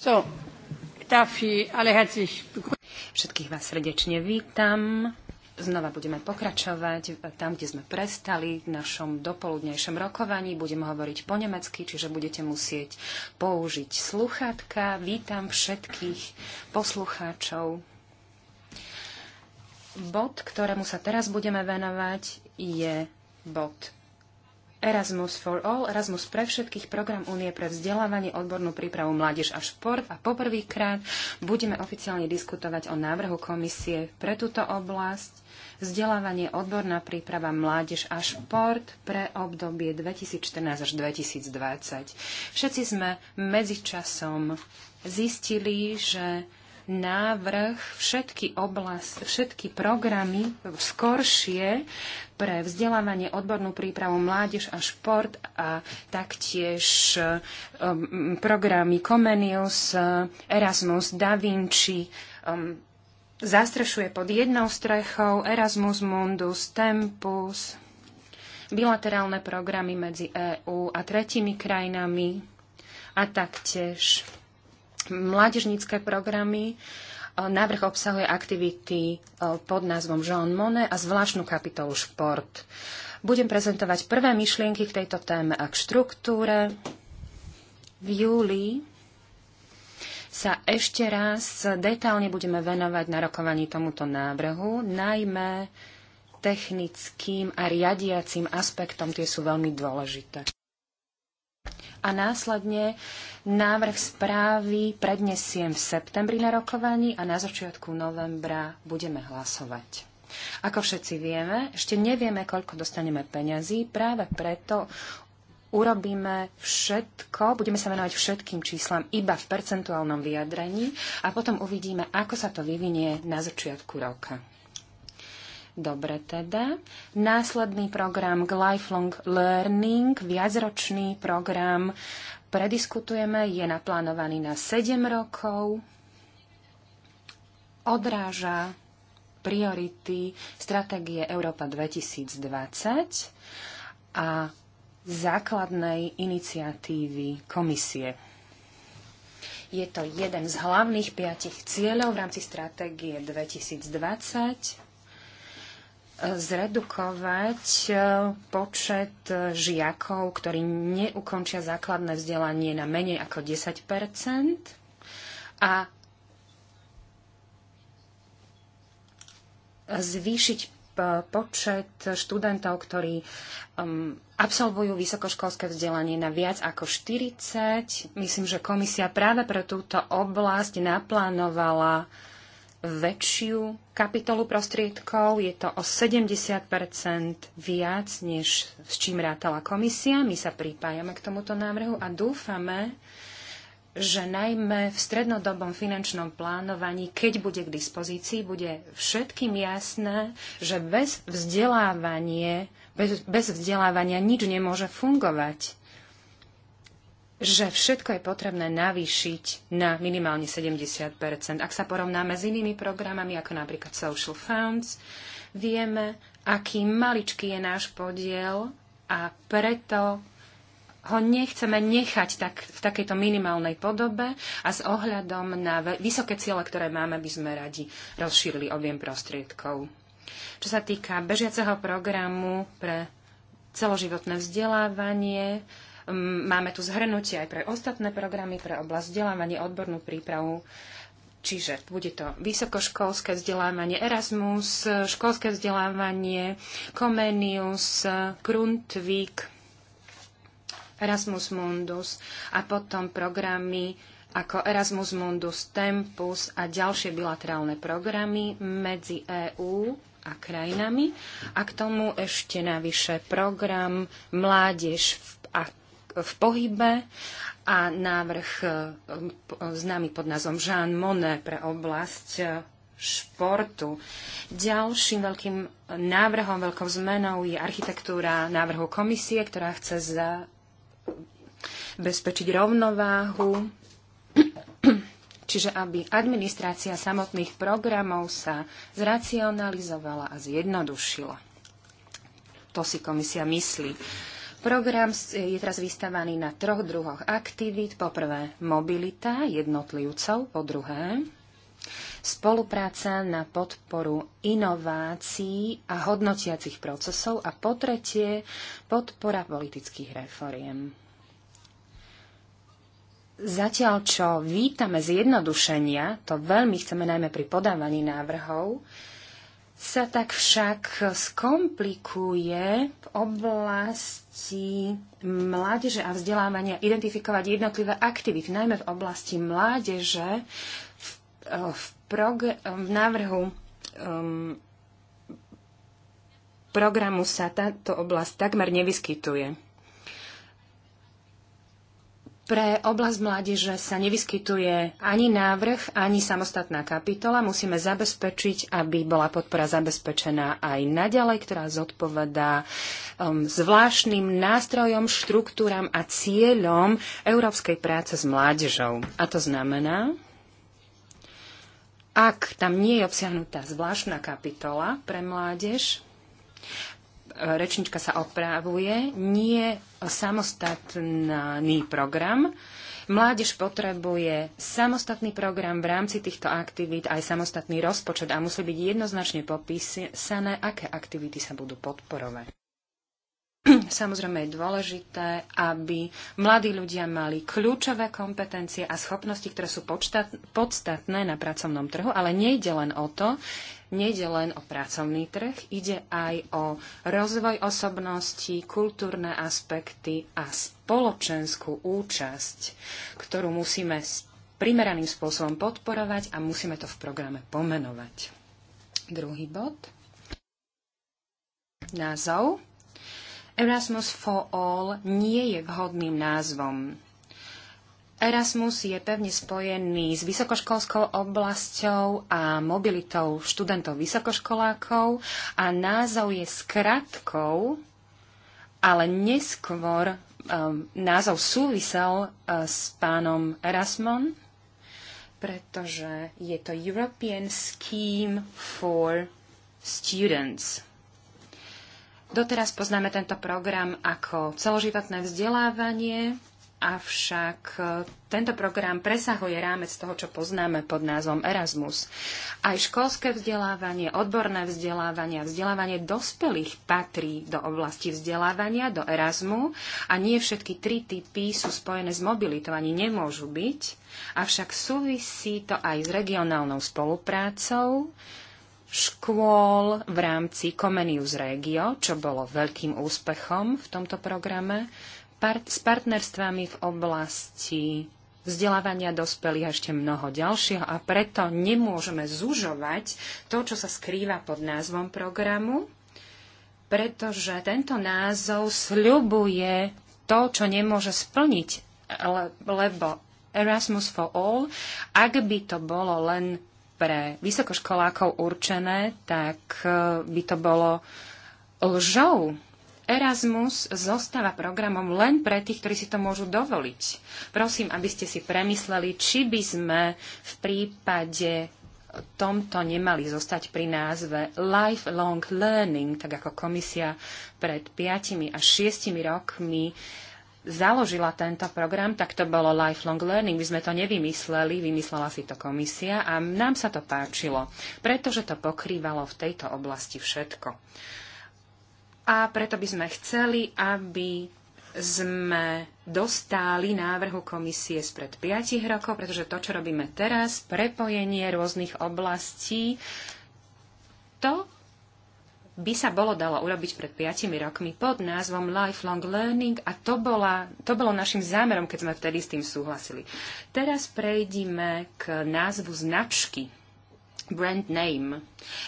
Všetkých vás srdečne vítam. Znova budeme pokračovať tam, kde sme prestali v našom dopoludnejšom rokovaní. Budem hovoriť po nemecky, čiže budete musieť použiť sluchátka. Vítam všetkých poslucháčov. Bod, ktorému sa teraz budeme venovať, je bod Erasmus for All, Erasmus pre všetkých, program Únie pre vzdelávanie, odbornú prípravu mládež a šport a poprvýkrát budeme oficiálne diskutovať o návrhu komisie pre túto oblasť vzdelávanie, odborná príprava, mládež a šport pre obdobie 2014 až 2020. Všetci sme medzičasom zistili, že návrh všetky, oblast, všetky programy skoršie pre vzdelávanie, odbornú prípravu, mládež a šport a taktiež um, programy Comenius, Erasmus, Da Vinci, um, zastrešuje pod jednou strechou Erasmus Mundus, Tempus, bilaterálne programy medzi EÚ a tretimi krajinami a taktiež mládežnícke programy. E, Návrh obsahuje aktivity e, pod názvom Jean Monnet a zvláštnu kapitolu šport. Budem prezentovať prvé myšlienky k tejto téme a k štruktúre. V júli sa ešte raz detálne budeme venovať na rokovaní tomuto návrhu, najmä technickým a riadiacím aspektom, tie sú veľmi dôležité a následne návrh správy prednesiem v septembri na rokovaní a na začiatku novembra budeme hlasovať. Ako všetci vieme, ešte nevieme, koľko dostaneme peňazí, práve preto urobíme všetko, budeme sa venovať všetkým číslam iba v percentuálnom vyjadrení a potom uvidíme, ako sa to vyvinie na začiatku roka. Dobre teda. Následný program k Lifelong Learning, viacročný program, prediskutujeme, je naplánovaný na 7 rokov. Odráža priority stratégie Európa 2020 a základnej iniciatívy komisie. Je to jeden z hlavných piatich cieľov v rámci stratégie 2020 zredukovať e, počet e, žiakov, ktorí neukončia základné vzdelanie na menej ako 10 a zvýšiť e, počet študentov, ktorí um, absolvujú vysokoškolské vzdelanie na viac ako 40. Myslím, že komisia práve pre túto oblasť naplánovala uh, väčšiu kapitolu prostriedkov. Je to o 70 viac, než s čím rátala komisia. My sa pripájame k tomuto návrhu a dúfame, že najmä v strednodobom finančnom plánovaní, keď bude k dispozícii, bude všetkým jasné, že bez vzdelávanie, bez, bez vzdelávania nič nemôže fungovať že všetko je potrebné navýšiť na minimálne 70 Ak sa porovnáme s inými programami, ako napríklad Social Funds, vieme, aký maličký je náš podiel a preto ho nechceme nechať tak, v takejto minimálnej podobe a s ohľadom na vysoké ciele, ktoré máme, by sme radi rozšírili objem prostriedkov. Čo sa týka bežiaceho programu pre celoživotné vzdelávanie, Máme tu zhrnutie aj pre ostatné programy, pre oblasť vzdelávania, odbornú prípravu. Čiže bude to vysokoškolské vzdelávanie Erasmus, školské vzdelávanie Comenius, Grundtvig, Erasmus Mundus a potom programy ako Erasmus Mundus Tempus a ďalšie bilaterálne programy medzi EÚ a krajinami a k tomu ešte navyše program Mládež a v pohybe a návrh e, známy pod názvom Jean Monnet pre oblasť e, športu. Ďalším veľkým návrhom, veľkou zmenou je architektúra návrhu komisie, ktorá chce zabezpečiť rovnováhu, čiže aby administrácia samotných programov sa zracionalizovala a zjednodušila. To si komisia myslí. Program je teraz vystavaný na troch druhoch aktivít. Po prvé mobilita jednotlivcov, po druhé spolupráca na podporu inovácií a hodnotiacich procesov a po tretie podpora politických reforiem. Zatiaľ, čo vítame zjednodušenia, to veľmi chceme najmä pri podávaní návrhov, sa tak však skomplikuje v oblasti mládeže a vzdelávania identifikovať jednotlivé aktivity, najmä v oblasti mládeže v, v, prog- v návrhu um, programu sa táto oblasť takmer nevyskytuje. Pre oblasť mládeže sa nevyskytuje ani návrh, ani samostatná kapitola. Musíme zabezpečiť, aby bola podpora zabezpečená aj naďalej, ktorá zodpovedá um, zvláštnym nástrojom, štruktúram a cieľom európskej práce s mládežou. A to znamená, ak tam nie je obsiahnutá zvláštna kapitola pre mládež, rečnička sa opravuje, nie samostatný program. Mládež potrebuje samostatný program v rámci týchto aktivít, aj samostatný rozpočet a musí byť jednoznačne popísané, aké aktivity sa budú podporovať. Samozrejme je dôležité, aby mladí ľudia mali kľúčové kompetencie a schopnosti, ktoré sú podstatné na pracovnom trhu, ale nejde len o to, Nejde len o pracovný trh, ide aj o rozvoj osobnosti, kultúrne aspekty a spoločenskú účasť, ktorú musíme primeraným spôsobom podporovať a musíme to v programe pomenovať. Druhý bod. Názov. Erasmus for All nie je vhodným názvom Erasmus je pevne spojený s vysokoškolskou oblasťou a mobilitou študentov vysokoškolákov a názov je skratkou, ale neskôr um, názov súvisel uh, s pánom Erasmon, pretože je to European Scheme for Students. Doteraz poznáme tento program ako celoživotné vzdelávanie, Avšak e, tento program presahuje rámec toho, čo poznáme pod názvom Erasmus. Aj školské vzdelávanie, odborné vzdelávanie a vzdelávanie dospelých patrí do oblasti vzdelávania, do Erasmu a nie všetky tri typy sú spojené s mobilitou, ani nemôžu byť, avšak súvisí to aj s regionálnou spoluprácou, škôl v rámci Comenius Regio, čo bolo veľkým úspechom v tomto programe, part- s partnerstvami v oblasti vzdelávania dospelých a ešte mnoho ďalšieho a preto nemôžeme zužovať to, čo sa skrýva pod názvom programu, pretože tento názov sľubuje to, čo nemôže splniť, lebo Erasmus for All, ak by to bolo len pre vysokoškolákov určené, tak eh, by to bolo lžou Erasmus zostáva programom len pre tých, ktorí si to môžu dovoliť. Prosím, aby ste si premysleli, či by sme v prípade tomto nemali zostať pri názve Lifelong Learning, tak ako komisia pred 5 a 6 rokmi založila tento program, tak to bolo lifelong learning. My sme to nevymysleli, vymyslela si to komisia a nám sa to páčilo, pretože to pokrývalo v tejto oblasti všetko a preto by sme chceli, aby sme dostali návrhu komisie spred 5 rokov, pretože to, čo robíme teraz, prepojenie rôznych oblastí, to by sa bolo dalo urobiť pred 5 rokmi pod názvom Lifelong Learning a to, bola, to bolo našim zámerom, keď sme vtedy s tým súhlasili. Teraz prejdime k názvu značky, brand name,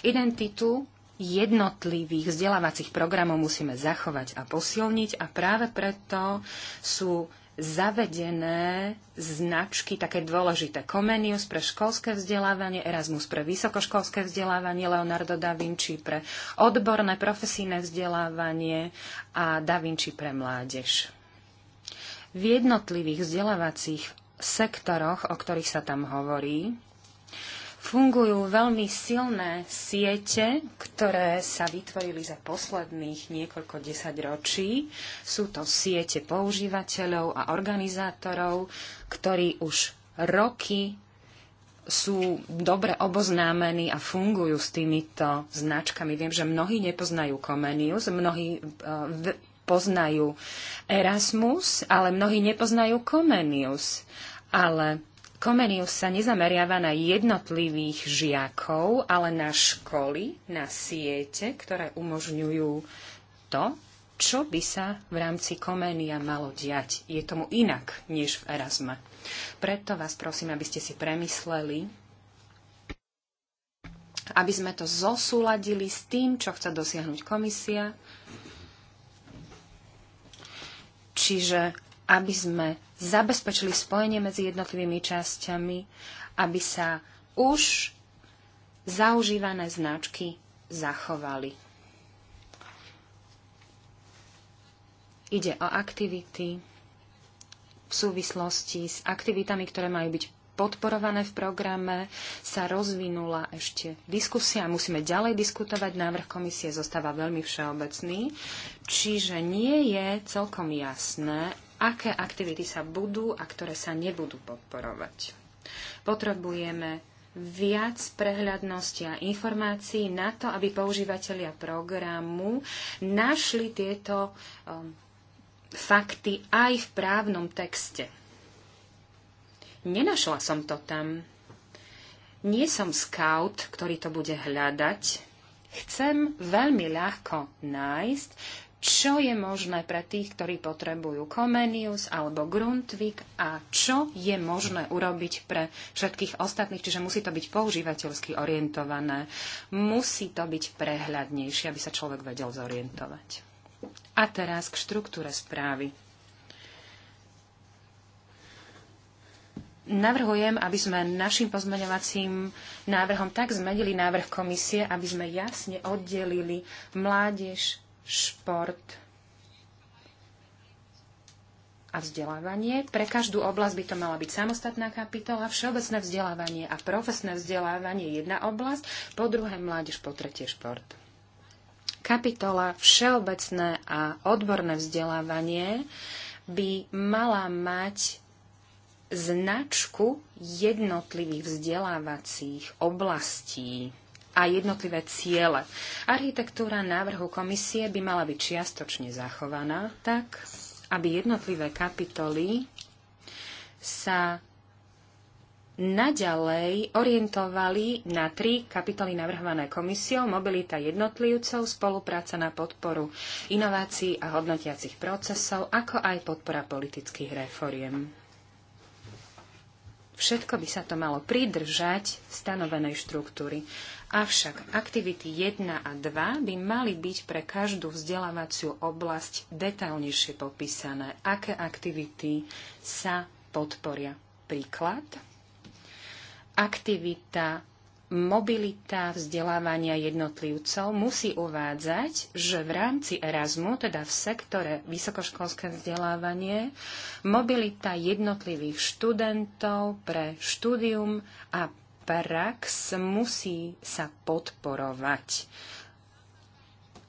identitu jednotlivých vzdelávacích programov musíme zachovať a posilniť a práve preto sú zavedené značky také dôležité. Comenius pre školské vzdelávanie, Erasmus pre vysokoškolské vzdelávanie, Leonardo da Vinci pre odborné profesijné vzdelávanie a da Vinci pre mládež. V jednotlivých vzdelávacích sektoroch, o ktorých sa tam hovorí, Fungujú veľmi silné siete, ktoré sa vytvorili za posledných niekoľko desaťročí. Sú to siete používateľov a organizátorov, ktorí už roky sú dobre oboznámení a fungujú s týmito značkami. Viem, že mnohí nepoznajú Comenius, mnohí e, poznajú Erasmus, ale mnohí nepoznajú Comenius. Ale Komenius sa nezameriava na jednotlivých žiakov, ale na školy, na siete, ktoré umožňujú to, čo by sa v rámci Komenia malo diať. Je tomu inak než v Erasme. Preto vás prosím, aby ste si premysleli, aby sme to zosúladili s tým, čo chce dosiahnuť komisia. Čiže aby sme zabezpečili spojenie medzi jednotlivými časťami, aby sa už zaužívané značky zachovali. Ide o aktivity v súvislosti s aktivitami, ktoré majú byť podporované v programe, sa rozvinula ešte diskusia. Musíme ďalej diskutovať. Návrh komisie zostáva veľmi všeobecný. Čiže nie je celkom jasné, aké aktivity sa budú a ktoré sa nebudú podporovať. Potrebujeme viac prehľadnosti a informácií na to, aby používateľia programu našli tieto um, fakty aj v právnom texte. Nenašla som to tam. Nie som scout, ktorý to bude hľadať. Chcem veľmi ľahko nájsť čo je možné pre tých, ktorí potrebujú Comenius alebo Grundtvig a čo je možné urobiť pre všetkých ostatných. Čiže musí to byť používateľsky orientované, musí to byť prehľadnejšie, aby sa človek vedel zorientovať. A teraz k štruktúre správy. Navrhujem, aby sme našim pozmeňovacím návrhom tak zmenili návrh komisie, aby sme jasne oddelili mládež šport a vzdelávanie. Pre každú oblasť by to mala byť samostatná kapitola, všeobecné vzdelávanie a profesné vzdelávanie jedna oblasť, po druhé mládež, po tretie šport. Kapitola všeobecné a odborné vzdelávanie by mala mať značku jednotlivých vzdelávacích oblastí a jednotlivé ciele. Architektúra návrhu komisie by mala byť čiastočne zachovaná tak, aby jednotlivé kapitoly sa naďalej orientovali na tri kapitoly navrhované komisiou mobilita jednotlivcov, spolupráca na podporu inovácií a hodnotiacich procesov, ako aj podpora politických reforiem. Všetko by sa to malo pridržať stanovenej štruktúry. Avšak aktivity 1 a 2 by mali byť pre každú vzdelávaciu oblasť detailnejšie popísané, aké aktivity sa podporia. Príklad. Aktivita mobilita vzdelávania jednotlivcov musí uvádzať, že v rámci Erasmu, teda v sektore vysokoškolské vzdelávanie, mobilita jednotlivých študentov pre štúdium a prax musí sa podporovať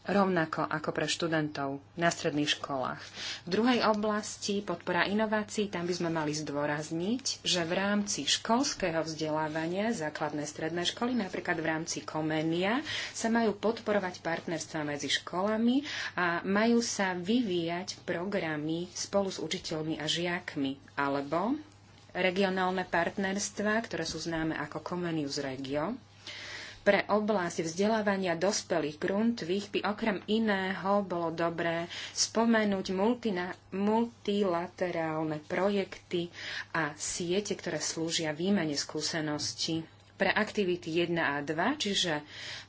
rovnako ako pre študentov na stredných školách. V druhej oblasti podpora inovácií, tam by sme mali zdôrazniť, že v rámci školského vzdelávania základné stredné školy, napríklad v rámci Komenia, sa majú podporovať partnerstva medzi školami a majú sa vyvíjať programy spolu s učiteľmi a žiakmi, alebo regionálne partnerstva, ktoré sú známe ako Comenius Regio, pre oblasť vzdelávania dospelých gruntvých by okrem iného bolo dobré spomenúť multina, multilaterálne projekty a siete, ktoré slúžia výmene skúseností pre aktivity 1 a 2, čiže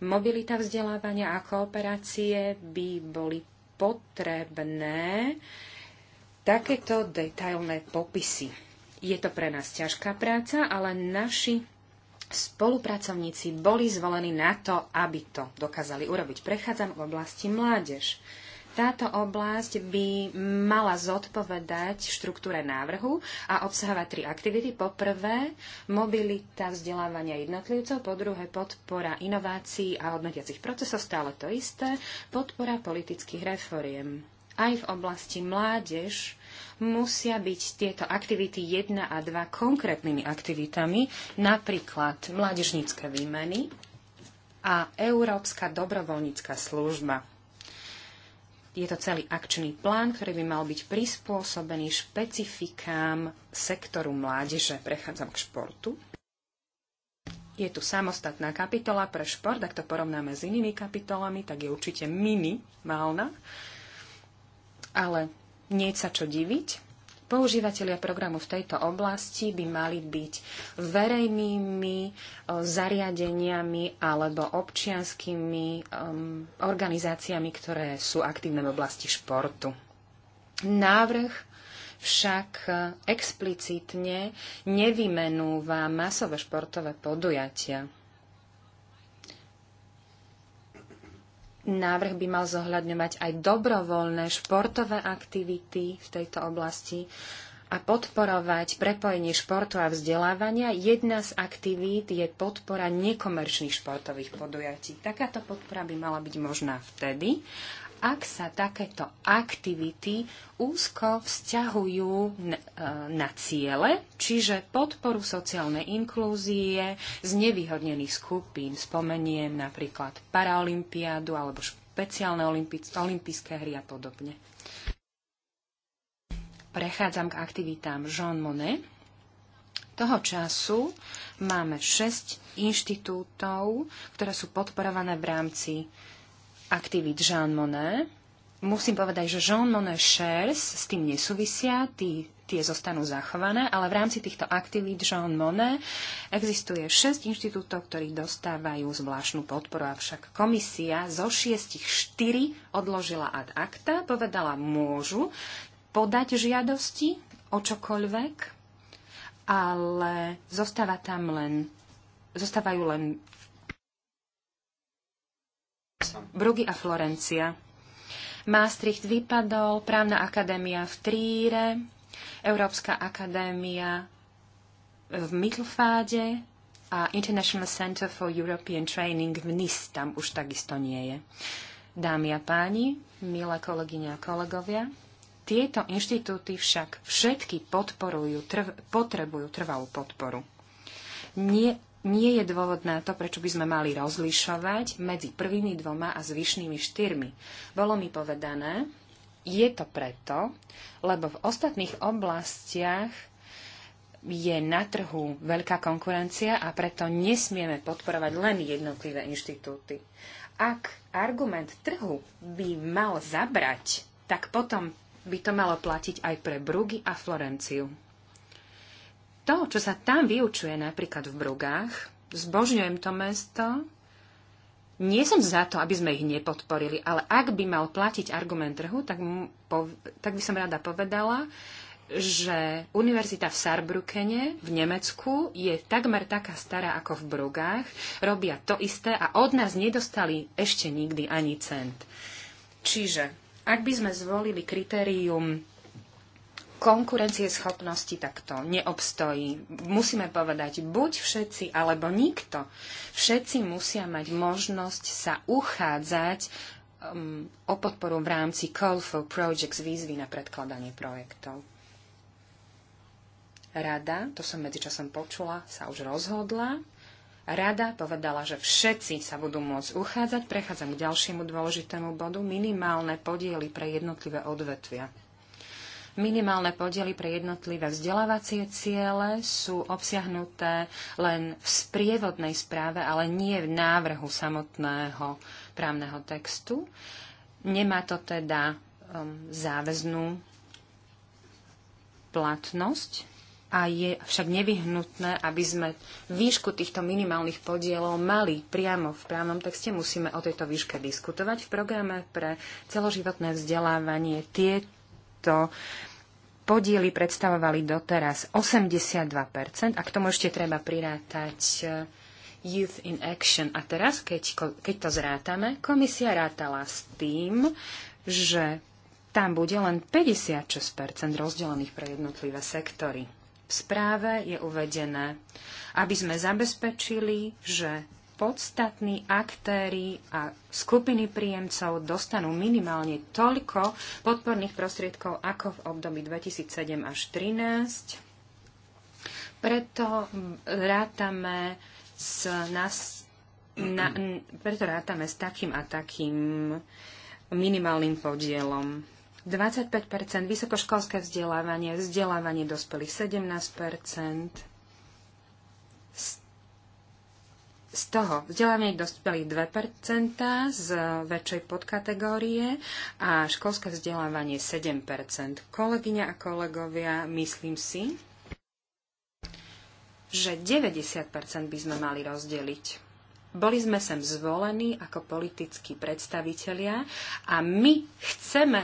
mobilita vzdelávania a kooperácie by boli potrebné takéto detailné popisy. Je to pre nás ťažká práca, ale naši spolupracovníci boli zvolení na to, aby to dokázali urobiť. Prechádzam v oblasti mládež. Táto oblasť by mala zodpovedať štruktúre návrhu a obsahovať tri aktivity. Po prvé, mobilita vzdelávania jednotlivcov, po druhé, podpora inovácií a odmediacich procesov, stále to isté, podpora politických reforiem. Aj v oblasti mládež musia byť tieto aktivity 1 a 2 konkrétnymi aktivitami, napríklad mládežnícke výmeny a Európska dobrovoľnícka služba. Je to celý akčný plán, ktorý by mal byť prispôsobený špecifikám sektoru mládeže. Prechádzam k športu. Je tu samostatná kapitola pre šport, ak to porovnáme s inými kapitolami, tak je určite minimálna. Ale nie sa čo diviť. Používateľia programu v tejto oblasti by mali byť verejnými e, zariadeniami alebo občianskými organizáciami, ktoré sú aktívne v oblasti športu. Návrh však e, explicitne nevymenúva masové športové podujatia. Návrh by mal zohľadňovať aj dobrovoľné športové aktivity v tejto oblasti a podporovať prepojenie športu a vzdelávania. Jedna z aktivít je podpora nekomerčných športových podujatí. Takáto podpora by mala byť možná vtedy, ak sa takéto aktivity úzko vzťahujú e, na ciele, čiže podporu sociálnej inklúzie z nevyhodnených skupín. Spomeniem napríklad paralympiádu alebo špeciálne olympijské hry a podobne. Prechádzam k aktivitám Jean Monnet. Toho času máme 6 inštitútov, ktoré sú podporované v rámci aktivít Jean Monnet. Musím povedať, že Jean Monnet Shares s tým nesúvisia, tí, tie zostanú zachované, ale v rámci týchto aktivít Jean Monnet existuje 6 inštitútov, ktorí dostávajú zvláštnu podporu, avšak komisia zo šiestich 4 odložila ad acta, povedala môžu podať žiadosti o čokoľvek, ale zostáva tam len, zostávajú len Brugy a Florencia. Maastricht vypadol, právna akadémia v Tríre, Európska akadémia v Mittelfáde a International Center for European Training v NIS tam už takisto nie je. Dámy a páni, milé kolegyne a kolegovia, tieto inštitúty však všetky podporujú, trv, potrebujú trvalú podporu. Nie, nie je dôvod na to, prečo by sme mali rozlišovať medzi prvými dvoma a zvyšnými štyrmi. Bolo mi povedané, je to preto, lebo v ostatných oblastiach je na trhu veľká konkurencia a preto nesmieme podporovať len jednotlivé inštitúty. Ak argument trhu by mal zabrať, tak potom by to malo platiť aj pre Brugy a Florenciu. To, čo sa tam vyučuje napríklad v Brugách, zbožňujem to mesto, nie som za to, aby sme ich nepodporili, ale ak by mal platiť argument trhu, tak, tak by som rada povedala, že univerzita v Sarbrukene v Nemecku je takmer taká stará ako v Brugách, robia to isté a od nás nedostali ešte nikdy ani cent. Čiže, ak by sme zvolili kritérium konkurencieschopnosti takto neobstojí. Musíme povedať buď všetci, alebo nikto. Všetci musia mať možnosť sa uchádzať um, o podporu v rámci Call for Projects výzvy na predkladanie projektov. Rada, to som medzičasom počula, sa už rozhodla. Rada povedala, že všetci sa budú môcť uchádzať. Prechádzam k ďalšiemu dôležitému bodu. Minimálne podiely pre jednotlivé odvetvia. Minimálne podiely pre jednotlivé vzdelávacie ciele sú obsiahnuté len v sprievodnej správe, ale nie v návrhu samotného právneho textu. Nemá to teda um, záväznú platnosť a je však nevyhnutné, aby sme výšku týchto minimálnych podielov mali priamo v právnom texte. Musíme o tejto výške diskutovať. V programe pre celoživotné vzdelávanie Tieto tieto podiely predstavovali doteraz 82%, a k tomu ešte treba prirátať eh, Youth in Action. A teraz, keď, keď to zrátame, komisia rátala s tým, že tam bude len 56% rozdelených pre jednotlivé sektory. V správe je uvedené, aby sme zabezpečili, že podstatní aktéry a skupiny príjemcov dostanú minimálne toľko podporných prostriedkov ako v období 2007 až 2013. Preto rátame s, nás, na, preto rátame s takým a takým minimálnym podielom. 25 vysokoškolské vzdelávanie, vzdelávanie dospelých 17 z toho vzdelanie dospelých 2%, z väčšej podkategórie a školské vzdelávanie 7%. Kolegyňa a kolegovia, myslím si, že 90% by sme mali rozdeliť. Boli sme sem zvolení ako politickí predstavitelia a my chceme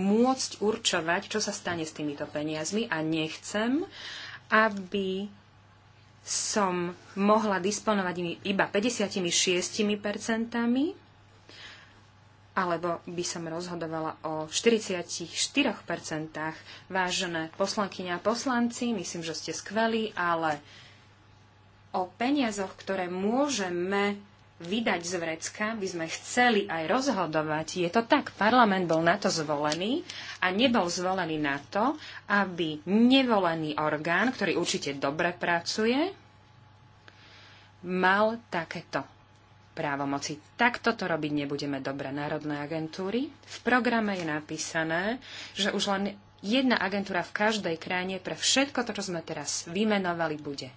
môcť určovať, čo sa stane s týmito peniazmi a nechcem, aby som mohla disponovať iba 56 alebo by som rozhodovala o 44 Vážené poslankyňa a poslanci, myslím, že ste skvelí, ale o peniazoch, ktoré môžeme vydať z vrecka, by sme chceli aj rozhodovať. Je to tak, parlament bol na to zvolený a nebol zvolený na to, aby nevolený orgán, ktorý určite dobre pracuje, mal takéto právomoci. Takto to robiť nebudeme dobre národné agentúry. V programe je napísané, že už len jedna agentúra v každej krajine pre všetko to, čo sme teraz vymenovali, bude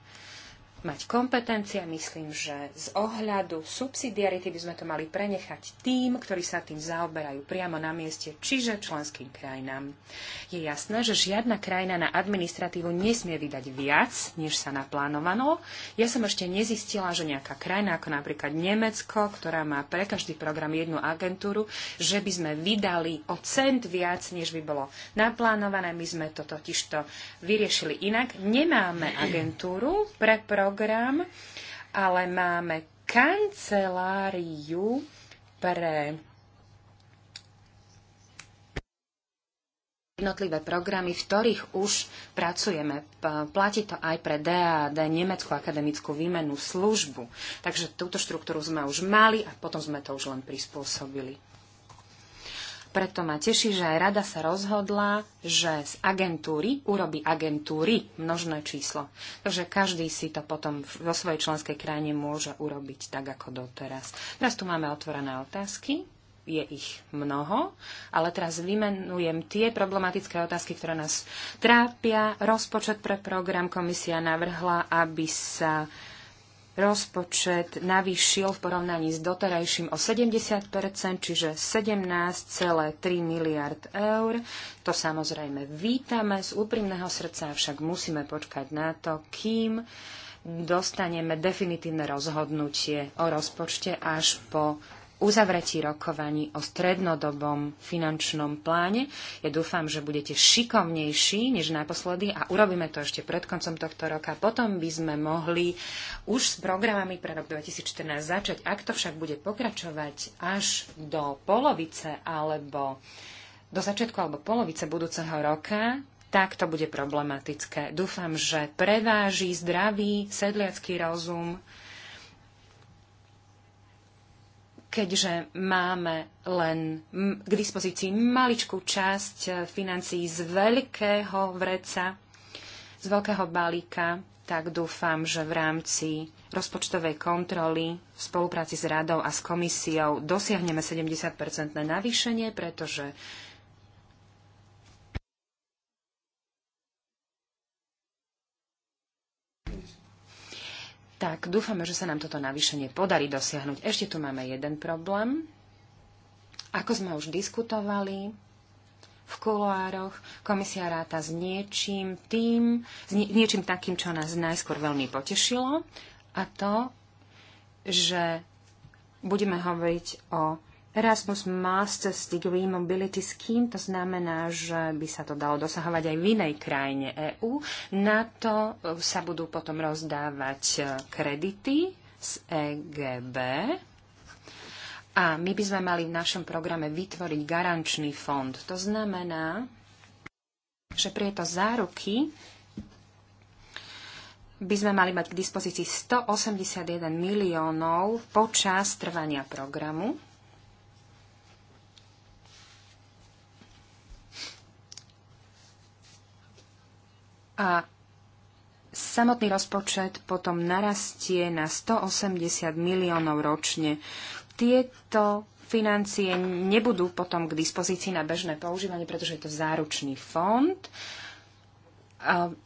mať kompetencie. Myslím, že z ohľadu subsidiarity by sme to mali prenechať tým, ktorí sa tým zaoberajú priamo na mieste, čiže členským krajinám. Je jasné, že žiadna krajina na administratívu nesmie vydať viac, než sa naplánovalo. Ja som ešte nezistila, že nejaká krajina, ako napríklad Nemecko, ktorá má pre každý program jednu agentúru, že by sme vydali o cent viac, než by bolo naplánované. My sme to totižto vyriešili inak. Nemáme agentúru pre program program, ale máme kanceláriu pre jednotlivé programy, v ktorých už pracujeme. Platí to aj pre DAD, Nemeckú akademickú výmenu službu. Takže túto štruktúru sme už mali a potom sme to už len prispôsobili. Preto ma teší, že aj rada sa rozhodla, že z agentúry urobí agentúry množné číslo. Takže každý si to potom vo svojej členskej krajine môže urobiť tak, ako doteraz. Teraz tu máme otvorené otázky je ich mnoho, ale teraz vymenujem tie problematické otázky, ktoré nás trápia. Rozpočet pre program komisia navrhla, aby sa rozpočet navýšil v porovnaní s doterajším o 70 čiže 17,3 miliard eur. To samozrejme vítame z úprimného srdca, avšak musíme počkať na to, kým dostaneme definitívne rozhodnutie o rozpočte až po uzavretí rokovaní o strednodobom finančnom pláne. Ja dúfam, že budete šikovnejší než naposledy a urobíme to ešte pred koncom tohto roka. Potom by sme mohli už s programami pre rok 2014 začať. Ak to však bude pokračovať až do polovice alebo do začiatku alebo polovice budúceho roka, tak to bude problematické. Dúfam, že preváži zdravý sedliacký rozum keďže máme len k dispozícii maličkú časť e, financií z veľkého vreca, z veľkého balíka, tak dúfam, že v rámci rozpočtovej kontroly v spolupráci s radou a s komisiou dosiahneme 70-percentné navýšenie, pretože tak dúfame, že sa nám toto navýšenie podarí dosiahnuť. Ešte tu máme jeden problém. Ako sme už diskutovali v kuloároch, komisia ráta s niečím tým, s nie, niečím takým, čo nás najskôr veľmi potešilo, a to, že budeme hovoriť o Erasmus Masters Degree Mobility Scheme, to znamená, že by sa to dalo dosahovať aj v inej krajine EÚ. Na to sa budú potom rozdávať e, kredity z EGB. A my by sme mali v našom programe vytvoriť garančný fond. To znamená, že pri to záruky by sme mali mať k dispozícii 181 miliónov počas trvania programu a samotný rozpočet potom narastie na 180 miliónov ročne. Tieto financie nebudú potom k dispozícii na bežné používanie, pretože je to záručný fond.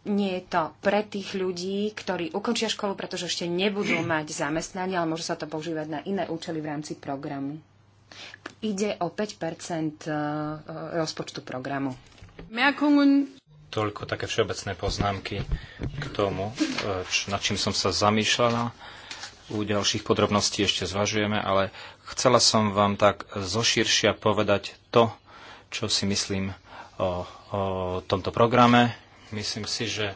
Nie je to pre tých ľudí, ktorí ukončia školu, pretože ešte nebudú mať zamestnanie, ale môže sa to používať na iné účely v rámci programu. Ide o 5 e, e, rozpočtu programu. Merkungen Toľko také všeobecné poznámky k tomu, e, nad čím som sa zamýšľala. U ďalších podrobností ešte zvažujeme, ale chcela som vám tak zoširšia povedať to, čo si myslím o, o tomto programe. Myslím si, že e,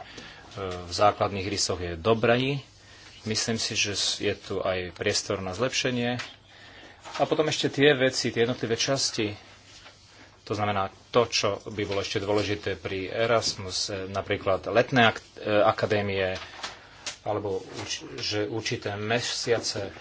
v základných rysoch je dobrý. Myslím si, že je tu aj priestor na zlepšenie. A potom ešte tie veci, tie jednotlivé časti, to znamená, to, čo by bolo ešte dôležité pri Erasmus, e, napríklad letné ak- e, akadémie, alebo že určité mesiace e,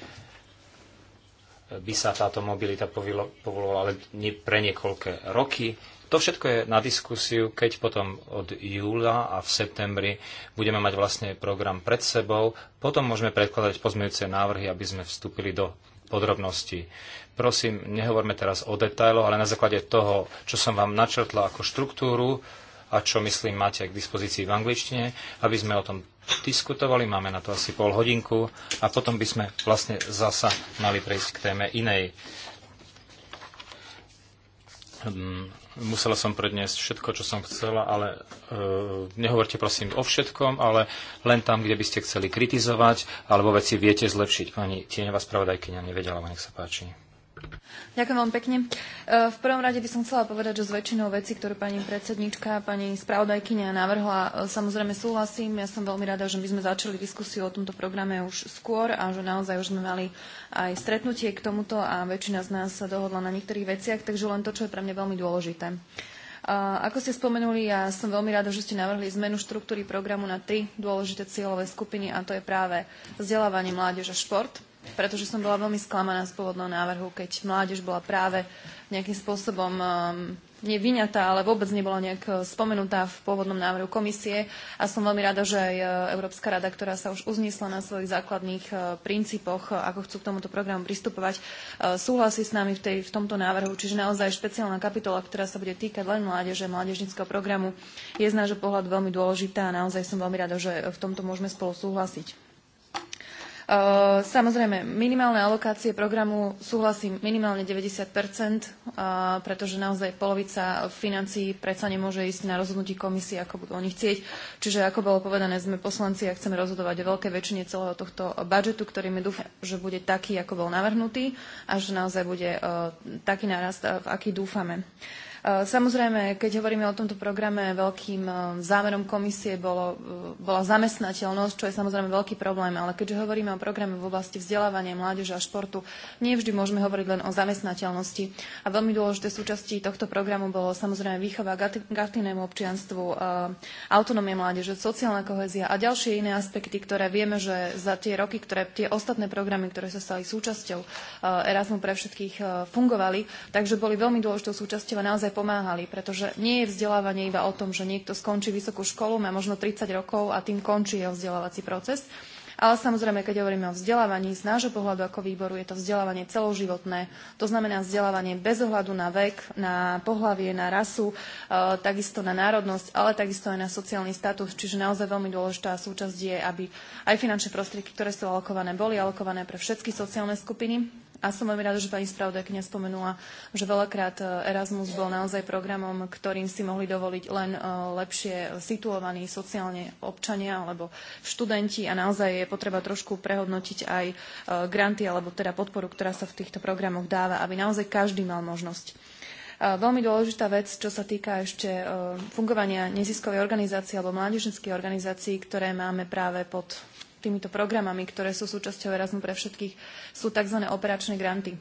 by sa táto mobilita povolovala, ale nie pre niekoľké roky. To všetko je na diskusiu, keď potom od júla a v septembri budeme mať vlastne program pred sebou. Potom môžeme predkladať pozmeňujúce návrhy, aby sme vstúpili do podrobnosti. Prosím, nehovorme teraz o detailoch, ale na základe toho, čo som vám načrtla ako štruktúru a čo myslím máte k dispozícii v angličtine, aby sme o tom diskutovali, máme na to asi pol hodinku a potom by sme vlastne zasa mali prejsť k téme inej mm, Musela som predniesť všetko, čo som chcela, ale e, nehovorte prosím o všetkom, ale len tam, kde by ste chceli kritizovať, alebo veci viete zlepšiť. Pani tieňová spravodajkynia nevedela, nech sa páči. Ďakujem veľmi pekne. E, v prvom rade by som chcela povedať, že s väčšinou vecí, ktoré pani predsednička, pani spravodajkynia navrhla, e, samozrejme súhlasím. Ja som veľmi rada, že my sme začali diskusiu o tomto programe už skôr a že naozaj už sme mali aj stretnutie k tomuto a väčšina z nás sa dohodla na niektorých veciach, takže len to, čo je pre mňa veľmi dôležité. E, ako ste spomenuli, ja som veľmi rada, že ste navrhli zmenu štruktúry programu na tri dôležité cieľové skupiny a to je práve vzdelávanie mládeže šport, pretože som bola veľmi sklamaná z pôvodného návrhu, keď mládež bola práve nejakým spôsobom um, nevyňatá, ale vôbec nebola nejak uh, spomenutá v pôvodnom návrhu komisie. A som veľmi rada, že aj uh, Európska rada, ktorá sa už uznesla na svojich základných uh, princípoch, ako chcú k tomuto programu pristupovať, súhlasí s nami v, tej, v tomto návrhu. Čiže naozaj špeciálna kapitola, ktorá sa bude týkať len mládeže, mládežnického programu, je z nášho pohľadu veľmi dôležitá a naozaj som veľmi rada, že v tomto môžeme spolu súhlasiť. Ehm, samozrejme, minimálne alokácie programu súhlasím minimálne 90 pretože naozaj polovica financií predsa nemôže ísť na rozhodnutí komisie, ako budú oni chcieť. Čiže, ako bolo povedané, sme poslanci a chceme rozhodovať o veľkej väčšine celého tohto budžetu, ktorý my dúfam, že bude taký, ako bol navrhnutý a že naozaj bude ehm, taký nárast, v aký dúfame. Uh, Eh, samozrejme, keď hovoríme o tomto programe, veľkým eh, zámerom komisie bolo, eh, bola zamestnateľnosť, čo je samozrejme veľký problém, ale keďže hovoríme o programe v oblasti vzdelávania, mládeže a športu, nie vždy môžeme hovoriť len o zamestnateľnosti. A veľmi dôležité súčasti tohto programu bolo samozrejme výchova k aktívnemu občianstvu, autonómia mládeže, sociálna kohezia a ďalšie iné aspekty, ktoré vieme, že za tie roky, ktoré tie ostatné programy, ktoré sa stali súčasťou Erasmu pre všetkých, fungovali, takže boli veľmi dôležitou súčasťou a naozaj naozaj pomáhali, pretože nie je vzdelávanie iba o tom, že niekto skončí vysokú školu, má možno 30 rokov a tým končí jeho vzdelávací proces. Ale samozrejme, keď hovoríme o vzdelávaní, z nášho pohľadu ako výboru je to vzdelávanie celoživotné. To znamená vzdelávanie bez ohľadu na vek, na pohlavie, na rasu, e, takisto na národnosť, ale takisto aj na sociálny status. Čiže naozaj veľmi dôležitá súčasť je, aby aj finančné prostriedky, ktoré sú alokované, boli alokované pre všetky sociálne skupiny a som veľmi rada, že pani spravodajkňa spomenula, že veľakrát e, Erasmus bol naozaj programom, ktorým si mohli dovoliť len e, lepšie situovaní sociálne občania alebo študenti a naozaj je potreba trošku prehodnotiť aj e, granty alebo teda podporu, ktorá sa v týchto programoch dáva, aby naozaj každý mal možnosť. Veľmi dôležitá vec, čo sa týka ešte fungovania neziskovej organizácie alebo mládežnických organizácií, ktoré máme práve pod týmito programami, ktoré sú súčasťou Erasmu pre všetkých, sú tzv. operačné granty.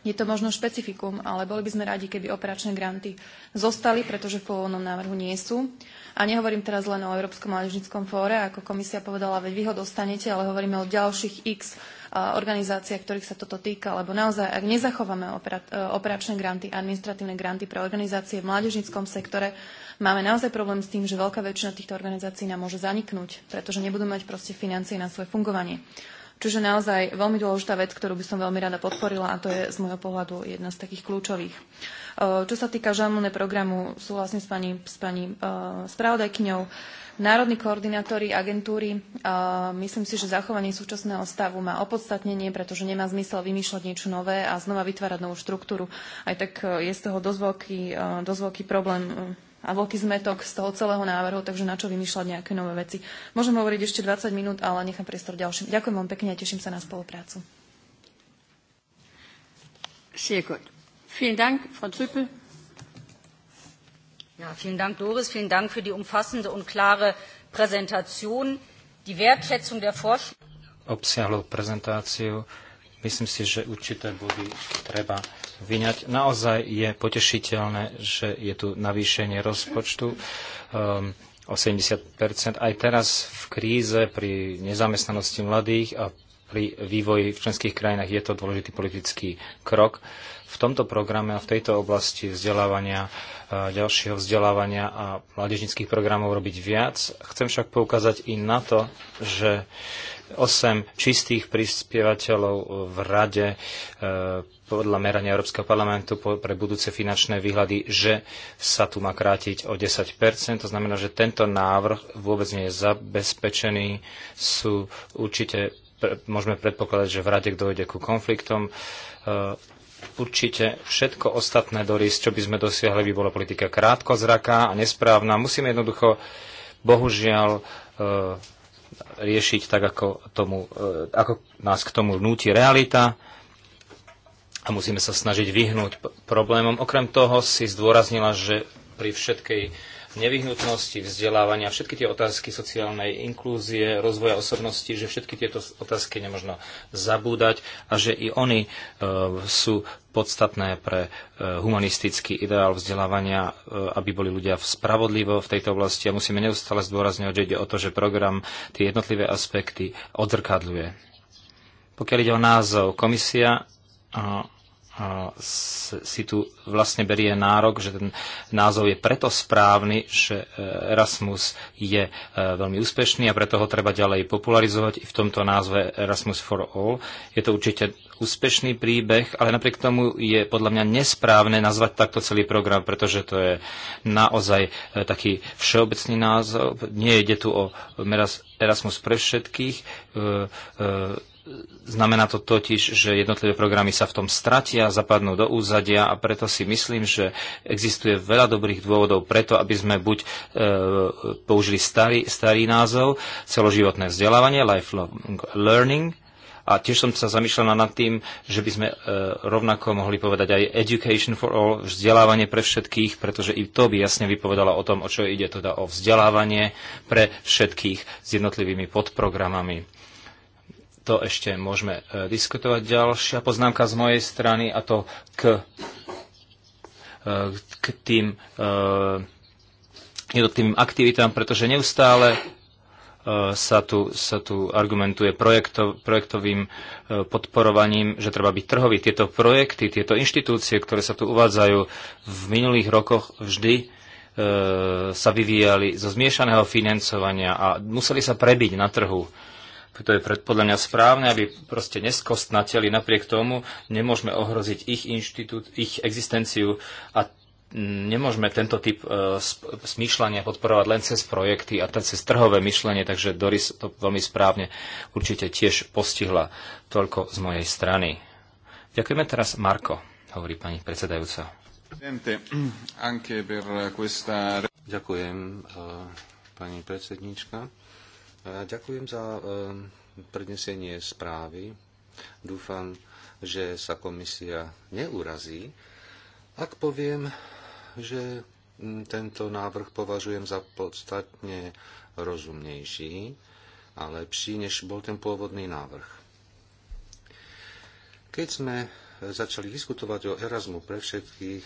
Je to možno špecifikum, ale boli by sme radi, keby operačné granty zostali, pretože v pôvodnom návrhu nie sú. A nehovorím teraz len o Európskom mládežníckom fóre, ako komisia povedala, veď vy ho dostanete, ale hovoríme o ďalších x organizácia, ktorých sa toto týka, lebo naozaj, ak nezachováme e, operačné granty, administratívne granty pre organizácie v mládežníckom sektore, máme naozaj problém s tým, že veľká väčšina týchto organizácií nám môže zaniknúť, pretože nebudú mať proste financie na svoje fungovanie. Čiže naozaj veľmi dôležitá vec, ktorú by som veľmi rada podporila a to je z môjho pohľadu jedna z takých kľúčových. Eh, čo sa týka žalmúne programu, súhlasím s pani, s pani eh, spravodajkyňou. Národní koordinátori agentúry, eh, myslím si, že zachovanie súčasného stavu má opodstatnenie, pretože nemá zmysel vymýšľať niečo nové a znova vytvárať novú štruktúru. Aj tak je z toho dosť veľký, dosť veľký problém a veľký zmetok z toho celého návrhu, takže na čo vymýšľať nejaké nové veci. Môžem hovoriť ešte 20 minút, ale nechám priestor ďalším. Ďakujem vám pekne a teším sa na spoluprácu. Siekot. Vielen Dank, Frau Trüppel. Ja, vielen Dank, Doris. Vielen Dank für die umfassende und klare Präsentation. Die Wertschätzung der Forschung. Obsiahlu prezentáciu. Myslím si, že určité body treba vyňať. Naozaj je potešiteľné, že je tu navýšenie rozpočtu. Um, ehm, 80 aj teraz v kríze pri nezamestnanosti mladých a pri vývoji v členských krajinách je to dôležitý politický krok v tomto programe a v tejto oblasti vzdelávania, e, ďalšieho vzdelávania a mládežnických programov robiť viac. Chcem však poukázať i na to, že 8 čistých prispievateľov v rade e, podľa merania Európskeho parlamentu pre budúce finančné výhľady, že sa tu má krátiť o 10 To znamená, že tento návrh vôbec nie je zabezpečený. Sú určite, môžeme predpokladať, že v rade dojde ku konfliktom e, určite všetko ostatné, Doris, čo by sme dosiahli, by bola politika krátkozraká a nesprávna. Musíme jednoducho, bohužiaľ, e, riešiť tak, ako, tomu, e, ako nás k tomu vnúti realita a musíme sa snažiť vyhnúť problémom. Okrem toho si zdôraznila, že pri všetkej nevyhnutnosti vzdelávania, všetky tie otázky sociálnej inklúzie, rozvoja osobnosti, že všetky tieto otázky nemožno zabúdať a že i oni e, sú podstatné pre e, humanistický ideál vzdelávania, e, aby boli ľudia spravodlivo v tejto oblasti a musíme neustále zdôrazňovať, že ide o to, že program tie jednotlivé aspekty odzrkadľuje. Pokiaľ ide o názov, komisia a, si tu vlastne berie nárok, že ten názov je preto správny, že e, Erasmus je e, veľmi úspešný a preto ho treba ďalej popularizovať i v tomto názve Erasmus for All. Je to určite úspešný príbeh, ale napriek tomu je podľa mňa nesprávne nazvať takto celý program, pretože to je naozaj e, taký všeobecný názov. Nie ide tu o Erasmus pre všetkých Znamená to totiž, že jednotlivé programy sa v tom stratia, zapadnú do úzadia a preto si myslím, že existuje veľa dobrých dôvodov preto, aby sme buď e, použili starý, starý názov, celoživotné vzdelávanie, lifelong learning, a tiež som sa zamýšľala nad tým, že by sme e, rovnako mohli povedať aj education for all, vzdelávanie pre všetkých, pretože i to by jasne vypovedalo o tom, o čo ide, teda o vzdelávanie pre všetkých s jednotlivými podprogramami to ešte môžeme e, diskutovať. Ďalšia poznámka z mojej strany a to k, e, k tým e, jednotlivým aktivitám, pretože neustále sa tu, sa tu argumentuje projekto, projektovým podporovaním, že treba byť trhový. Tieto projekty, tieto inštitúcie, ktoré sa tu uvádzajú v minulých rokoch vždy sa vyvíjali zo zmiešaného financovania a museli sa prebiť na trhu to je podľa mňa správne, aby proste neskostnateli napriek tomu nemôžeme ohroziť ich inštitút, ich existenciu a nemôžeme tento typ e, smýšľania podporovať len cez projekty a cez trhové myšlenie, takže Doris to veľmi správne určite tiež postihla. Toľko z mojej strany. Ďakujeme teraz Marko, hovorí pani predsedajúca. Ďakujem, e, pani predsednička. E, ďakujem za e, prednesenie správy. Dúfam, že sa komisia neurazí, ak poviem, že tento návrh považujem za podstatne rozumnejší a lepší, než bol ten pôvodný návrh. Keď sme začali diskutovať o Erasmu pre všetkých,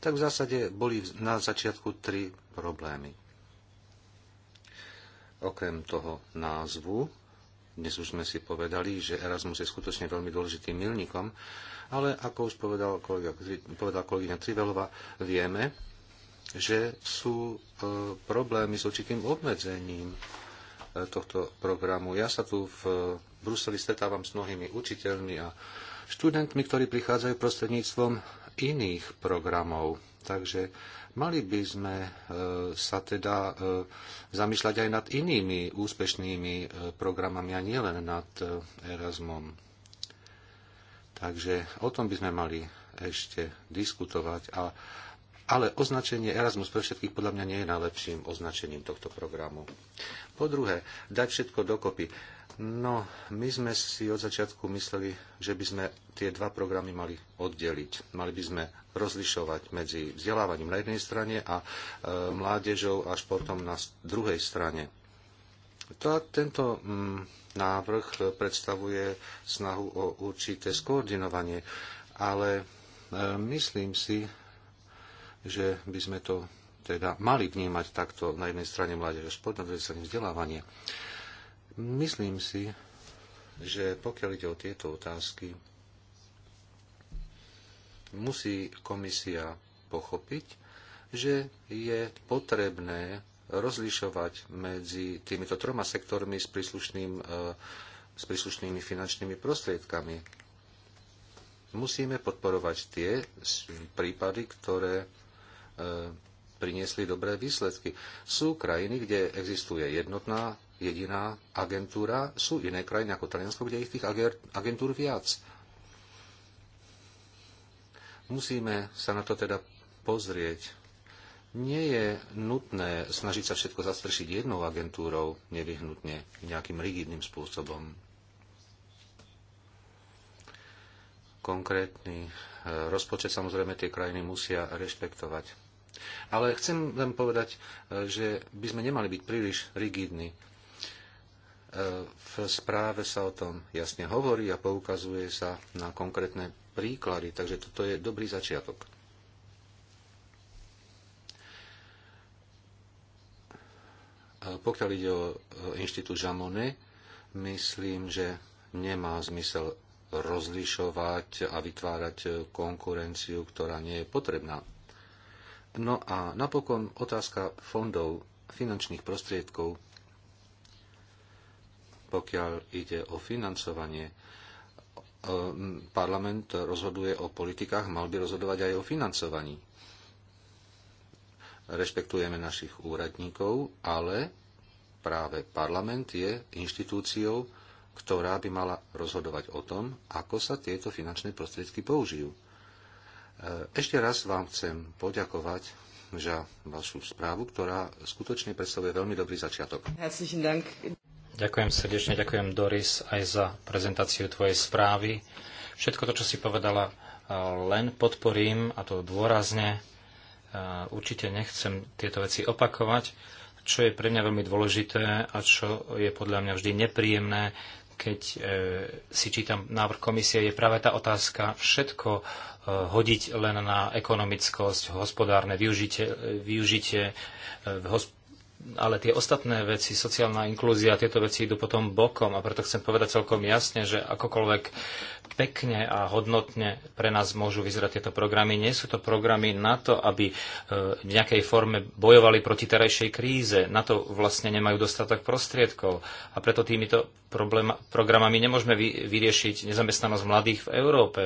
tak v zásade boli na začiatku tri problémy. Okrem toho názvu, dnes už sme si povedali, že Erasmus je skutočne veľmi dôležitým milníkom, ale ako už povedal, kolega, povedal kolegyňa Trivelová, vieme, že sú e, problémy s určitým obmedzením e, tohto programu. Ja sa tu v e, Bruseli stretávam s mnohými učiteľmi a študentmi, ktorí prichádzajú prostredníctvom iných programov Takže mali by sme e, sa teda e, zamýšľať aj nad inými úspešnými e, programami a nielen nad Erasmom. Takže o tom by sme mali ešte diskutovať a ale označenie Erasmus pre všetkých podľa mňa nie je najlepším označením tohto programu. Po druhé, dať všetko dokopy. No, my sme si od začiatku mysleli, že by sme tie dva programy mali oddeliť. Mali by sme rozlišovať medzi vzdelávaním na jednej strane a e, mládežou a športom na druhej strane. To, tento m, mm, návrh predstavuje snahu o určité skoordinovanie, ale e, myslím si, že by sme to teda mali vnímať takto na jednej strane mládež a šport, na druhej strane vzdelávanie. Myslím si, že pokiaľ ide o tieto otázky, musí komisia pochopiť, že je potrebné rozlišovať medzi týmito troma sektormi s, príslušným, e, s príslušnými finančnými prostriedkami. Musíme podporovať tie prípady, ktoré E, priniesli dobré výsledky. Sú krajiny, kde existuje jednotná, jediná agentúra, sú iné krajiny ako Taliansko, kde ich tých agentúr viac. Musíme sa na to teda pozrieť. Nie je nutné snažiť sa všetko zastršiť jednou agentúrou nevyhnutne, nejakým rigidným spôsobom. Konkrétny e, rozpočet samozrejme tie krajiny musia rešpektovať. Ale chcem len povedať, e, že by sme nemali byť príliš rigidní. E, v správe sa o tom jasne hovorí a poukazuje sa na konkrétne príklady, takže toto je dobrý začiatok. E, pokiaľ ide o inštitút Žamone, myslím, že nemá zmysel rozlišovať a vytvárať konkurenciu, ktorá nie je potrebná. No a napokon otázka fondov finančných prostriedkov, pokiaľ ide o financovanie. Ehm, parlament rozhoduje o politikách, mal by rozhodovať aj o financovaní. Rešpektujeme našich úradníkov, ale práve parlament je inštitúciou, ktorá by mala rozhodovať o tom, ako sa tieto finančné prostriedky použijú. E, ešte raz vám chcem poďakovať za vašu správu, ktorá skutočne predstavuje veľmi dobrý začiatok. Ďakujem srdečne, ďakujem Doris aj za prezentáciu tvojej správy. Všetko to, čo si povedala, e, len podporím a to dôrazne. E, určite nechcem tieto veci opakovať. Čo je pre mňa veľmi dôležité a čo je podľa mňa vždy nepríjemné, keď e, si čítam návrh komisie, je práve tá otázka všetko e, hodiť len na ekonomickosť, hospodárne využitie, využitie e, ale tie ostatné veci, sociálna inklúzia, tieto veci idú potom bokom a preto chcem povedať celkom jasne, že akokoľvek pekne a hodnotne pre nás môžu vyzerať tieto programy, nie sú to programy na to, aby e, v nejakej forme bojovali proti terajšej kríze. Na to vlastne nemajú dostatok prostriedkov a preto týmito problém, programami nemôžeme vy, vyriešiť nezamestnanosť mladých v Európe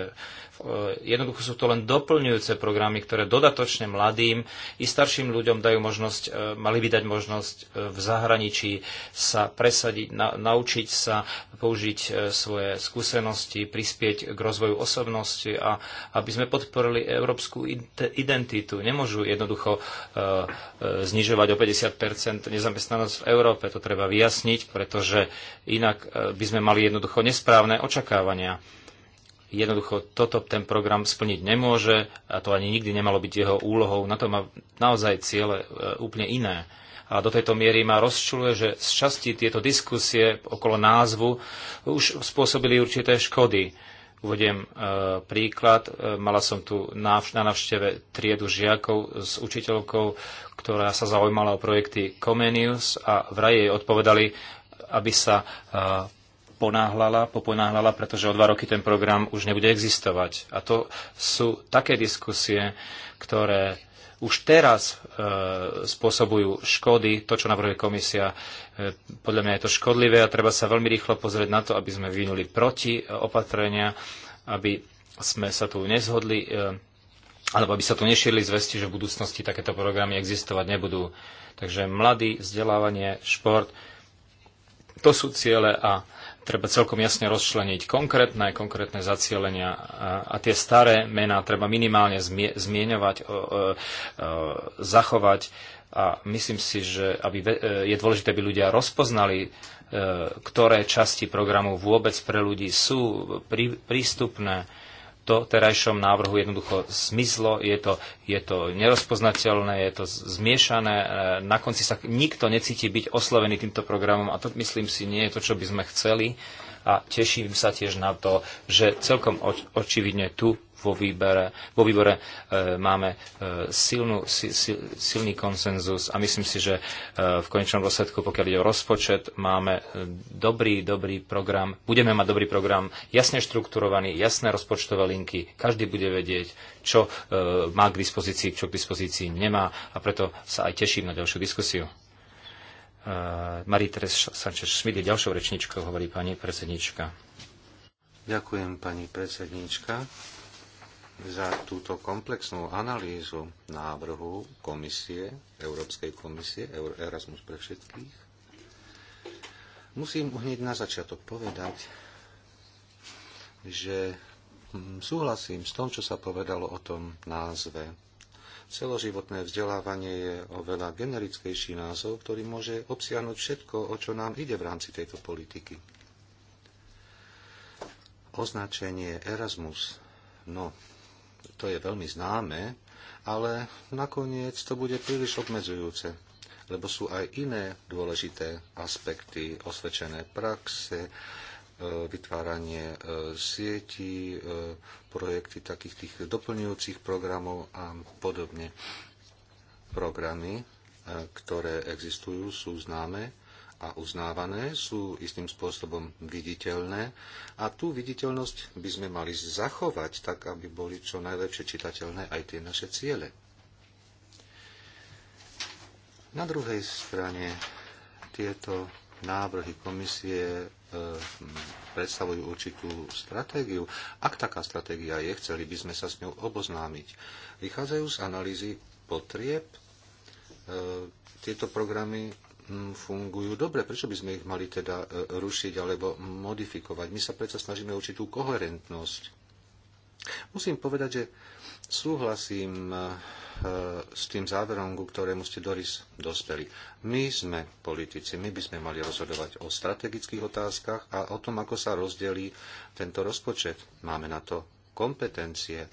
E, jednoducho sú to len doplňujúce programy, ktoré dodatočne mladým i starším ľuďom dajú možnosť, e, mali by dať možnosť e, v zahraničí sa presadiť, na, naučiť sa, použiť svoje skúsenosti, prispieť k rozvoju osobnosti a aby sme podporili európsku identitu. Nemôžu jednoducho znižovať o 50 nezamestnanosť v Európe, to treba vyjasniť, pretože inak by sme mali jednoducho nesprávne očakávania jednoducho toto ten program splniť nemôže a to ani nikdy nemalo byť jeho úlohou. Na to má naozaj ciele e, úplne iné. A do tejto miery ma rozčuluje, že z časti tieto diskusie okolo názvu už spôsobili určité škody. Uvediem e, príklad. E, mala som tu návš- na navšteve triedu žiakov s učiteľkou, ktorá sa zaujímala o projekty Comenius a vraj jej odpovedali, aby sa e, ponáhľala, poponáhľala, pretože o dva roky ten program už nebude existovať. A to sú také diskusie, ktoré už teraz e, spôsobujú škody. To, čo navrhuje komisia, e, podľa mňa je to škodlivé a treba sa veľmi rýchlo pozrieť na to, aby sme vyvinuli proti e, opatrenia, aby sme sa tu nezhodli, e, alebo aby sa tu nešírili zvesti, že v budúcnosti takéto programy existovať nebudú. Takže mladý, vzdelávanie, šport, to sú ciele a treba celkom jasne rozčleniť konkrétne, konkrétne zacielenia a, a tie staré mená treba minimálne zmie, zmieňovať, o, o, o, e, zachovať a myslím si, že aby, e, je dôležité, aby ľudia rozpoznali, e, ktoré časti programu vôbec pre ľudí sú prí, prístupné, to terajšom návrhu jednoducho zmizlo, je to, je to nerozpoznateľné, je to zmiešané, e, na konci sa nikto necíti byť oslovený týmto programom a to myslím si nie je to, čo by sme chceli a teším sa tiež na to, že celkom oč- očividne tu vo, výbere, vo výbore e, máme e, silnú, sil, silný konsenzus a myslím si, že e, v konečnom dôsledku, pokiaľ ide o rozpočet, máme dobrý, dobrý program, budeme mať dobrý program, jasne štrukturovaný, jasné rozpočtové linky, každý bude vedieť, čo má k dispozícii, čo k dispozícii nemá a preto sa aj teším na ďalšiu diskusiu. Marie Teres Sanchez Schmidt je ďalšou rečničkou, hovorí pani predsednička. Ďakujem, pani predsednička za túto komplexnú analýzu návrhu komisie, Európskej komisie, Erasmus pre všetkých. Musím hneď na začiatok povedať, že mm, súhlasím s tom, čo sa povedalo o tom názve. Celoživotné vzdelávanie je oveľa generickejší názov, ktorý môže obsiahnuť všetko, o čo nám ide v rámci tejto politiky. Označenie Erasmus, no, to je veľmi známe, ale nakoniec to bude príliš obmedzujúce, lebo sú aj iné dôležité aspekty, osvedčené praxe, e, vytváranie e, sietí, e, projekty takých tých doplňujúcich programov a podobne. Programy, ktoré existujú, sú známe a uznávané, sú istým spôsobom viditeľné a tú viditeľnosť by sme mali zachovať tak, aby boli čo najlepšie čitateľné aj tie naše ciele. Na druhej strane tieto návrhy komisie e, predstavujú určitú stratégiu. Ak taká stratégia je, chceli by sme sa s ňou oboznámiť. Vychádzajú z analýzy potrieb. E, tieto programy Mm, fungujú dobre, prečo by sme ich mali teda e, rušiť alebo modifikovať? My sa predsa snažíme určitú koherentnosť. Musím povedať, že súhlasím e, s tým záverom, ku ktorému ste Doris dospeli. My sme politici, my by sme mali rozhodovať o strategických otázkach a o tom, ako sa rozdelí tento rozpočet. Máme na to kompetencie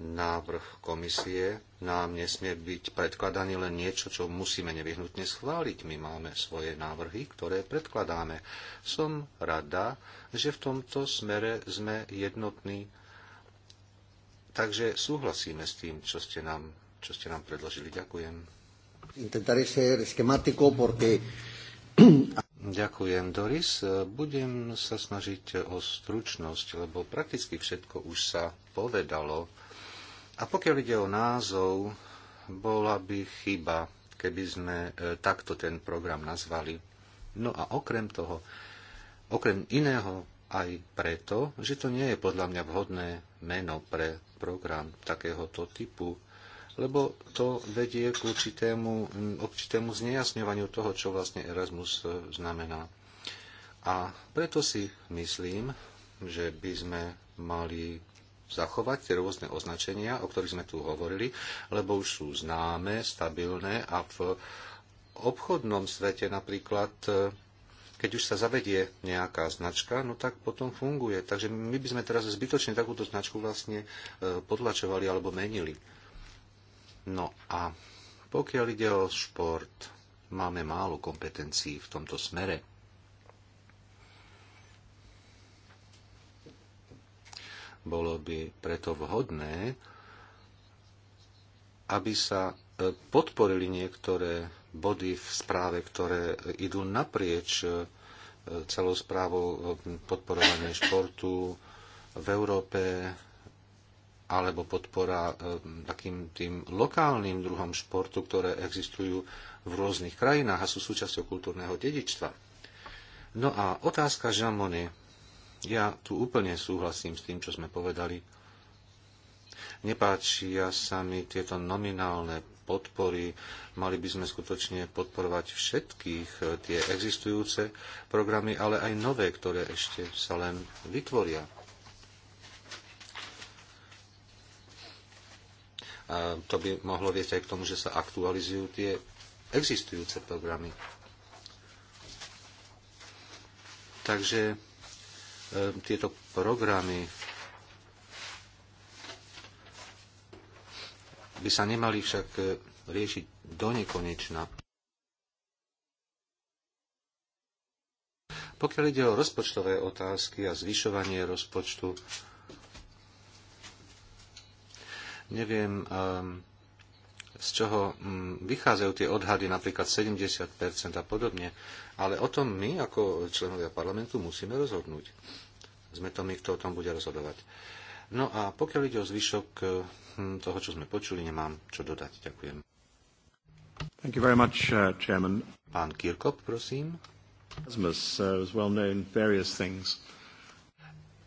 návrh komisie nám nesmie byť predkladaný len niečo, čo musíme nevyhnutne schváliť. My máme svoje návrhy, ktoré predkladáme. Som rada, že v tomto smere sme jednotní. Takže súhlasíme s tým, čo ste nám, čo ste nám predložili. Ďakujem. Intentaré ser porque... Ďakujem, Doris. Budem sa snažiť o stručnosť, lebo prakticky všetko už sa povedalo a pokiaľ ide o názov, bola by chyba, keby sme e, takto ten program nazvali. No a okrem toho, okrem iného aj preto, že to nie je podľa mňa vhodné meno pre program takéhoto typu, lebo to vedie k určitému, k mm, určitému znejasňovaniu toho, čo vlastne Erasmus e, znamená. A preto si myslím, že by sme mali zachovať tie rôzne označenia, o ktorých sme tu hovorili, lebo už sú známe, stabilné a v obchodnom svete napríklad e, keď už sa zavedie nejaká značka, no tak potom funguje. Takže my by sme teraz zbytočne takúto značku vlastne e, potlačovali alebo menili. No a pokiaľ ide o šport, máme málo kompetencií v tomto smere. Bolo by preto vhodné, aby sa e, podporili niektoré body v správe, ktoré idú naprieč e, celou správou e, podporovania športu v Európe alebo podpora takým tým lokálnym druhom športu, ktoré existujú v rôznych krajinách a sú súčasťou kultúrneho dedičstva. No a otázka Žamony ja tu úplne súhlasím s tým, čo sme povedali. Nepáčia sa mi tieto nominálne podpory. Mali by sme skutočne podporovať všetkých eh, tie existujúce programy, ale aj nové, ktoré ešte sa len vytvoria. A to by mohlo viesť aj k tomu, že sa aktualizujú tie existujúce programy. Takže Ehm, tieto programy by sa nemali však e, riešiť do nekonečna. Pokiaľ ide o rozpočtové otázky a zvyšovanie rozpočtu, neviem, um, z čoho mm, vychádzajú tie odhady, napríklad 70% a podobne. Ale o tom my, ako členovia parlamentu, musíme rozhodnúť. Sme to my, kto o tom bude rozhodovať. No a pokiaľ ide o zvyšok eh, hm, toho, čo sme počuli, nemám čo dodať. Ďakujem. Thank you very much, uh, Chairman. Pán Kirkop, prosím. Asmus, uh, well known various things.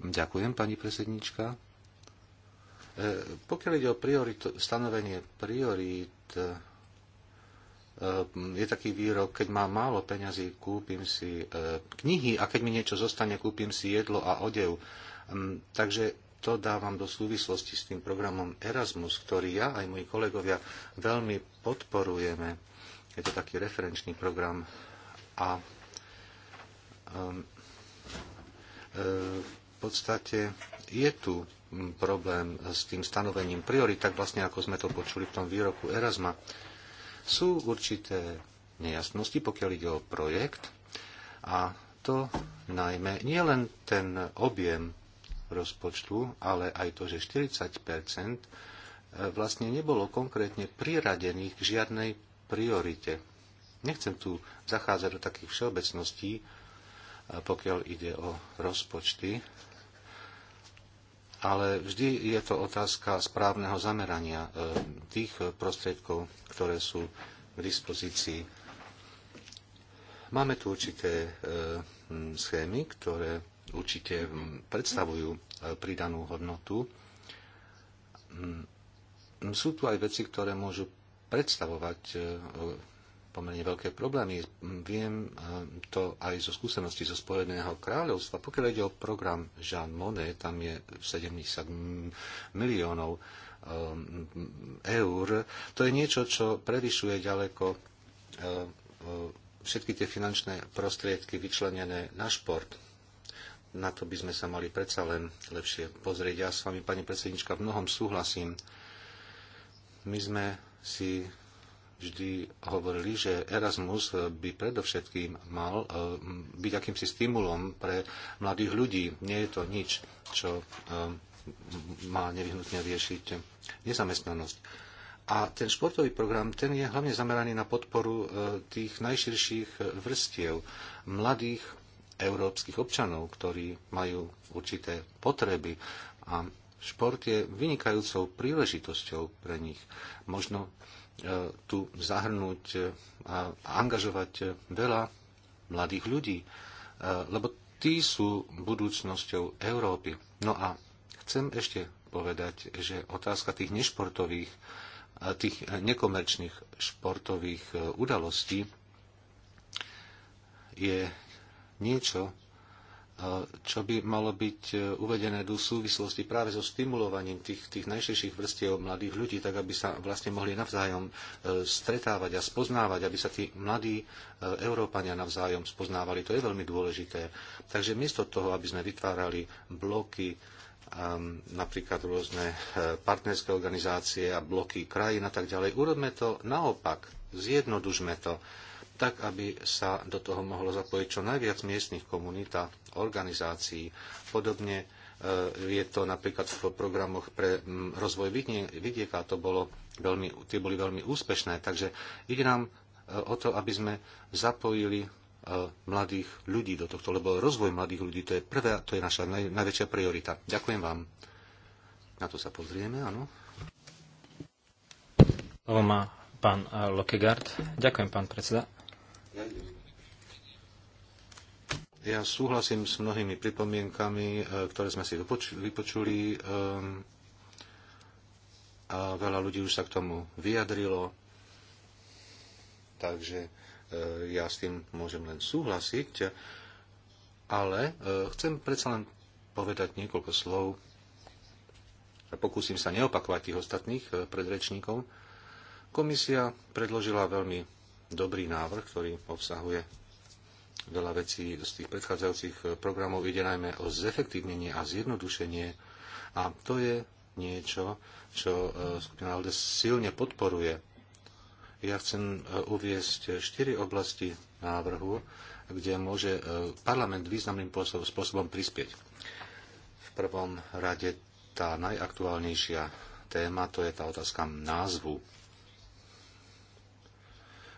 Ďakujem, pani predsednička. E, pokiaľ ide o priorit, stanovenie priorít, e, je taký výrok, keď mám málo peňazí, kúpim si e, knihy a keď mi niečo zostane, kúpim si jedlo a odev. Mm, takže to dávam do súvislosti s tým programom Erasmus, ktorý ja aj moji kolegovia veľmi podporujeme. Je to taký referenčný program a mm, v podstate je tu problém s tým stanovením priorit, tak vlastne ako sme to počuli v tom výroku Erasma, sú určité nejasnosti, pokiaľ ide o projekt a to najmä nie len ten objem rozpočtu, ale aj to, že 40 e, vlastne nebolo konkrétne priradených k žiadnej priorite. Nechcem tu zachádzať do takých všeobecností, e, pokiaľ ide o rozpočty, ale vždy je to otázka správneho zamerania e, tých prostriedkov, ktoré sú k dispozícii. Máme tu určité e, schémy, ktoré určite predstavujú e, pridanú hodnotu. Sú tu aj veci, ktoré môžu predstavovať pomerne veľké problémy. Viem eh, to aj zo skúseností zo Spojeného kráľovstva. Pokiaľ ide o program Jean Monnet, tam je 70 miliónov eh, eur. To je niečo, čo prevyšuje ďaleko eh, všetky tie finančné prostriedky vyčlenené na šport. Na to by sme sa mali predsa len lepšie pozrieť. Ja s vami, pani predsednička, v mnohom súhlasím. My sme si vždy hovorili, že Erasmus by predovšetkým mal e, byť akýmsi stimulom pre mladých ľudí. Nie je to nič, čo e, má nevyhnutne riešiť nezamestnanosť. A ten športový program, ten je hlavne zameraný na podporu e, tých najširších vrstiev mladých európskych občanov, ktorí majú určité potreby a šport je vynikajúcou príležitosťou pre nich. Možno E, tu zahrnúť e, a angažovať e, veľa mladých ľudí, lebo tí sú budúcnosťou Európy. No a chcem ešte povedať, že otázka tých nešportových, tých nekomerčných športových udalostí je niečo, čo by malo byť e, uvedené do súvislosti práve so stimulovaním tých, tých najširších vrstiev mladých ľudí, tak aby sa vlastne mohli navzájom e, stretávať a spoznávať, aby sa tí mladí e, Európania navzájom spoznávali. To je veľmi dôležité. Takže miesto toho, aby sme vytvárali bloky, napríklad rôzne partnerské organizácie a bloky krajín a tak ďalej, urobme to naopak, zjednodužme to tak aby sa do toho mohlo zapojiť čo najviac miestnych komunít a organizácií. Podobne e, je to napríklad v programoch pre rozvoj vidieka, to bolo veľmi, tie boli veľmi úspešné, takže ide nám e, o to, aby sme zapojili e, mladých ľudí do tohto, lebo rozvoj mladých ľudí to je prvá, to je naša naj, najväčšia priorita. Ďakujem vám. Na to sa pozrieme, áno. Slovo má pán Lokegard. Ďakujem, pán predseda. Ja súhlasím s mnohými pripomienkami, e, ktoré sme si vypočuli. A veľa ľudí už sa k tomu vyjadrilo. Takže e, ja s tým môžem len súhlasiť. Ale e, chcem predsa len povedať niekoľko slov. Pokúsim sa neopakovať tých ostatných predrečníkov. Komisia predložila veľmi dobrý návrh, ktorý obsahuje veľa vecí z tých predchádzajúcich programov. Ide najmä o zefektívnenie a zjednodušenie. A to je niečo, čo e, skupina LDS silne podporuje. Ja chcem e, uviesť štyri oblasti návrhu, kde môže e, parlament významným spôsobom prispieť. V prvom rade tá najaktuálnejšia téma, to je tá otázka názvu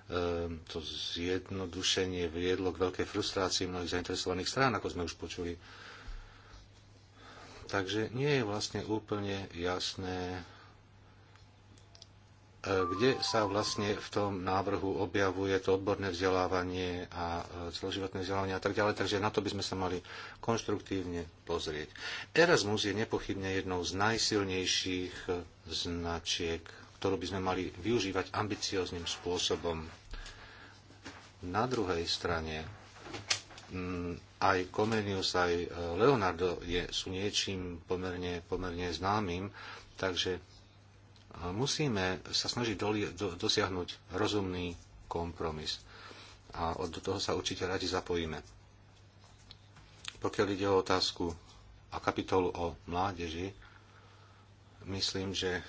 Ehm, to zjednodušenie viedlo k veľkej frustrácii mnohých zainteresovaných strán, ako sme už počuli. Takže nie je vlastne úplne jasné, e, kde sa vlastne v tom návrhu objavuje to odborné vzdelávanie a e, celoživotné vzdelávanie a tak ďalej, takže na to by sme sa mali konštruktívne pozrieť. Erasmus je nepochybne jednou z najsilnejších e, značiek ktorú by sme mali využívať ambicióznym spôsobom. Na druhej strane mm, aj Comenius, aj e, Leonardo je, sú niečím pomerne, pomerne známym, takže e, musíme sa snažiť do, do, dosiahnuť rozumný kompromis. A od toho sa určite radi zapojíme. Pokiaľ ide o otázku a kapitolu o mládeži, myslím, že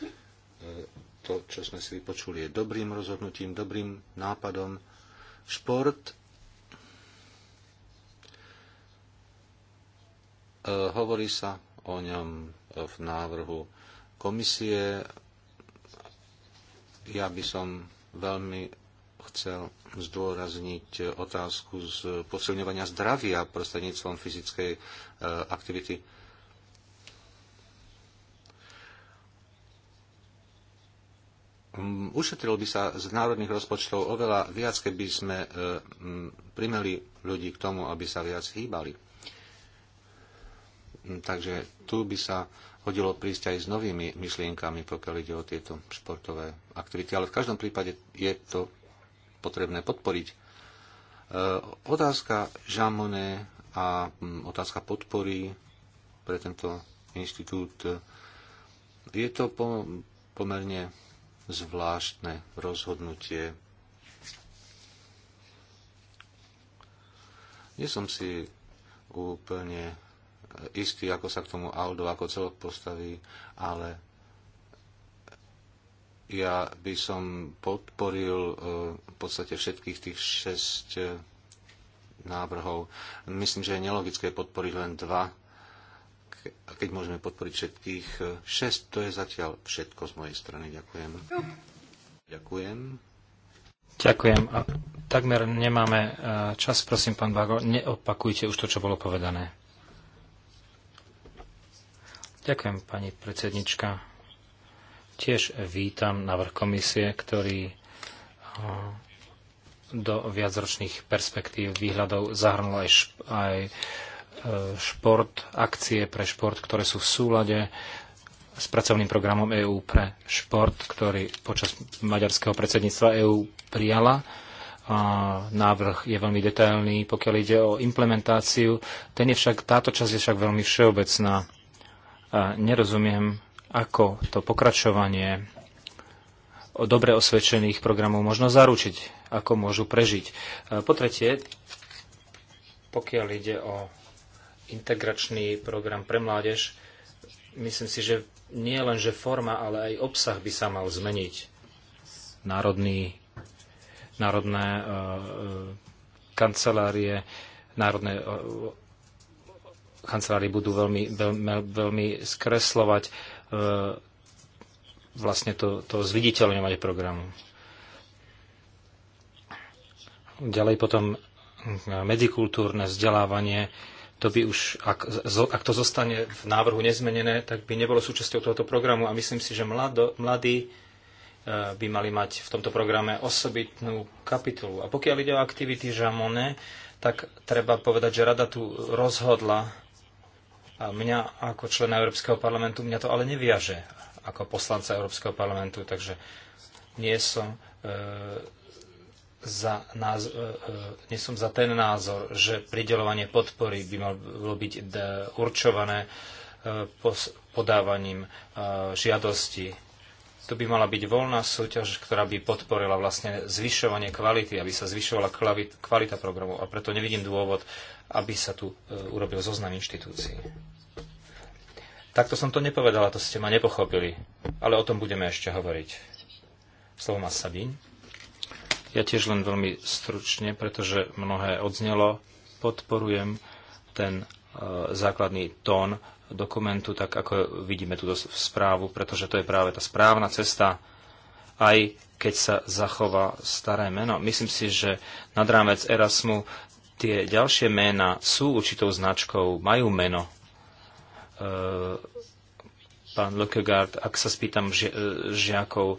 e, to, čo sme si vypočuli, je dobrým rozhodnutím, dobrým nápadom. Šport e, hovorí sa o ňom v návrhu komisie. Ja by som veľmi chcel zdôrazniť otázku z posilňovania zdravia prostredníctvom fyzickej e, aktivity. ušetril by sa z národných rozpočtov oveľa viac, keby sme e, primeli ľudí k tomu, aby sa viac hýbali. Takže tu by sa hodilo prísť aj s novými myšlienkami, pokiaľ ide o tieto športové aktivity. Ale v každom prípade je to potrebné podporiť. E, otázka žamone a otázka podpory pre tento inštitút e, je to pomerne zvláštne rozhodnutie. Nie som si úplne istý, ako sa k tomu Aldo ako celok postaví, ale ja by som podporil e, v podstate všetkých tých šesť e, návrhov. Myslím, že je nelogické podporiť len dva a keď môžeme podporiť všetkých 6, e, to je zatiaľ všetko z mojej strany. Ďakujem. Ďakujem. Ďakujem. A takmer nemáme e, čas, prosím, pán Bago, neopakujte už to, čo bolo povedané. Ďakujem, pani predsednička. Tiež vítam návrh komisie, ktorý e, do viacročných perspektív výhľadov zahrnul aj, aj E, šport, akcie pre šport, ktoré sú v súlade s pracovným programom EÚ pre šport, ktorý počas maďarského predsedníctva EÚ prijala. A návrh je veľmi detailný, pokiaľ ide o implementáciu. Ten je však, táto časť je však veľmi všeobecná. A nerozumiem, ako to pokračovanie o dobre osvedčených programov možno zaručiť, ako môžu prežiť. Po tretie, pokiaľ ide o integračný program pre mládež, myslím si, že nie len, že forma, ale aj obsah by sa mal zmeniť. Národný, národné uh, kancelárie, národné uh, kancelárie budú veľmi, veľmi, veľmi skreslovať uh, vlastne to, to zviditeľňovanie programu. Ďalej potom medzikultúrne vzdelávanie, to by už, ak, ak to zostane v návrhu nezmenené, tak by nebolo súčasťou tohoto programu a myslím si, že mlado, mladí e, by mali mať v tomto programe osobitnú kapitolu. A pokiaľ ide o aktivity Žamone, tak treba povedať, že rada tu rozhodla a mňa ako člena Európskeho parlamentu, mňa to ale neviaže ako poslanca Európskeho parlamentu, takže nie som e, za názor, e, e, nie som za ten názor, že pridelovanie podpory by malo byť určované e, podávaním žiadosti. To by mala byť voľná súťaž, ktorá by podporila vlastne zvyšovanie kvality, aby sa zvyšovala kvalita programov. A preto nevidím dôvod, aby sa tu urobil zoznam inštitúcií. Takto som to nepovedala, to ste ma nepochopili. Ale o tom budeme ešte hovoriť. Slovo má Sabín. Ja tiež len veľmi stručne, pretože mnohé odznelo, podporujem ten e, základný tón dokumentu, tak ako vidíme túto správu, pretože to je práve tá správna cesta, aj keď sa zachová staré meno. Myslím si, že nad rámec Erasmu tie ďalšie ména sú určitou značkou, majú meno. E, pán Lökegaard, ak sa spýtam ži- e, žiakov, e,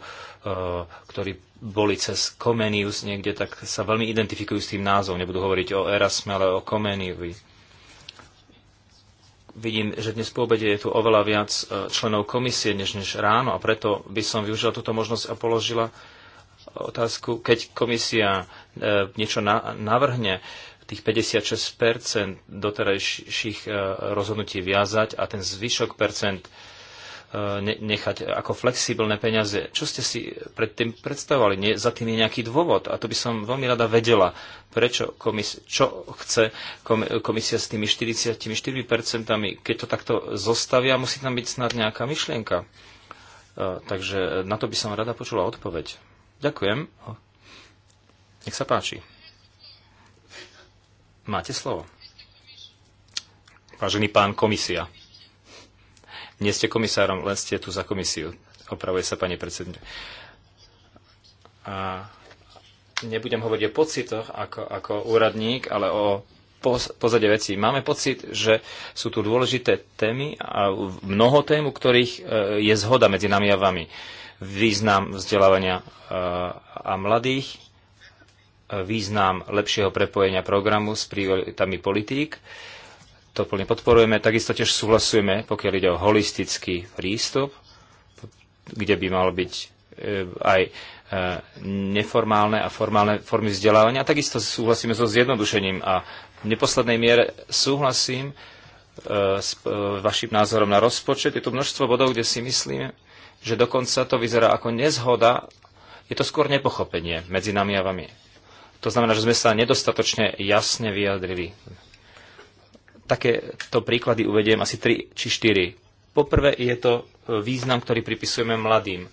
ktorí boli cez komenius niekde, tak sa veľmi identifikujú s tým názvom. Nebudú hovoriť o Erasme, ale o Komeniovi. Vidím, že dnes po obede je tu oveľa viac e, členov komisie než, než ráno a preto by som využila túto možnosť a položila otázku, keď komisia e, niečo navrhne, tých 56% doterajších e, rozhodnutí viazať a ten zvyšok percent Eh, nechať ako flexibilné peniaze. Čo ste si predtým predstavovali? Nie, za tým je nejaký dôvod a to by som veľmi rada vedela, prečo komis- čo chce kom- komisia s tými 44%, keď to takto zostavia, musí tam byť snad nejaká myšlienka. Eh, takže na to by som rada počula odpoveď. Ďakujem. Nech sa páči. Máte slovo. Vážený pán komisia. Nie ste komisárom, len ste tu za komisiu. Opravuje sa pani predsedne. A nebudem hovoriť o pocitoch ako, ako úradník, ale o pozadie veci. Máme pocit, že sú tu dôležité témy a mnoho tém, u ktorých e, je zhoda medzi nami a vami. Význam vzdelávania e, a mladých, e, význam lepšieho prepojenia programu s prioritami politík, to plne podporujeme. Takisto tiež súhlasujeme, pokiaľ ide o holistický prístup, kde by mal byť eh, aj eh, neformálne a formálne formy vzdelávania. A takisto súhlasíme so zjednodušením. A v neposlednej miere súhlasím eh, s vašim názorom na rozpočet. Je tu množstvo bodov, kde si myslím, že dokonca to vyzerá ako nezhoda. Je to skôr nepochopenie medzi nami a vami. To znamená, že sme sa nedostatočne jasne vyjadrili Takéto príklady uvediem asi 3 či 4. Poprvé je to e, význam, ktorý pripisujeme mladým.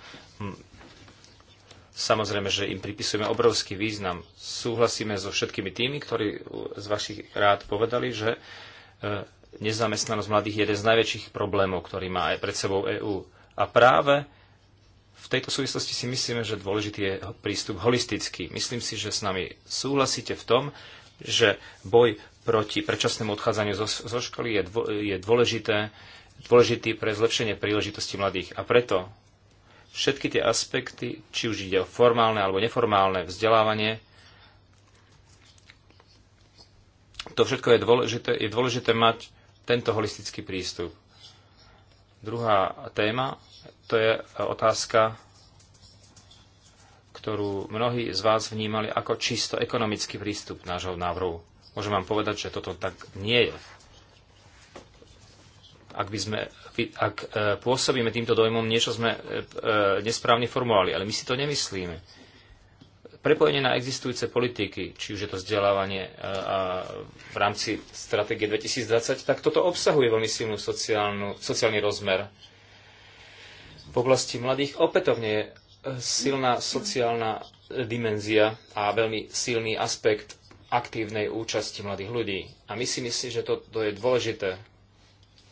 Samozrejme, že im pripisujeme obrovský význam. Súhlasíme so všetkými tými, ktorí z vašich rád povedali, že e, nezamestnanosť mladých je jeden z najväčších problémov, ktorý má aj pred sebou EÚ. A práve v tejto súvislosti si myslíme, že dôležitý je prístup holistický. Myslím si, že s nami súhlasíte v tom, že boj proti predčasnému odchádzaniu zo, zo školy je, dvo, je dôležité, dôležitý pre zlepšenie príležitosti mladých. A preto všetky tie aspekty, či už ide o formálne alebo neformálne vzdelávanie, to všetko je dôležité, je dôležité mať tento holistický prístup. Druhá téma, to je otázka, ktorú mnohí z vás vnímali ako čisto ekonomický prístup nášho návrhu Môžem vám povedať, že toto tak nie je. Ak, by sme, ak e, pôsobíme týmto dojmom, niečo sme e, e, nesprávne formovali, ale my si to nemyslíme. Prepojenie na existujúce politiky, či už je to vzdelávanie a v rámci stratégie 2020, tak toto obsahuje veľmi silnú sociálnu, sociálny rozmer. V oblasti mladých opätovne je silná sociálna dimenzia a veľmi silný aspekt aktívnej účasti mladých ľudí. A my si myslím, že toto je dôležité.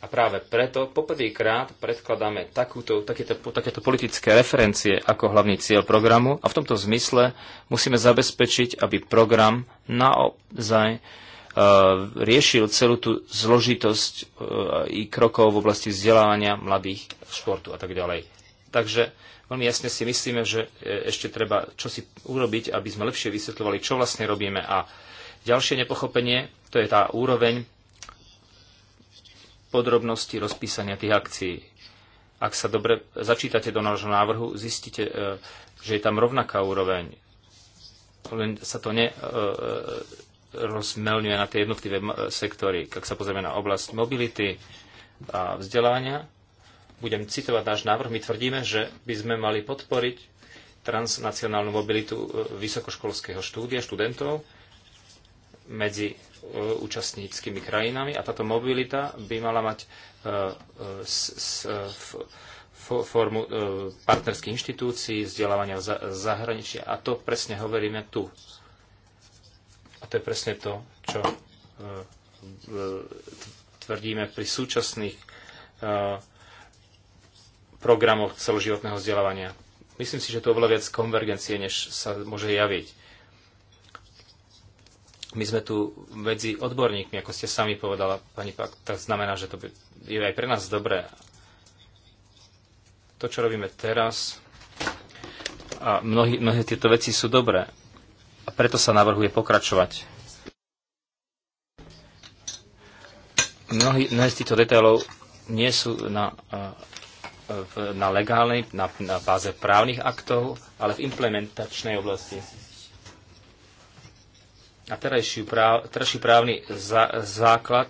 A práve preto poprvýkrát predkladáme takúto, takéto, takéto politické referencie ako hlavný cieľ programu a v tomto zmysle musíme zabezpečiť, aby program naozaj uh, riešil celú tú zložitosť uh, i krokov v oblasti vzdelávania mladých, športu a tak ďalej. Takže Veľmi jasne si myslíme, že e, ešte treba čosi urobiť, aby sme lepšie vysvetľovali, čo vlastne robíme. A ďalšie nepochopenie, to je tá úroveň podrobnosti rozpísania tých akcií. Ak sa dobre začítate do nášho návrhu, zistíte, e, že je tam rovnaká úroveň. Len sa to ne, e, rozmelňuje na tie jednotlivé sektory. Ak sa pozrieme na oblasť mobility a vzdelávania, budem citovať náš návrh, my tvrdíme, že by sme mali podporiť transnacionálnu mobilitu e, vysokoškolského štúdia študentov medzi e, účastníckými krajinami a táto mobilita by mala mať e, formu partnerských inštitúcií, vzdelávania v zahraničí a to presne hovoríme tu. A to je presne to, čo tvrdíme pri súčasných programoch celoživotného vzdelávania. Myslím si, že to oveľa viac konvergencie, než sa môže javiť. My sme tu medzi odborníkmi, ako ste sami povedala, pani Pak, tak znamená, že to je aj pre nás dobré. To, čo robíme teraz, a mnohí, mnohé tieto veci sú dobré. A preto sa navrhuje pokračovať. Mnohí, mnohé z týchto detailov nie sú na v, na legálnej, na, na báze právnych aktov, ale v implementačnej oblasti. A terajší, práv, terajší právny za, základ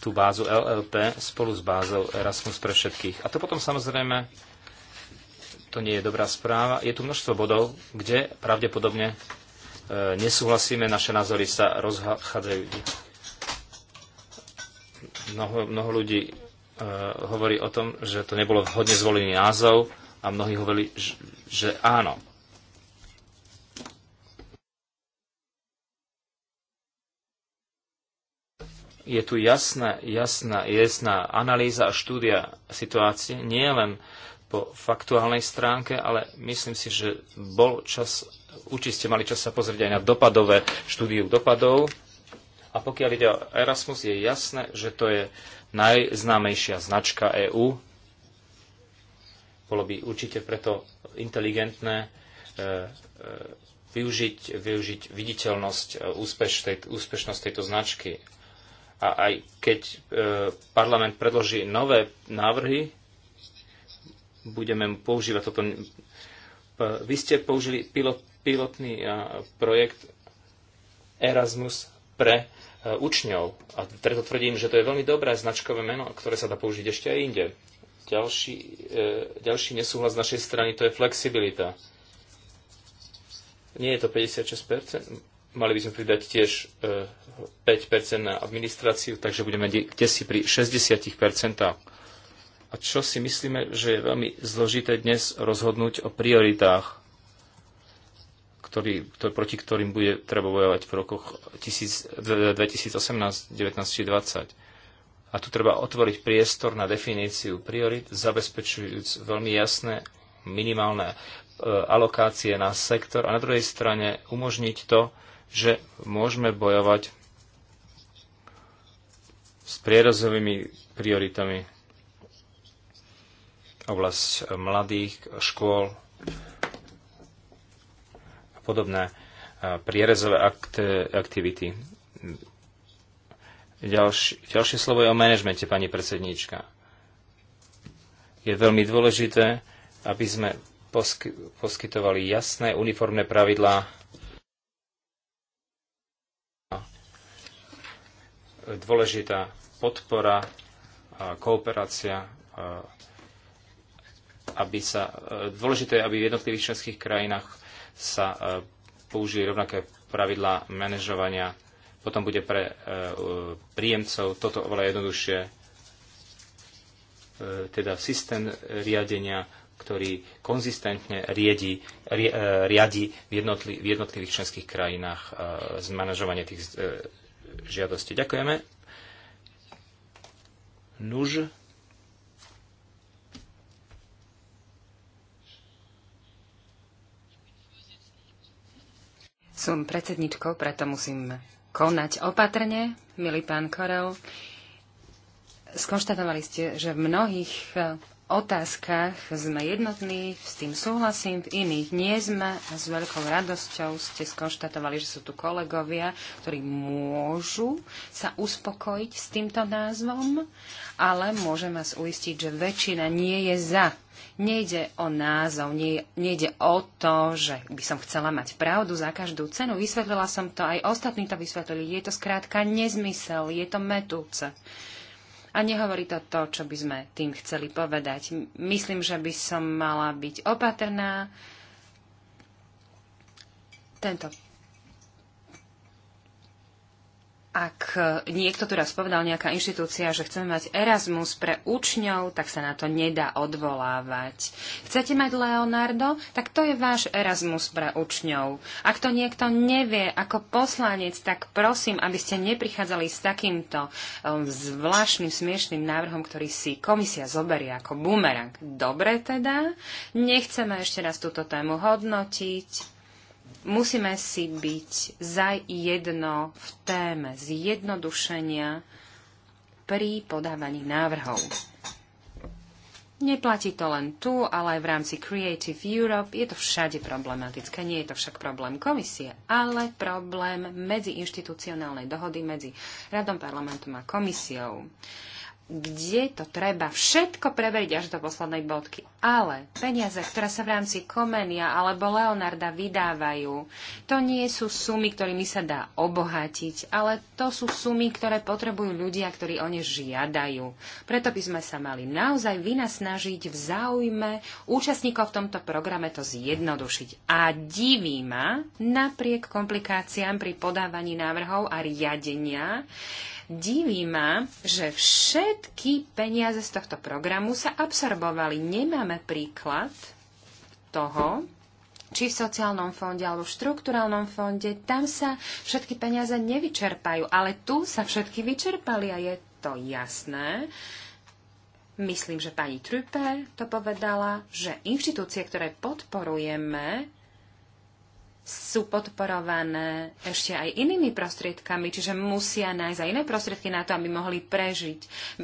tú bázu LLP spolu s bázou Erasmus pre všetkých. A to potom samozrejme to nie je dobrá správa. Je tu množstvo bodov, kde pravdepodobne e, nesúhlasíme, naše názory sa rozchádzajú. Mnoho, mnoho ľudí e, hovorí o tom, že to nebolo vhodne zvolený názov a mnohí hovorili, že, že áno. Je tu jasná, jasná, jasná analýza a štúdia situácie, nie len po faktuálnej stránke, ale myslím si, že bol čas, určite ste mali čas sa pozrieť aj na dopadové štúdiu dopadov, a pokiaľ ide o Erasmus, je jasné, že to je najznámejšia značka EÚ. Bolo by určite preto inteligentné e, e, využiť, využiť viditeľnosť, e, úspeš tej, úspešnosť tejto značky. A aj keď e, parlament predloží nové návrhy, budeme používať toto. Vy ste použili pilot, pilotný a, projekt Erasmus pre Eh, učňov. A preto tvrdím, že to je veľmi dobré značkové meno, ktoré sa dá použiť ešte aj inde. Ďalší, e, ďalší nesúhlas z našej strany to je flexibilita. Nie je to 56%, mali by sme pridať tiež e, eh, 5% na administráciu, takže budeme kde si pri 60%. A čo si myslíme, že je veľmi zložité dnes rozhodnúť o prioritách ktorý, ktorý, proti ktorým bude treba bojovať v rokoch 2018, 19 či 20. A tu treba otvoriť priestor na definíciu priorit, zabezpečujúc veľmi jasné minimálne e, alokácie na sektor a na druhej strane umožniť to, že môžeme bojovať s prierozovými prioritami oblasť mladých škôl, podobné e, prierezové akt, aktivity. ďalšie slovo je o manažmente, pani predsednička. Je veľmi dôležité, aby sme posky, poskytovali jasné, uniformné pravidlá dôležitá podpora a kooperácia, aby sa, e, dôležité, aby v jednotlivých členských krajinách sa e, použili rovnaké pravidlá manažovania, potom bude pre e, príjemcov toto oveľa jednoduchšie, e, teda systém riadenia, ktorý konzistentne riadi, riadi v, jednotli, v jednotlivých členských krajinách zmanažovanie tých žiadostí. Ďakujeme. Nuž. Som predsedničkou, preto musím konať opatrne, milý pán Korel. Skonštatovali ste, že v mnohých otázkach sme jednotní, s tým súhlasím, v iných nie sme a s veľkou radosťou ste skonštatovali, že sú tu kolegovia, ktorí môžu sa uspokojiť s týmto názvom, ale môžem vás uistiť, že väčšina nie je za. Nejde o názov, nie, nejde o to, že by som chcela mať pravdu za každú cenu. Vysvetlila som to, aj ostatní to vysvetlili. Je to skrátka nezmysel, je to metúce. A nehovorí to to, čo by sme tým chceli povedať. Myslím, že by som mala byť opatrná. Tento ak niekto teraz povedal nejaká inštitúcia, že chceme mať Erasmus pre učňov, tak sa na to nedá odvolávať. Chcete mať Leonardo? Tak to je váš Erasmus pre učňov. Ak to niekto nevie ako poslanec, tak prosím, aby ste neprichádzali s takýmto um, zvláštnym, smiešným návrhom, ktorý si komisia zoberie ako bumerang. Dobre teda, nechceme ešte raz túto tému hodnotiť Musíme si byť za jedno v téme zjednodušenia pri podávaní návrhov. Neplatí to len tu, ale aj v rámci Creative Europe. Je to všade problematické. Nie je to však problém komisie, ale problém medzi inštitucionálnej dohody medzi Radom parlamentom a komisiou. Uh, kde to treba všetko preveriť až do poslednej bodky. Ale peniaze, ktoré sa v rámci Komenia alebo Leonarda vydávajú, to nie sú sumy, ktorými sa dá obohatiť, ale to sú sumy, ktoré potrebujú ľudia, ktorí o ne žiadajú. Preto by sme sa mali naozaj vynasnažiť v záujme účastníkov v tomto programe to zjednodušiť. A diví ma, napriek komplikáciám pri podávaní návrhov a riadenia, Diví ma, že všetky peniaze z tohto programu sa absorbovali. Nemáme príklad toho, či v sociálnom fonde alebo v štruktúralnom fonde, tam sa všetky peniaze nevyčerpajú, ale tu sa všetky vyčerpali a je to jasné. Myslím, že pani Trupe to povedala, že inštitúcie, ktoré podporujeme, sú podporované ešte aj inými prostriedkami, čiže musia nájsť aj iné prostriedky na to, aby mohli prežiť.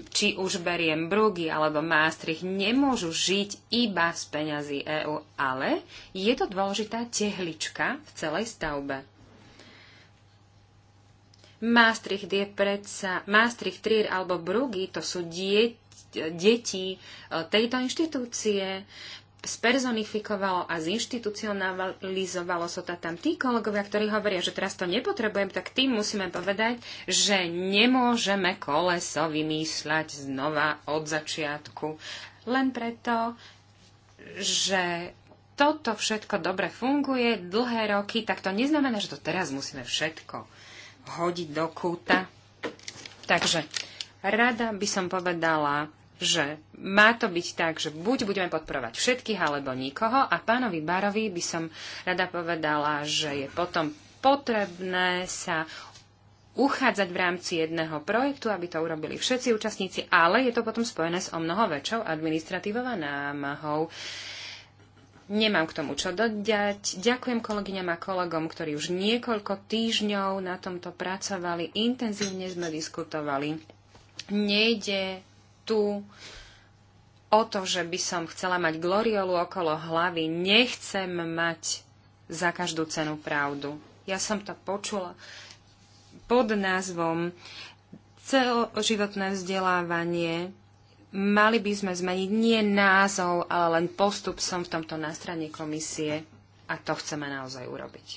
Či už beriem Brugy alebo Maastricht, nemôžu žiť iba z peňazí EÚ, ale je to dôležitá tehlička v celej stavbe. Maastricht je predsa, Maastricht, Trier alebo Brugy, to sú dieť, deti e, tejto inštitúcie sperzonifikovalo a zinstitucionalizovalo sa so to tam. Tí kolegovia, ktorí hovoria, že teraz to nepotrebujem, tak tým musíme povedať, že nemôžeme koleso vymýšľať znova od začiatku. Len preto, že toto všetko dobre funguje dlhé roky, tak to neznamená, že to teraz musíme všetko hodiť do kúta. Takže rada by som povedala, že má to byť tak, že buď budeme podporovať všetkých alebo nikoho a pánovi Barovi by som rada povedala, že je potom potrebné sa uchádzať v rámci jedného projektu, aby to urobili všetci účastníci, ale je to potom spojené s o mnoho väčšou administratívou a námahou. Nemám k tomu čo dodať. Ďakujem kolegyňam a kolegom, ktorí už niekoľko týždňov na tomto pracovali. Intenzívne sme diskutovali. Nejde tu o to, že by som chcela mať gloriolu okolo hlavy. Nechcem mať za každú cenu pravdu. Ja som to počula pod názvom celoživotné vzdelávanie. Mali by sme zmeniť nie názov, ale len postup som v tomto nástrane komisie a to chceme naozaj urobiť.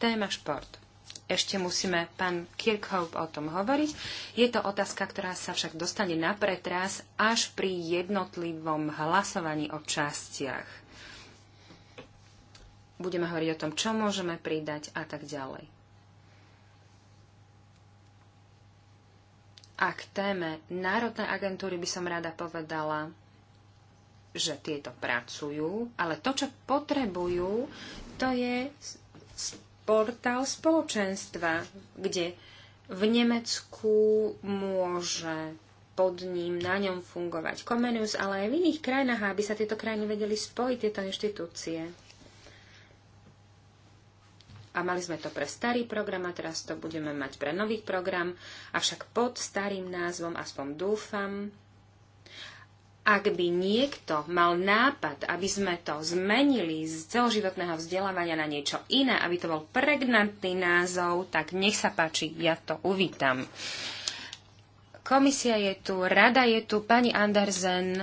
Téma šport ešte musíme pán Kirchhoff o tom hovoriť. Je to otázka, ktorá sa však dostane na pretras až pri jednotlivom hlasovaní o častiach. Budeme hovoriť o tom, čo môžeme pridať a tak ďalej. A k téme Národnej agentúry by som rada povedala, že tieto pracujú, ale to, čo potrebujú, to je portál spoločenstva, kde v Nemecku môže pod ním, na ňom fungovať Comenius, ale aj v iných krajinách, aby sa tieto krajiny vedeli spojiť, tieto inštitúcie. A mali sme to pre starý program a teraz to budeme mať pre nový program, avšak pod starým názvom, aspoň dúfam, ak by niekto mal nápad, aby sme to zmenili z celoživotného vzdelávania na niečo iné, aby to bol pregnantný názov, tak nech sa páči, ja to uvítam. Komisia je tu, rada je tu, pani Andersen,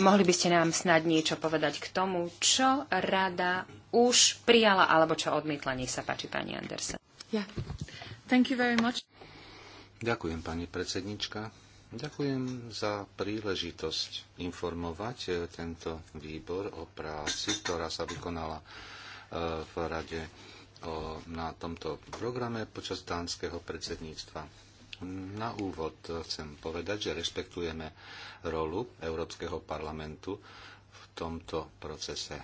mohli by ste nám snad niečo povedať k tomu, čo rada už prijala alebo čo odmietla. Nech sa páči, pani Andersen. Yeah. Thank you very much. Ďakujem, pani predsednička. Ďakujem za príležitosť informovať eh, tento výbor o práci, ktorá sa vykonala eh, v Rade na tomto programe počas dánskeho predsedníctva. Na úvod eh, chcem povedať, že rešpektujeme rolu Európskeho parlamentu v tomto procese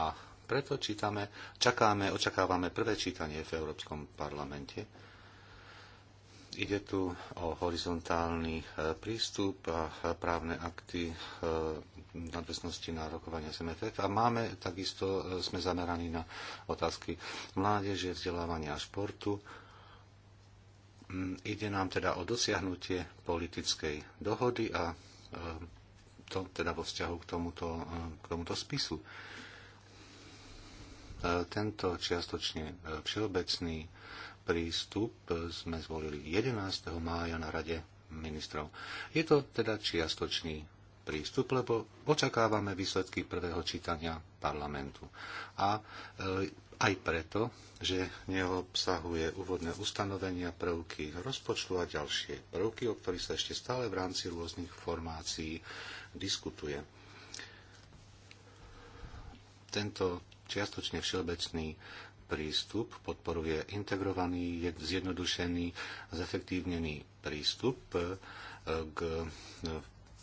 a preto čítame, čakáme, očakávame prvé čítanie v Európskom parlamente Ide tu o horizontálny e, prístup a právne akty e, v nadväznosti na rokovania MFF a máme takisto, e, sme zameraní na otázky mládeže, vzdelávania a športu. Mm, ide nám teda o dosiahnutie politickej dohody a to teda vo vzťahu k tomuto, k tomuto spisu. Tento čiastočne všeobecný prístup sme zvolili 11. mája na Rade ministrov. Je to teda čiastočný prístup, lebo očakávame výsledky prvého čítania parlamentu. A e, aj preto, že neobsahuje úvodné ustanovenia, prvky rozpočtu a ďalšie prvky, o ktorých sa ešte stále v rámci rôznych formácií diskutuje. Tento čiastočne všeobecný prístup podporuje integrovaný, zjednodušený, zefektívnený prístup e, k, e,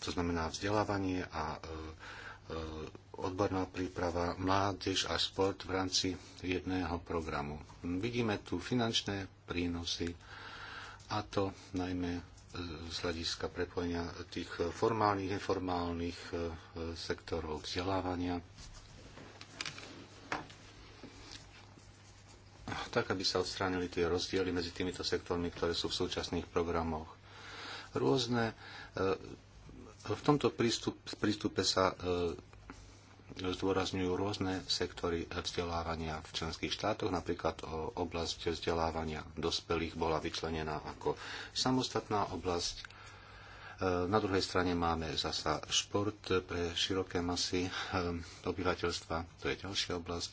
to znamená vzdelávanie a e, odborná príprava, mládež a sport v rámci jedného programu. Vidíme tu finančné prínosy a to najmä z hľadiska prepojenia tých formálnych, neformálnych sektorov vzdelávania tak aby sa odstránili tie rozdiely medzi týmito sektormi, ktoré sú v súčasných programoch. Rôzne, e, v tomto prístup, prístupe sa e, zdôrazňujú rôzne sektory vzdelávania v členských štátoch. Napríklad e, oblasť vzdelávania dospelých bola vyčlenená ako samostatná oblasť. Na druhej strane máme zasa šport pre široké masy obyvateľstva, to je ďalšia oblasť.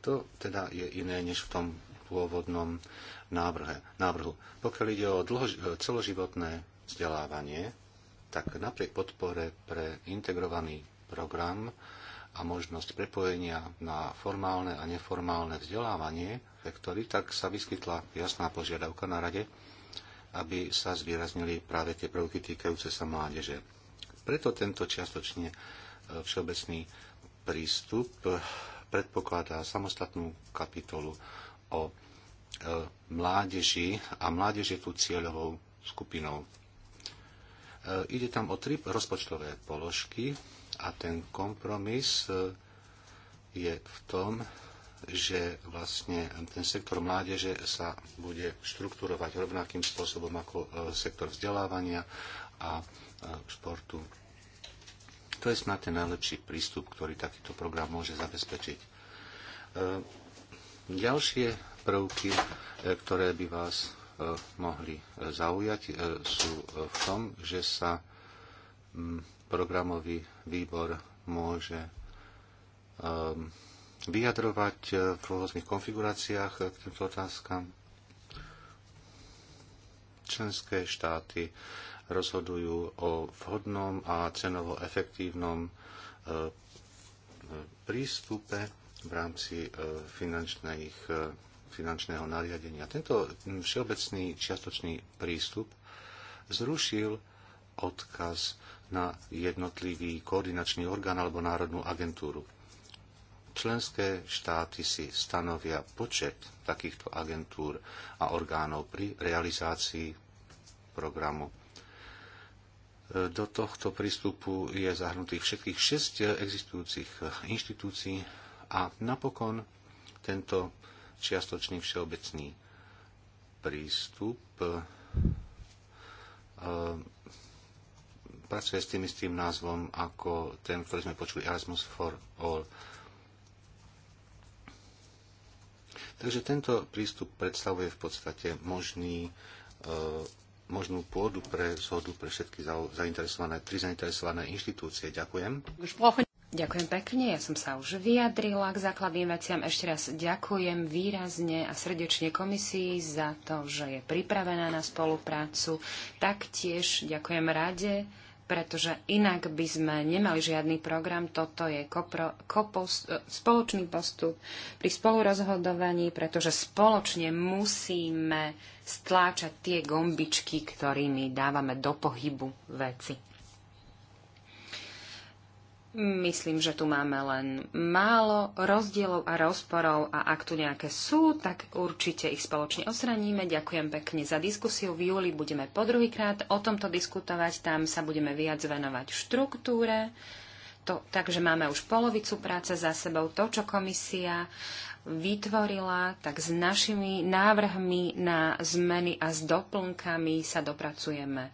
To teda je iné než v tom pôvodnom návrhe, návrhu. Pokiaľ ide o dlho, celoživotné vzdelávanie, tak napriek podpore pre integrovaný program a možnosť prepojenia na formálne a neformálne vzdelávanie vektory, tak sa vyskytla jasná požiadavka na rade, aby sa zvýraznili práve tie prvky týkajúce sa mládeže. Preto tento čiastočne e, všeobecný prístup predpokladá samostatnú kapitolu o e, mládeži a mládež je tu cieľovou skupinou. E, ide tam o tri rozpočtové položky a ten kompromis e, je v tom, že vlastne ten sektor mládeže sa bude štrukturovať rovnakým spôsobom ako sektor vzdelávania a športu. To je snad ten najlepší prístup, ktorý takýto program môže zabezpečiť. E, ďalšie prvky, e, ktoré by vás e, mohli zaujať, sú v tom, že sa programový výbor môže vyjadrovať v rôznych konfiguráciách k týmto otázkam. Členské štáty rozhodujú o vhodnom a cenovo efektívnom e, prístupe v rámci e, e, finančného nariadenia. Tento všeobecný čiastočný prístup zrušil odkaz na jednotlivý koordinačný orgán alebo národnú agentúru. Členské štáty si stanovia počet takýchto agentúr a orgánov pri realizácii programu. Do tohto prístupu je zahrnutých všetkých 6 existujúcich inštitúcií a napokon tento čiastočný všeobecný prístup e, pracuje s tým istým názvom ako ten, ktorý sme počuli Erasmus for All. Takže tento prístup predstavuje v podstate možný e, možnú pôdu pre zhodu pre všetky zainteresované, tri zainteresované inštitúcie. Ďakujem. Ďakujem pekne, ja som sa už vyjadrila k základným veciam. Ešte raz ďakujem výrazne a srdečne komisii za to, že je pripravená na spoluprácu. Taktiež ďakujem rade pretože inak by sme nemali žiadny program. Toto je kopro, kopo, e, spoločný postup pri spolurozhodovaní, pretože spoločne musíme stláčať tie gombičky, ktorými dávame do pohybu veci. Myslím, že tu máme len málo rozdielov a rozporov a ak tu nejaké sú, tak určite ich spoločne osraníme. Ďakujem pekne za diskusiu. V júli budeme po druhýkrát o tomto diskutovať. Tam sa budeme viac venovať štruktúre. To, takže máme už polovicu práce za sebou. To, čo komisia vytvorila, tak s našimi návrhmi na zmeny a s doplnkami sa dopracujeme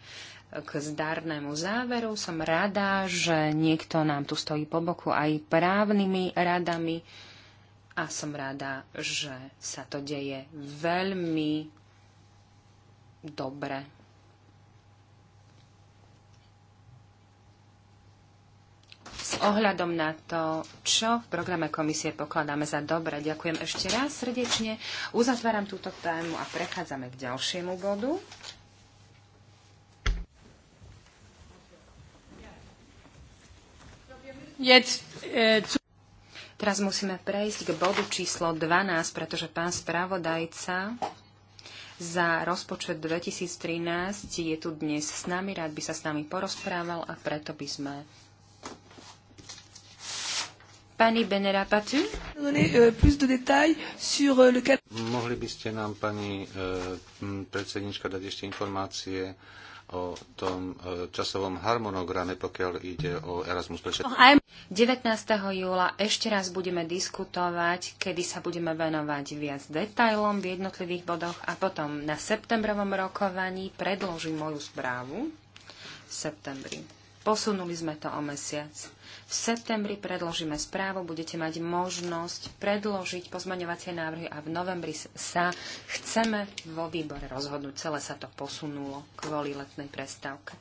k zdarnému záveru. Som rada, že niekto nám tu stojí po boku aj právnymi radami a som rada, že sa to deje veľmi dobre. S ohľadom na to, čo v programe komisie pokladáme za dobre, ďakujem ešte raz srdečne. Uzatváram túto tému a prechádzame k ďalšiemu bodu. Eh, Teraz musíme prejsť k bodu číslo 12, pretože pán spravodajca za rozpočet 2013 je tu dnes s nami, rád by sa s nami porozprával a preto by sme Pani Benera Patu. Eh, eh, Mohli by ste nám, pani predsednička, dať ešte informácie o tom e, časovom harmonograme, pokiaľ ide o Erasmus 19. júla ešte raz budeme diskutovať, kedy sa budeme venovať viac detailom v jednotlivých bodoch a potom na septembrovom rokovaní predložím moju správu v septembri. Posunuli sme to o mesiac. V septembri predložíme správu, budete mať možnosť predložiť pozmaňovacie návrhy a v novembri sa chceme vo výbore rozhodnúť. Celé sa to posunulo kvôli letnej prestávke.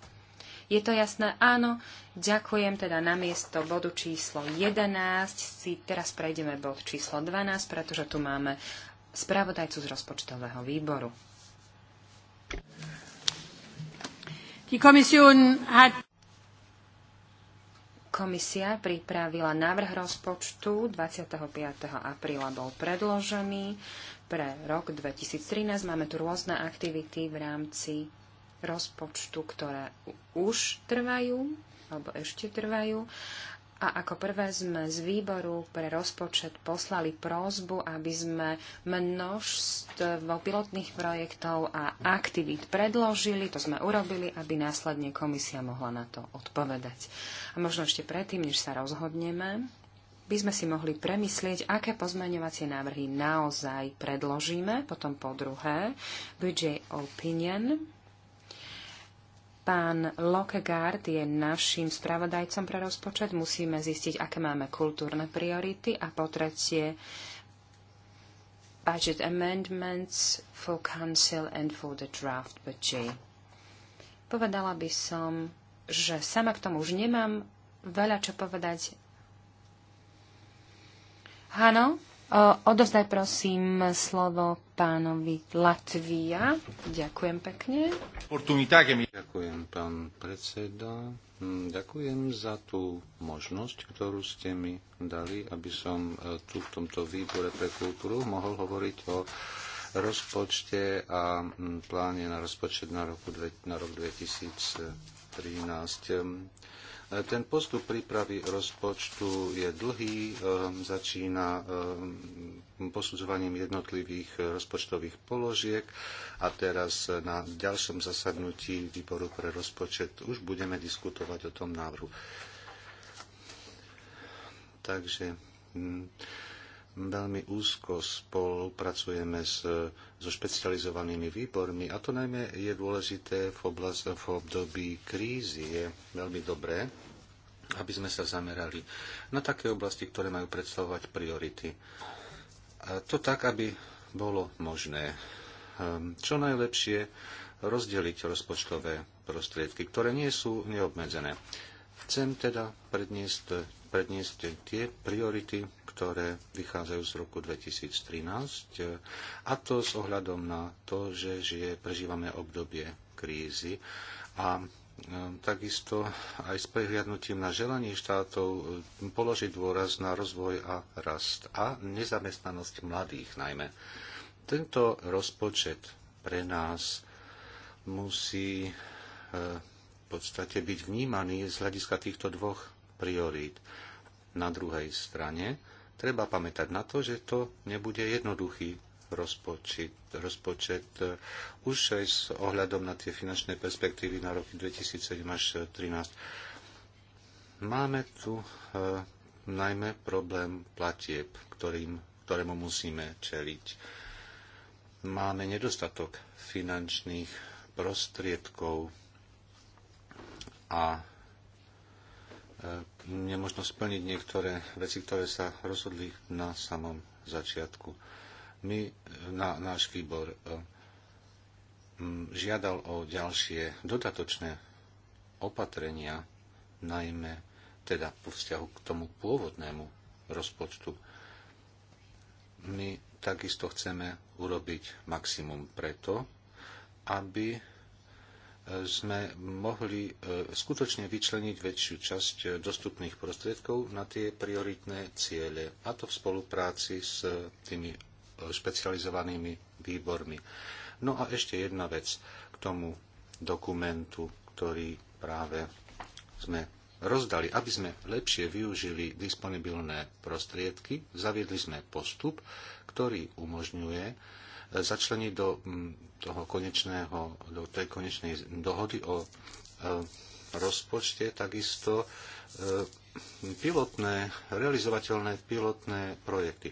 Je to jasné? Áno. Ďakujem teda na miesto bodu číslo 11. Si teraz prejdeme bod číslo 12, pretože tu máme spravodajcu z rozpočtového výboru. Die Kommission hat Komisia pripravila návrh rozpočtu 25. apríla bol predložený pre rok 2013. Máme tu rôzne aktivity v rámci rozpočtu, ktoré už trvajú alebo ešte trvajú a ako prvé sme z výboru pre rozpočet poslali prózbu, aby sme množstvo pilotných projektov a aktivít predložili. To sme urobili, aby následne komisia mohla na to odpovedať. A možno ešte predtým, než sa rozhodneme, by sme si mohli premyslieť, aké pozmeňovacie návrhy naozaj predložíme. Potom po druhé, budget opinion, Pán Lokegard je naším spravodajcom pre rozpočet. Musíme zistiť, aké máme kultúrne priority a po tretie budget amendments for council and for the draft budget. Povedala by som, že sama k tomu už nemám veľa čo povedať. Áno, Odovzdaj prosím slovo pánovi Latvia. Ďakujem pekne. Ďakujem, pán predseda. Hm, ďakujem za tú možnosť, ktorú ste mi dali, aby som e, tu v tomto výbore pre kultúru mohol hovoriť o rozpočte a hm, pláne na rozpočet na, roku, na rok 2013. Ten postup prípravy rozpočtu je dlhý, ehm, začína ehm, posudzovaním jednotlivých rozpočtových položiek a teraz na ďalšom zasadnutí výboru pre rozpočet už budeme diskutovať o tom návrhu. Takže hm, veľmi úzko spolupracujeme s, so špecializovanými výbormi a to najmä je dôležité v, oblast, v období krízy. Je veľmi dobré, aby sme sa zamerali na také oblasti, ktoré majú predstavovať priority. A to tak, aby bolo možné ehm, čo najlepšie rozdeliť rozpočtové prostriedky, ktoré nie sú neobmedzené. Chcem teda predniesť predniesť tie priority, ktoré vychádzajú z roku 2013, a to s ohľadom na to, že žije, prežívame obdobie krízy a e, takisto aj s prehliadnutím na želanie štátov e, položiť dôraz na rozvoj a rast a nezamestnanosť mladých najmä. Tento rozpočet pre nás musí e, v podstate byť vnímaný z hľadiska týchto dvoch priorít na druhej strane treba pamätať na to, že to nebude jednoduchý rozpočet, rozpočet e, už aj s ohľadom na tie finančné perspektívy na roky 2007 až 2013. Máme tu e, najmä problém platieb, ktorým, ktorému musíme čeliť. Máme nedostatok finančných prostriedkov a e, nemožno splniť niektoré veci, ktoré sa rozhodli na samom začiatku. My, na, náš výbor e, žiadal o ďalšie dodatočné opatrenia, najmä teda po vzťahu k tomu pôvodnému rozpočtu. My takisto chceme urobiť maximum preto, aby sme mohli e, skutočne vyčleniť väčšiu časť e, dostupných prostriedkov na tie prioritné ciele, a to v spolupráci s tými e, špecializovanými výbormi. No a ešte jedna vec k tomu dokumentu, ktorý práve sme rozdali, aby sme lepšie využili disponibilné prostriedky, zaviedli sme postup, ktorý umožňuje začleniť do, mm, toho konečného, do tej konečnej dohody o e, rozpočte, takisto e, pilotné, realizovateľné pilotné projekty.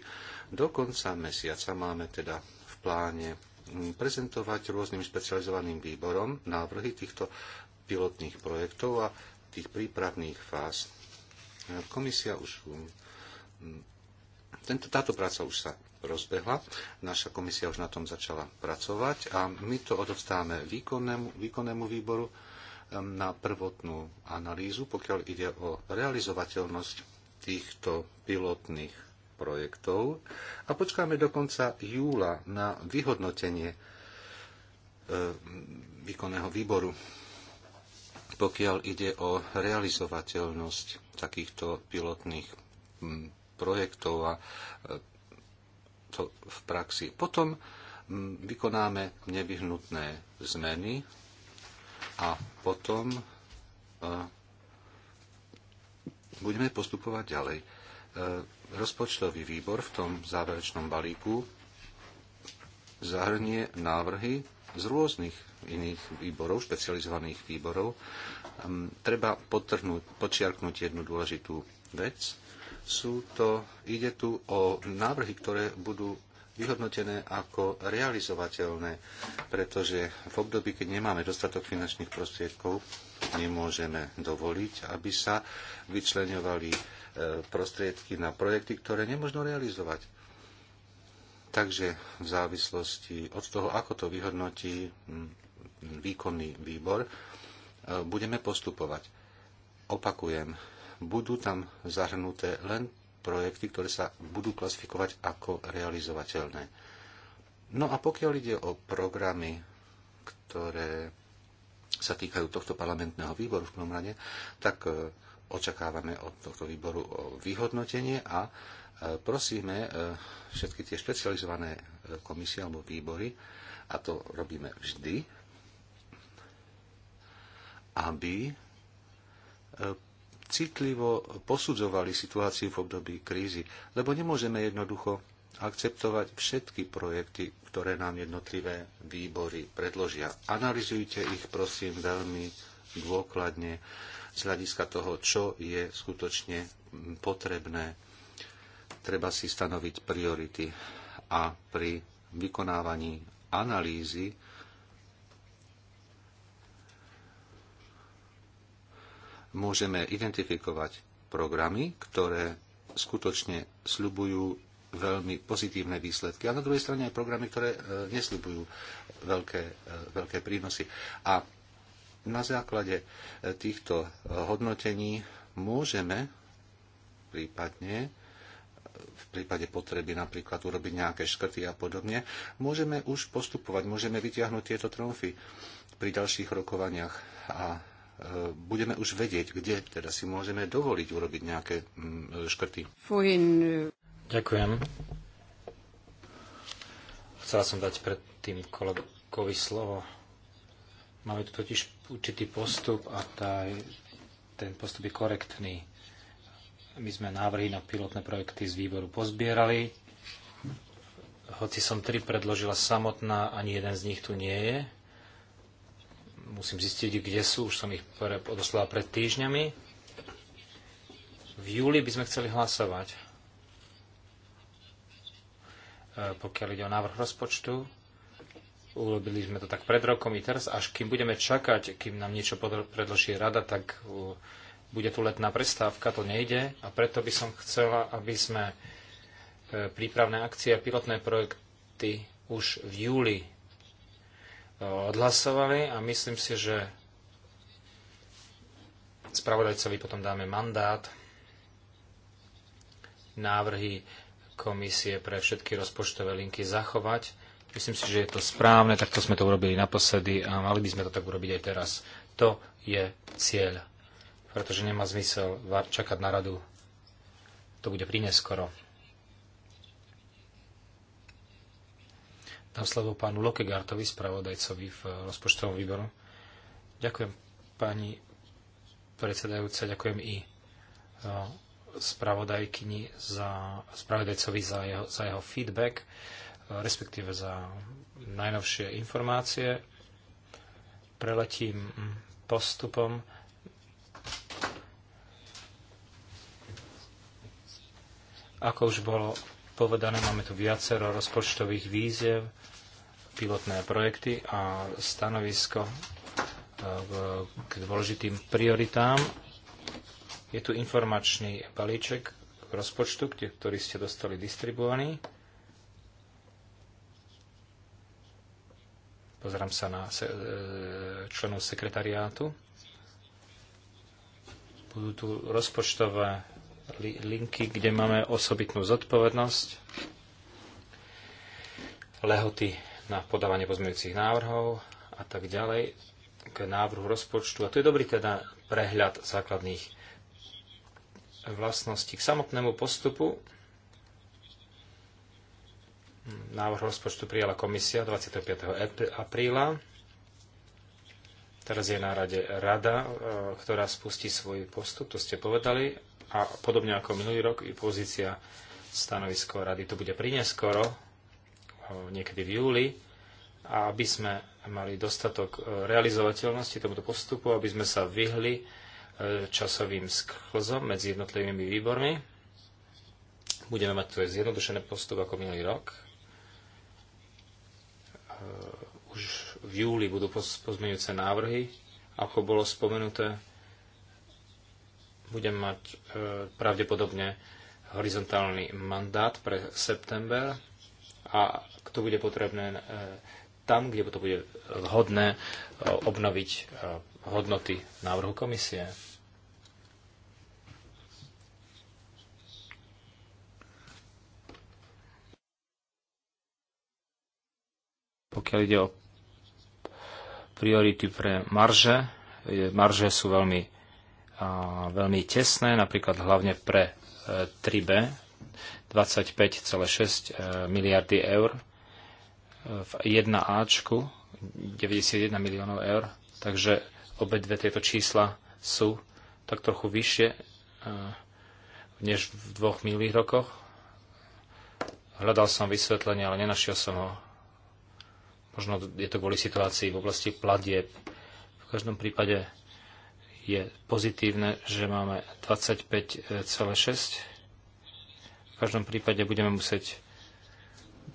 Do konca mesiaca máme teda v pláne mm, prezentovať rôznym špecializovaným výborom návrhy týchto pilotných projektov a tých prípravných fáz. E, komisia už mm, tento, táto práca už sa rozbehla, naša komisia už na tom začala pracovať a my to odovstáme výkonnému, výkonnému výboru na prvotnú analýzu, pokiaľ ide o realizovateľnosť týchto pilotných projektov a počkáme do konca júla na vyhodnotenie e, výkonného výboru, pokiaľ ide o realizovateľnosť takýchto pilotných projektov a e, to v praxi. Potom vykonáme nevyhnutné zmeny a potom e, budeme postupovať ďalej. E, rozpočtový výbor v tom záverečnom balíku zahrnie návrhy z rôznych iných výborov, špecializovaných výborov. Treba počiarknúť jednu dôležitú vec. Sú to, ide tu o návrhy, ktoré budú vyhodnotené ako realizovateľné, pretože v období, keď nemáme dostatok finančných prostriedkov, nemôžeme dovoliť, aby sa vyčlenovali e, prostriedky na projekty, ktoré nemôžno realizovať. Takže v závislosti od toho, ako to vyhodnotí výkonný výbor, e, budeme postupovať. Opakujem, budú tam zahrnuté len projekty, ktoré sa budú klasifikovať ako realizovateľné. No a pokiaľ ide o programy, ktoré sa týkajú tohto parlamentného výboru v prvom rade, tak e, očakávame od tohto výboru o e, vyhodnotenie a e, prosíme všetky tie špecializované komisie alebo výbory, a to robíme vždy, aby citlivo posudzovali situáciu v období krízy, lebo nemôžeme jednoducho akceptovať všetky projekty, ktoré nám jednotlivé výbory predložia. Analizujte ich, prosím, veľmi dôkladne z hľadiska toho, čo je skutočne potrebné. Treba si stanoviť priority a pri vykonávaní analýzy môžeme identifikovať programy, ktoré skutočne sľubujú veľmi pozitívne výsledky, a na druhej strane aj programy, ktoré e, nesľubujú veľké, e, veľké prínosy. A na základe e, týchto hodnotení môžeme prípadne v prípade potreby napríklad urobiť nejaké škrty a podobne, môžeme už postupovať, môžeme vytiahnuť tieto tromfy pri ďalších rokovaniach a Eh, budeme už vedieť, kde teda si môžeme dovoliť urobiť nejaké mm, škrty. Eh. Ďakujem. Chcela som dať pred tým kolegovi slovo. Máme tu totiž určitý postup a tá, ten postup je korektný. My sme návrhy na pilotné projekty z výboru pozbierali. Hoci som tri predložila samotná, ani jeden z nich tu nie je musím zistiť, kde sú, už som ich odoslala pred týždňami. V júli by sme chceli hlasovať, e, pokiaľ ide o návrh rozpočtu. Urobili sme to tak pred rokom i teraz, až kým budeme čakať, kým nám niečo predloží rada, tak e, bude tu letná prestávka, to nejde a preto by som chcela, aby sme e, prípravné akcie a pilotné projekty už v júli odhlasovali a myslím si, že spravodajcovi potom dáme mandát návrhy komisie pre všetky rozpočtové linky zachovať. Myslím si, že je to správne, takto sme to urobili naposledy a mali by sme to tak urobiť aj teraz. To je cieľ, pretože nemá zmysel čakať na radu. To bude prineskoro. skoro. Dám slovo pánu Lokegartovi, spravodajcovi v rozpočtovom výboru. Ďakujem pani predsedajúca, ďakujem i e, spravodajkyni za, spravodajcovi za jeho, za jeho feedback, e, respektíve za najnovšie informácie. Preletím postupom. Ako už bolo povedané. Máme tu viacero rozpočtových víziev, pilotné projekty a stanovisko e, k dôležitým prioritám. Je tu informačný balíček rozpočtu, ktorý ste dostali distribuovaný. Pozerám sa na e, členov sekretariátu. Budú tu rozpočtové linky, kde máme osobitnú zodpovednosť, lehoty na podávanie pozmeňujúcich návrhov a tak ďalej k návrhu rozpočtu. A tu je dobrý teda prehľad základných vlastností k samotnému postupu. Návrh rozpočtu prijala komisia 25. apríla. Teraz je na rade rada, e, ktorá spustí svoj postup, to ste povedali, a podobne ako minulý rok i pozícia stanovisko rady to bude prineskoro, eh, niekedy v júli, a aby sme mali dostatok eh, realizovateľnosti tomuto postupu, aby sme sa vyhli eh, časovým sklzom medzi jednotlivými výbormi. Budeme mať tu zjednodušený postup ako minulý rok. Už v júli budú pozmeňujúce návrhy, ako bolo spomenuté budem mať e, pravdepodobne horizontálny mandát pre september a to bude potrebné e, tam, kde to bude vhodné, e, obnoviť e, hodnoty návrhu komisie. Pokiaľ ide o priority pre marže, marže sú veľmi veľmi tesné, napríklad hlavne pre 3B e, 25,6 e, miliardy eur e, v 1Ačku 91 miliónov eur, takže obe dve tieto čísla sú tak trochu vyššie než v dvoch minulých rokoch. Hľadal som vysvetlenie, ale nenašiel som ho. Možno je to kvôli situácii v oblasti platieb. V každom prípade je pozitívne, že máme 25,6. V každom prípade budeme musieť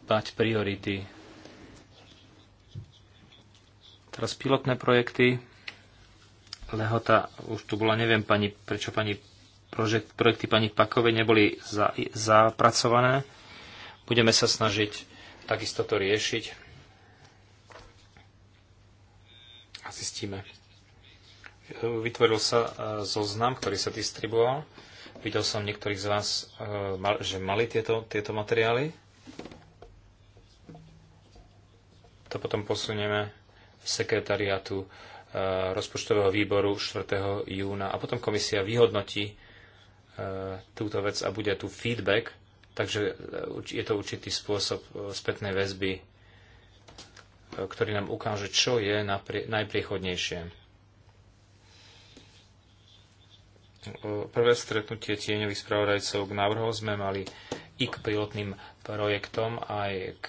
dať priority. Teraz pilotné projekty. Lehota, už tu bola, neviem, pani, prečo pani projekt, projekty pani Pakovej neboli za, zapracované. Budeme sa snažiť takisto to riešiť. A zistíme vytvoril sa e, zoznam, ktorý sa distribuoval. Videl som niektorých z vás, e, že mali tieto, tieto materiály. To potom posunieme v sekretariátu e, rozpočtového výboru 4. júna a potom komisia vyhodnotí túto vec a bude tu feedback, takže je to určitý spôsob spätnej väzby, ktorý nám ukáže, čo je najpriechodnejšie. prvé stretnutie tieňových spravodajcov k návrhom sme mali i k pilotným projektom, aj k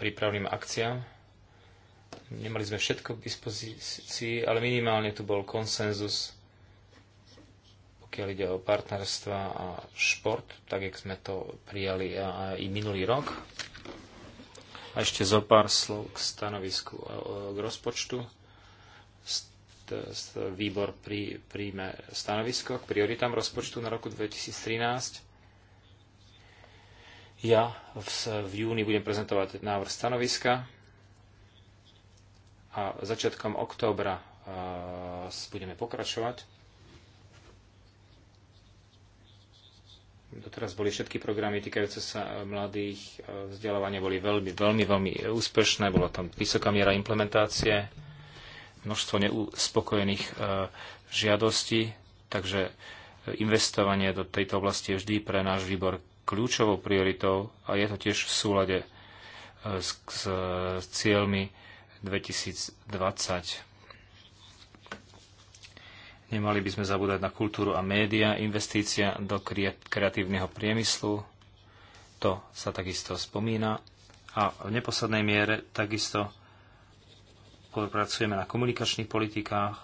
prípravným akciám. Nemali sme všetko k dispozícii, ale minimálne tu bol konsenzus, pokiaľ ide o partnerstva a šport, tak jak sme to prijali aj minulý rok. A ešte zo pár slov k stanovisku e, e, k rozpočtu. E, výbor prí, príjme stanovisko k prioritám rozpočtu na roku 2013. Ja v, v júni budem prezentovať návrh stanoviska a začiatkom októbra e, budeme pokračovať. Doteraz boli všetky programy týkajúce sa e, mladých, e, vzdelávania boli veľmi, veľmi, veľmi úspešné, bola tam vysoká miera implementácie množstvo neuspokojených e, žiadostí, takže e, investovanie do tejto oblasti je vždy pre náš výbor kľúčovou prioritou a je to tiež v súlade e, s, s cieľmi 2020. Nemali by sme zabúdať na kultúru a média, investícia do kreatívneho priemyslu, to sa takisto spomína. A v neposlednej miere takisto spolupracujeme na komunikačných politikách.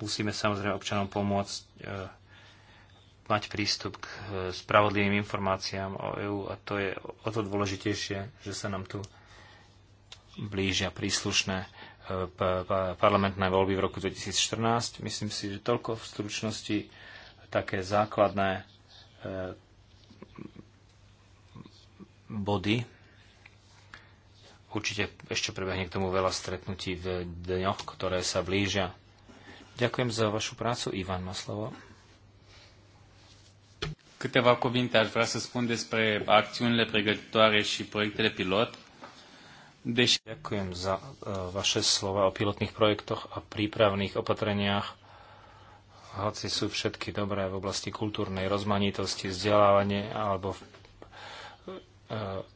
Musíme samozrejme občanom pomôcť eh, mať prístup k eh, spravodlivým informáciám o EÚ a to je o to dôležitejšie, že sa nám tu blížia príslušné eh, parlamentné voľby v roku 2014. Myslím si, že toľko v stručnosti také základné body Určite ešte prebehne k tomu veľa stretnutí v dňoch, ktoré sa blížia. Ďakujem za vašu prácu. Ivan Maslovo. Câteva cuvinte aș vrea să spun despre acțiunile pregătitoare și proiectele pilot. Deși... Ďakujem za e, vaše slova o pilotných projektoch a prípravných opatreniach. Hoci sú všetky dobré v oblasti kultúrnej rozmanitosti, vzdelávanie alebo v, e,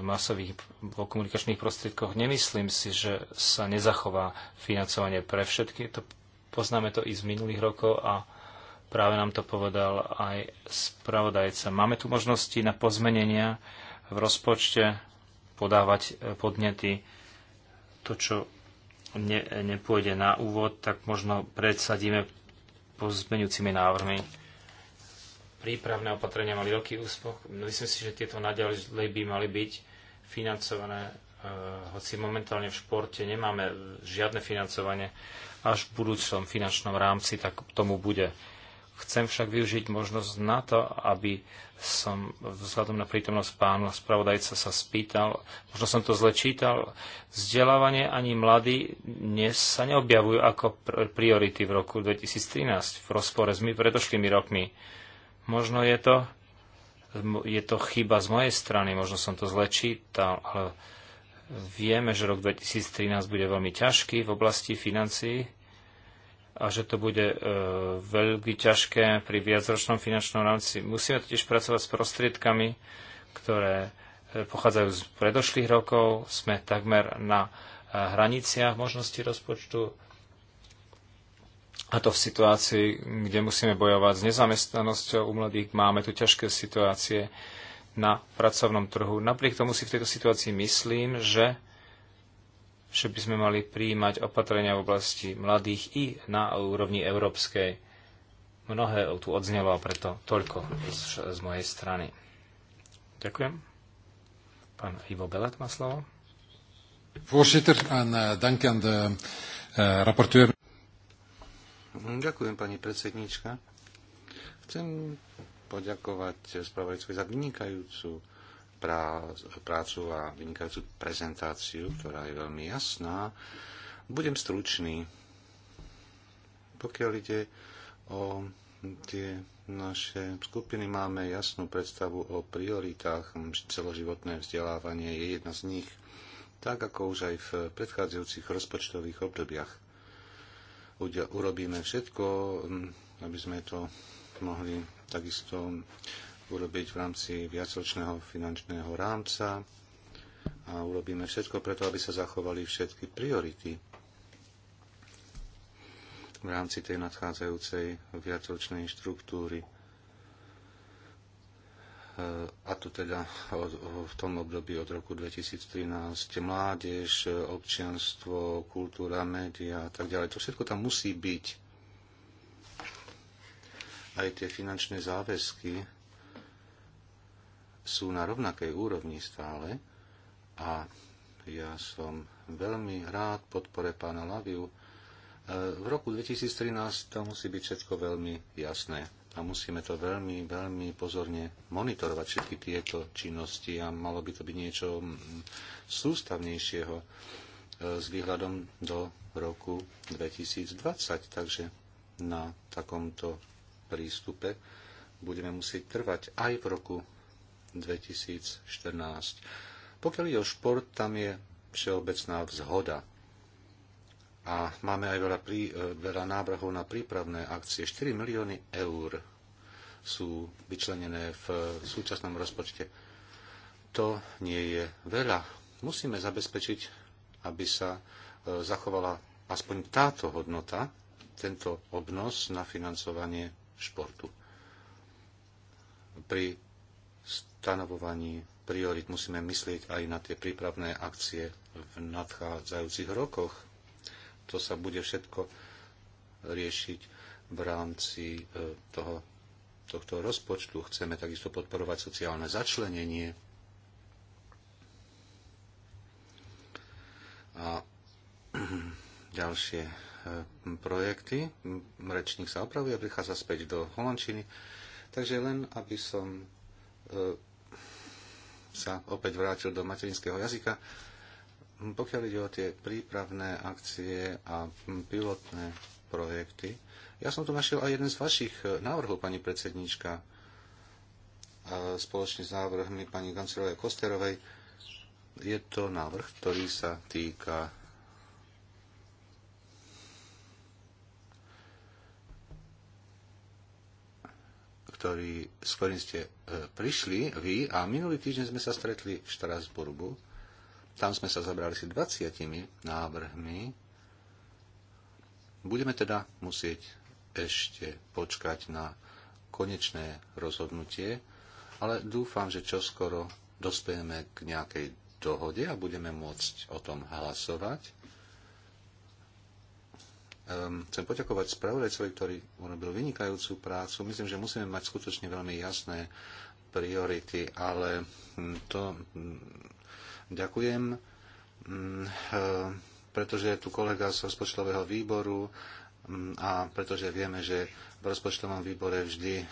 masových komunikačných prostriedkoch, nemyslím si, že sa nezachová financovanie pre všetky. To, poznáme to i z minulých rokov a práve nám to povedal aj spravodajca. Máme tu možnosti na pozmenenia v rozpočte podávať e, podnety. To, čo ne, nepôjde na úvod, tak možno predsadíme pozmenujúcimi návrhmi prípravné opatrenia mali veľký úspech. Myslím si, že tieto naďalej by mali byť financované, e, hoci momentálne v športe nemáme žiadne financovanie, až v budúcom finančnom rámci tak tomu bude. Chcem však využiť možnosť na to, aby som vzhľadom na prítomnosť pána spravodajca sa spýtal, možno som to zle čítal, vzdelávanie ani mladí dnes sa neobjavujú ako priority v roku 2013 v rozpore s predošlými rokmi. Možno je to, je to chyba z mojej strany, možno som to zle čítal, ale vieme, že rok 2013 bude veľmi ťažký v oblasti financií a že to bude e, veľmi ťažké pri viacročnom finančnom rámci. Musíme totiž pracovať s prostriedkami, ktoré e, pochádzajú z predošlých rokov. Sme takmer na e, hraniciach možnosti rozpočtu. A to v situácii, kde musíme bojovať s nezamestnanosťou u mladých, máme tu ťažké situácie na pracovnom trhu. Napriek tomu si v tejto situácii myslím, že, že by sme mali príjmať opatrenia v oblasti mladých i na úrovni európskej. Mnohé tu odznelo a preto toľko z, z mojej strany. Ďakujem. Pán Ivo Belet má slovo. Voorzitter, en uh, eh, dank aan de uh, rapporteur. Mhm, ďakujem, pani predsednička. Chcem poďakovať spravodajcovi za vynikajúcu prácu a vynikajúcu prezentáciu, ktorá je veľmi jasná. Budem stručný. Pokiaľ ide o tie naše skupiny, máme jasnú predstavu o prioritách. Celoživotné vzdelávanie je jedna z nich, tak ako už aj v predchádzajúcich rozpočtových obdobiach urobíme všetko, mm, aby sme to mohli takisto urobiť v rámci viacročného finančného rámca a urobíme všetko preto, aby sa zachovali všetky priority v rámci tej nadchádzajúcej viacročnej štruktúry. Eh, a to teda v tom období od roku 2013, mládež, občianstvo, kultúra, média a tak ďalej. To všetko tam musí byť. Aj tie finančné záväzky sú na rovnakej úrovni stále a ja som veľmi rád podpore pána Laviu, E, v roku 2013 to musí byť všetko veľmi jasné a musíme to veľmi, veľmi pozorne monitorovať všetky tieto činnosti a malo by to byť niečo mm, sústavnejšieho e, s výhľadom do roku 2020. Takže na takomto prístupe budeme musieť trvať aj v roku 2014. Pokiaľ je o šport, tam je všeobecná vzhoda a máme aj veľa, prí, e, veľa návrhov na prípravné akcie. 4 milióny eur sú vyčlenené v súčasnom rozpočte. To nie je veľa. Musíme zabezpečiť, aby sa e, zachovala aspoň táto hodnota, tento obnos na financovanie športu. Pri stanovovaní priorit musíme myslieť aj na tie prípravné akcie v nadchádzajúcich rokoch to sa bude všetko riešiť v rámci e, toho, tohto rozpočtu. Chceme takisto podporovať sociálne začlenenie a ďalšie e, projekty. Rečník sa opravuje a prichádza späť do Holandčiny. Takže len, aby som e, sa opäť vrátil do materinského jazyka, Hm, pokiaľ ide o tie prípravné akcie a hm, pilotné projekty, ja som tu našiel aj jeden z vašich e, návrhov, pani predsednička, spoločne s návrhmi pani kancelárie Kosterovej. Je to návrh, ktorý sa týka ktorý, s ktorým ste e, prišli vy a minulý týždeň sme sa stretli v Štrasburgu tam sme sa zabrali si 20 návrhmi. Budeme teda musieť ešte počkať na konečné rozhodnutie, ale dúfam, že čoskoro dospejeme k nejakej dohode a budeme môcť o tom hlasovať. Um, chcem poďakovať spravodajcovi, ktorý urobil vynikajúcu prácu. Myslím, že musíme mať skutočne veľmi jasné priority, ale hm, to hm, Ďakujem, mm, eh, pretože je tu kolega z rozpočtového výboru mm, a pretože vieme, že v rozpočtovom výbore vždy eh,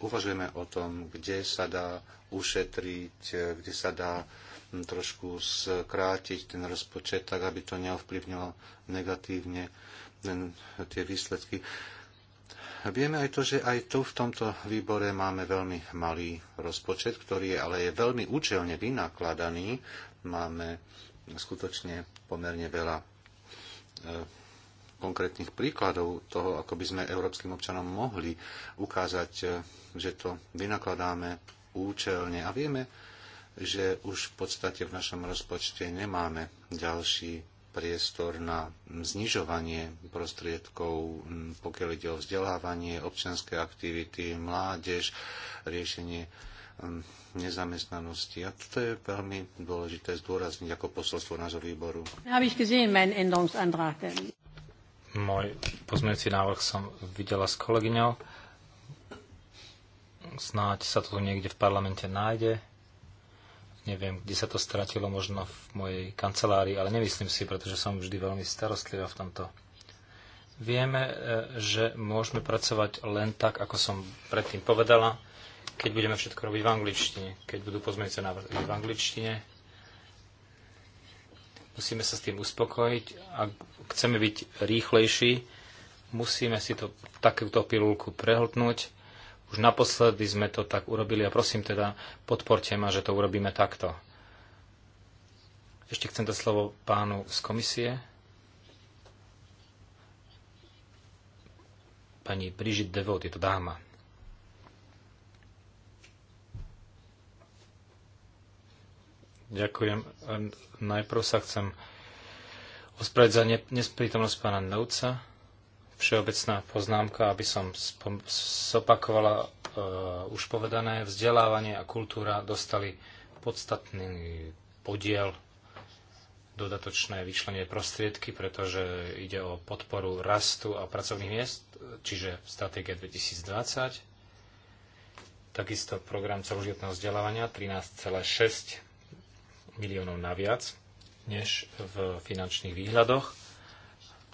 uvažujeme o tom, kde sa dá ušetriť, eh, kde sa dá mm, trošku skrátiť ten rozpočet, tak aby to neovplyvnilo negatívne ten, tie výsledky. Vieme aj to, že aj tu v tomto výbore máme veľmi malý rozpočet, ktorý je, ale je veľmi účelne vynakladaný máme skutočne pomerne veľa e, konkrétnych príkladov toho, ako by sme európskym občanom mohli ukázať, e, že to vynakladáme účelne a vieme, že už v podstate v našom rozpočte nemáme ďalší priestor na znižovanie prostriedkov, pokiaľ ide o vzdelávanie, občianské aktivity, mládež, riešenie Um, nezamestnanosti. A to je veľmi dôležité zdôrazniť ako posolstvo nášho výboru. Môj pozmeňujúci návrh som videla s kolegyňou. Snáď sa to tu niekde v parlamente nájde. Neviem, kde sa to stratilo, možno v mojej kancelárii, ale nemyslím si, pretože som vždy veľmi starostlivá v tomto vieme, e, že môžeme pracovať len tak, ako som predtým povedala keď budeme všetko robiť v angličtine, keď budú pozmeňujúce návrhy v angličtine. Musíme sa s tým uspokojiť. Ak chceme byť rýchlejší, musíme si to, takúto pilulku prehltnúť. Už naposledy sme to tak urobili a prosím teda, podporte ma, že to urobíme takto. Ešte chcem dať slovo pánu z komisie. Pani Brigitte Devot, je to dáma. Ďakujem. Najprv sa chcem ospravedliť za nesprítomnosť pána Novca. Všeobecná poznámka, aby som zopakovala e, už povedané, vzdelávanie a kultúra dostali podstatný podiel dodatočné vyčlenie prostriedky, pretože ide o podporu rastu a pracovných miest, čiže stratégia 2020, takisto program celoživotného vzdelávania 13,6 miliónov naviac než v finančných výhľadoch.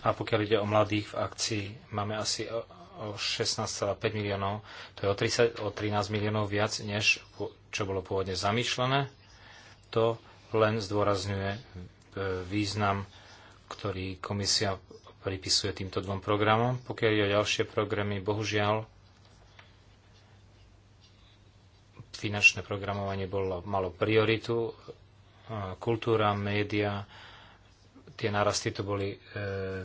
A pokiaľ ide o mladých v akcii, máme asi o 16,5 miliónov, to je o, 30, o 13 miliónov viac, než čo bolo pôvodne zamýšľané. To len zdôrazňuje e, význam, ktorý komisia pripisuje týmto dvom programom. Pokiaľ ide o ďalšie programy, bohužiaľ finančné programovanie bolo, malo prioritu kultúra, média, tie narasty to boli e,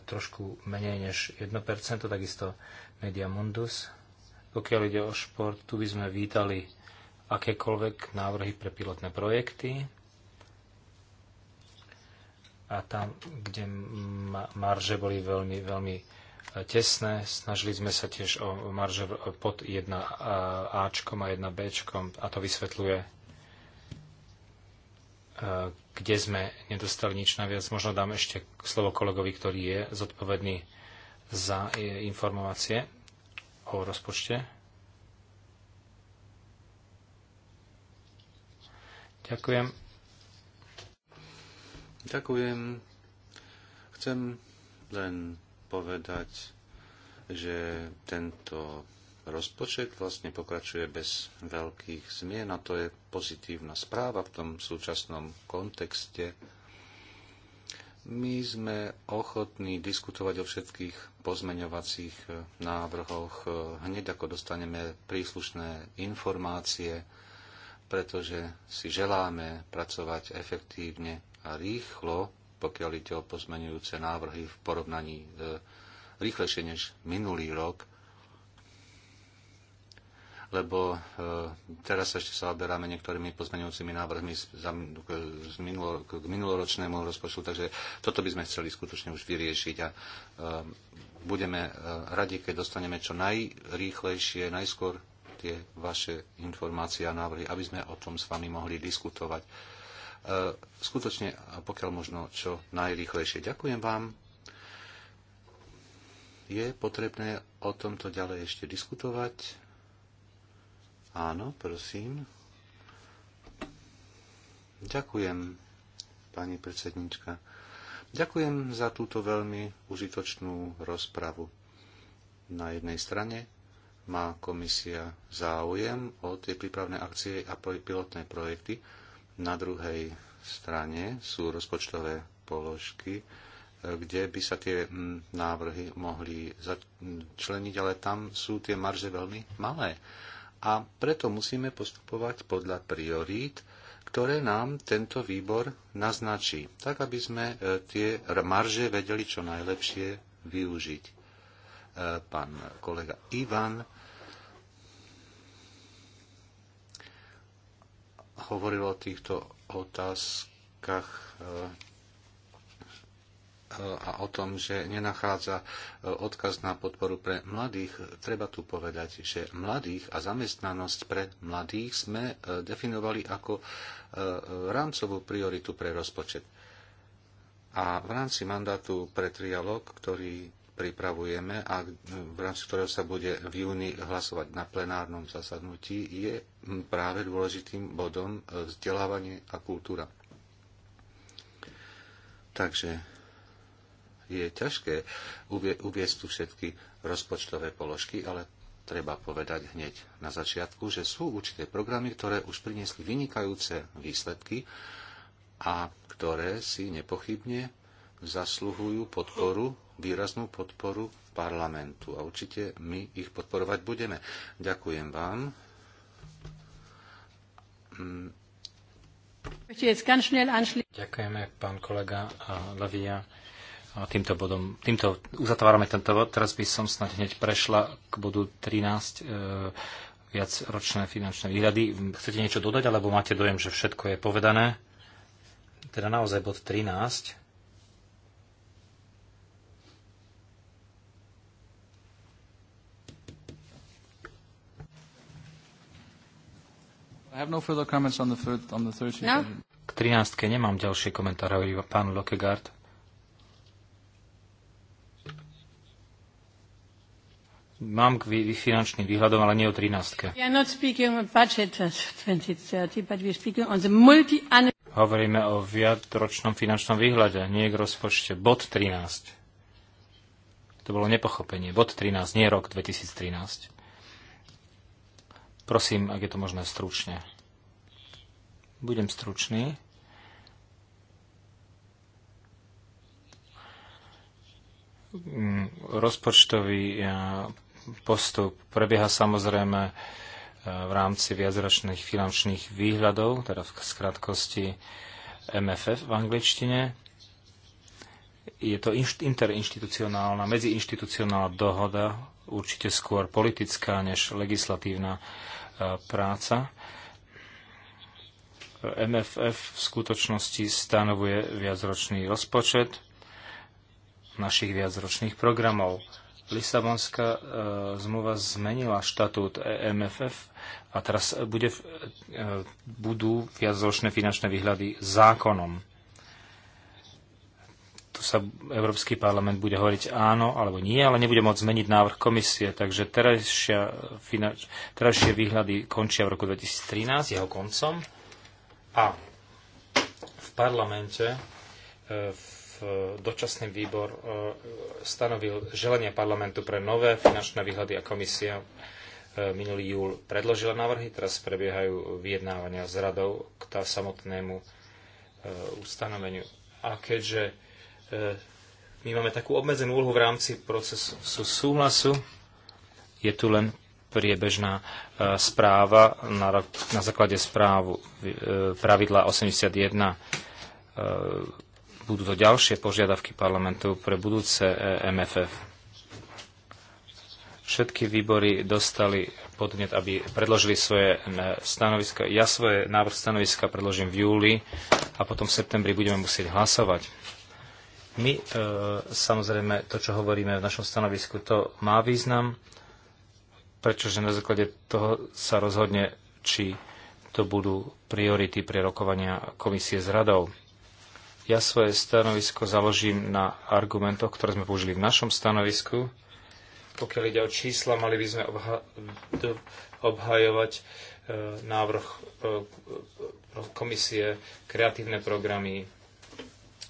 trošku menej než 1%, takisto Media Mundus. Pokiaľ ide o šport, tu by sme vítali akékoľvek návrhy pre pilotné projekty a tam, kde ma marže boli veľmi, veľmi e, tesné, snažili sme sa tiež o marže pod 1 Ačkom a 1 Bčkom a to vysvetľuje E, kde sme nedostali nič naviac. Možno dám ešte slovo kolegovi, ktorý je zodpovedný za e, informácie o rozpočte. Ďakujem. Ďakujem. Chcem len povedať, že tento rozpočet vlastne pokračuje bez veľkých zmien a to je pozitívna správa v tom súčasnom kontexte. My sme ochotní diskutovať o všetkých pozmeňovacích eh, návrhoch eh, hneď ako dostaneme príslušné informácie, pretože si želáme pracovať efektívne a rýchlo, pokiaľ ide o pozmeňujúce návrhy v porovnaní eh, rýchlejšie než minulý rok lebo eh, teraz ešte sa zaoberáme niektorými pozmeňujúcimi návrhmi k, k minuloročnému rozpočtu, takže toto by sme chceli skutočne už vyriešiť a eh, budeme eh, radi, keď dostaneme čo najrýchlejšie, najskôr tie vaše informácie a návrhy, aby sme o tom s vami mohli diskutovať. Skutočne, pokiaľ možno, čo najrýchlejšie. Ďakujem vám. Je potrebné o tomto ďalej ešte diskutovať Áno, prosím. Ďakujem, pani predsednička. Ďakujem za túto veľmi užitočnú rozpravu. Na jednej strane má komisia záujem o tie prípravné akcie a pilotné projekty. Na druhej strane sú rozpočtové položky, eh, kde by sa tie mm, návrhy mohli začleniť, ale tam sú tie marže veľmi malé a preto musíme postupovať podľa priorít, ktoré nám tento výbor naznačí, tak aby sme e, tie marže vedeli čo najlepšie využiť. E, pán kolega Ivan hovoril o týchto otázkach e, a o tom, že nenachádza e, odkaz na podporu pre mladých, treba tu povedať, že mladých a zamestnanosť pre mladých sme e, definovali ako e, rámcovú prioritu pre rozpočet. A v rámci mandátu pre trialog, ktorý pripravujeme a v rámci ktorého sa bude v júni hlasovať na plenárnom zasadnutí, je práve dôležitým bodom vzdelávanie a kultúra. Takže je ťažké uvie, uviesť tu všetky rozpočtové položky, ale treba povedať hneď na začiatku, že sú určité programy, ktoré už priniesli vynikajúce výsledky a ktoré si nepochybne zasluhujú podporu, výraznú podporu parlamentu. A určite my ich podporovať budeme. Ďakujem vám. Hm. Ďakujeme, pán kolega Lavia týmto bodom, týmto uzatvárame tento bod. Teraz by som snad hneď prešla k bodu 13, e, viacročné finančné výhľady. Chcete niečo dodať, alebo máte dojem, že všetko je povedané? Teda naozaj bod 13. I have no further comments on the third, on the third no. K 13. nemám ďalšie komentáre, pán Lokegaard. Mám k finančným výhľadom, ale nie o 13. Hovoríme o viatročnom finančnom výhľade, nie k rozpočte. Bod 13. To bolo nepochopenie. Bod 13, nie rok 2013. Prosím, ak je to možné, stručne. Budem stručný. Mm, rozpočtový postup prebieha samozrejme e, v rámci viacročných finančných výhľadov, teda v skratkosti MFF v angličtine. Je to interinstitucionálna, medziinstitucionálna dohoda, určite skôr politická než legislatívna e, práca. MFF v skutočnosti stanovuje viacročný rozpočet našich viacročných programov Lisabonská e, zmluva zmenila štatút EMFF a teraz bude, e, budú viacročné finančné výhľady zákonom. Tu sa Európsky parlament bude hovoriť áno alebo nie, ale nebude môcť zmeniť návrh komisie, takže finanč, terajšie výhľady končia v roku 2013, jeho koncom. A v parlamente e, v E, dočasný výbor e, stanovil želenie parlamentu pre nové finančné výhľady a komisia e, minulý júl predložila návrhy, teraz prebiehajú vyjednávania s radou k tá samotnému ustanoveniu. A keďže my máme takú obmedzenú úlohu v rámci procesu súhlasu, je tu len priebežná správa na, na základe správu pravidla 81 budú to ďalšie požiadavky parlamentu pre budúce e, MFF. Všetky výbory dostali podnet, aby predložili svoje e, stanoviska. Ja svoje návrh stanoviska predložím v júli a potom v septembri budeme musieť hlasovať. My, e, samozrejme, to, čo hovoríme v našom stanovisku, to má význam, pretože na základe toho sa rozhodne, či to budú priority pri rokovania komisie s radou. Ja svoje stanovisko založím na argumentoch, ktoré sme použili v našom stanovisku. Pokiaľ ide o čísla, mali by sme obha- obhajovať e, návrh e, e, komisie, kreatívne programy,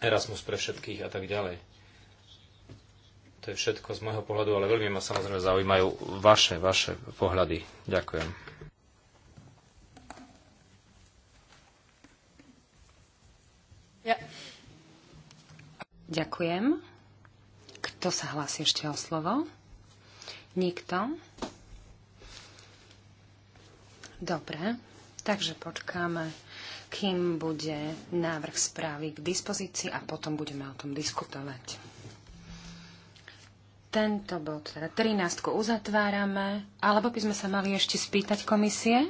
Erasmus pre všetkých a tak ďalej. To je všetko z môjho pohľadu, ale veľmi ma samozrejme zaujímajú vaše, vaše pohľady. Ďakujem. Ja. Ďakujem. Kto sa hlási ešte o slovo? Nikto? Dobre, takže počkáme, kým bude návrh správy k dispozícii a potom budeme o tom diskutovať. Tento bod, teda 13 uzatvárame, alebo by sme sa mali ešte spýtať komisie?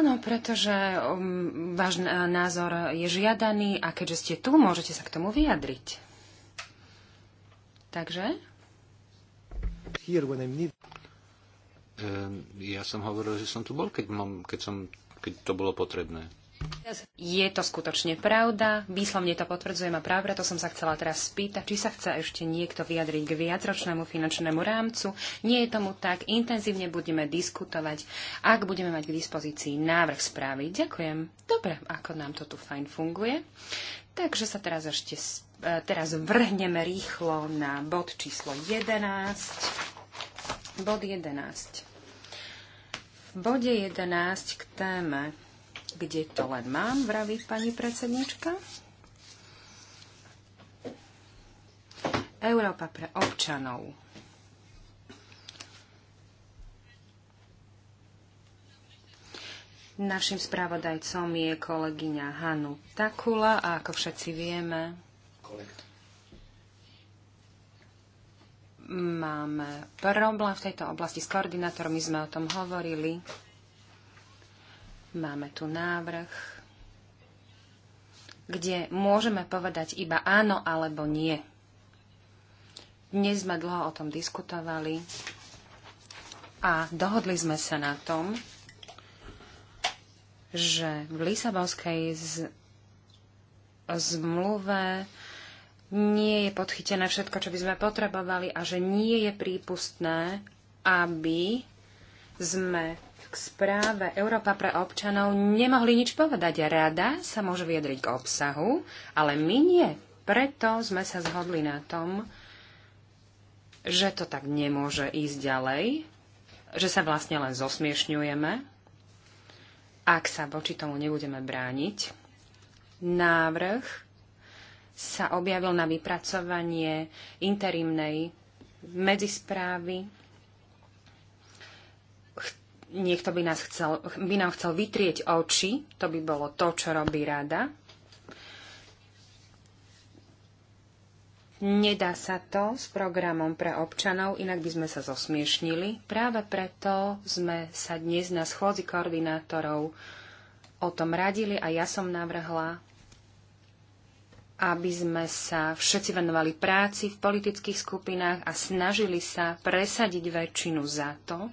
Áno, pretože um, váš názor je žiadaný a keďže ste tu, môžete sa k tomu vyjadriť. Takže? Ehm, ja som hovoril, že som tu bol, keď, mám, keď, som, keď to bolo potrebné. Je to skutočne pravda, výslovne to potvrdzujem a práve preto som sa chcela teraz spýtať, či sa chce ešte niekto vyjadriť k viacročnému finančnému rámcu. Nie je tomu tak, intenzívne budeme diskutovať, ak budeme mať k dispozícii návrh správy. Ďakujem. Dobre, ako nám to tu fajn funguje. Takže sa teraz ešte e, teraz vrhneme rýchlo na bod číslo 11. Bod 11. V bode 11 k téme kde to len mám, vraví pani predsednička. Európa pre občanov. Našim správodajcom je kolegyňa Hanu Takula a ako všetci vieme, máme problém v tejto oblasti s koordinátormi, sme o tom hovorili. Máme tu návrh, kde môžeme povedať iba áno alebo nie. Dnes sme dlho o tom diskutovali a dohodli sme sa na tom, že v Lisabonskej z... zmluve nie je podchytené všetko, čo by sme potrebovali a že nie je prípustné, aby sme k správe Európa pre občanov nemohli nič povedať. Rada sa môže vyjadriť k obsahu, ale my nie. Preto sme sa zhodli na tom, že to tak nemôže ísť ďalej, že sa vlastne len zosmiešňujeme, ak sa voči tomu nebudeme brániť. Návrh sa objavil na vypracovanie interimnej medzisprávy niekto by, nás chcel, by nám chcel vytrieť oči, to by bolo to, čo robí rada. Nedá sa to s programom pre občanov, inak by sme sa zosmiešnili. Práve preto sme sa dnes na schôdzi koordinátorov o tom radili a ja som navrhla, aby sme sa všetci venovali práci v politických skupinách a snažili sa presadiť väčšinu za to,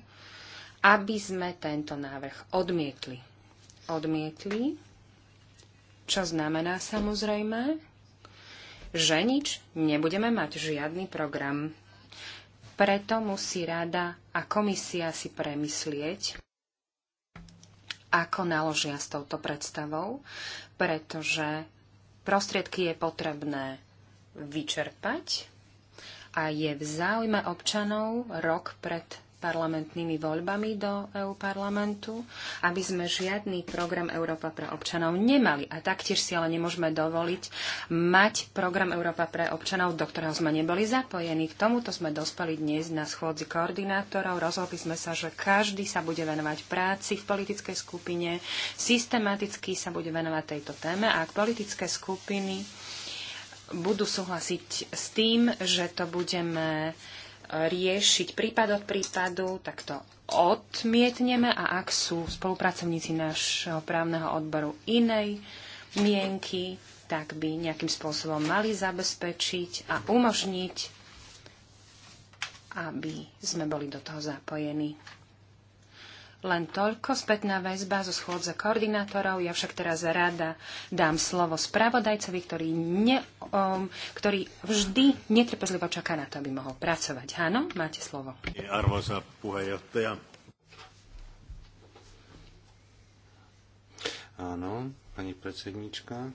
aby sme tento návrh odmietli. Odmietli, čo znamená samozrejme, že nič nebudeme mať, žiadny program. Preto musí rada a komisia si premyslieť, ako naložia s touto predstavou, pretože prostriedky je potrebné vyčerpať a je v záujme občanov rok pred parlamentnými voľbami do EU parlamentu, aby sme žiadny program Európa pre občanov nemali. A taktiež si ale nemôžeme dovoliť mať program Európa pre občanov, do ktorého sme neboli zapojení. K tomuto sme dospeli dnes na schôdzi koordinátorov. Rozhodli sme sa, že každý sa bude venovať práci v politickej skupine, systematicky sa bude venovať tejto téme a ak politické skupiny budú súhlasiť s tým, že to budeme riešiť prípad od prípadu, tak to odmietneme a ak sú spolupracovníci nášho právneho odboru inej mienky, tak by nejakým spôsobom mali zabezpečiť a umožniť, aby sme boli do toho zapojení. Len toľko spätná väzba zo schôdze koordinátorov. Ja však teraz rada dám slovo spravodajcovi, ktorý, ne, um, ktorý vždy netrpezlivo čaká na to, aby mohol pracovať. Áno, máte slovo. Áno, pani predsednička.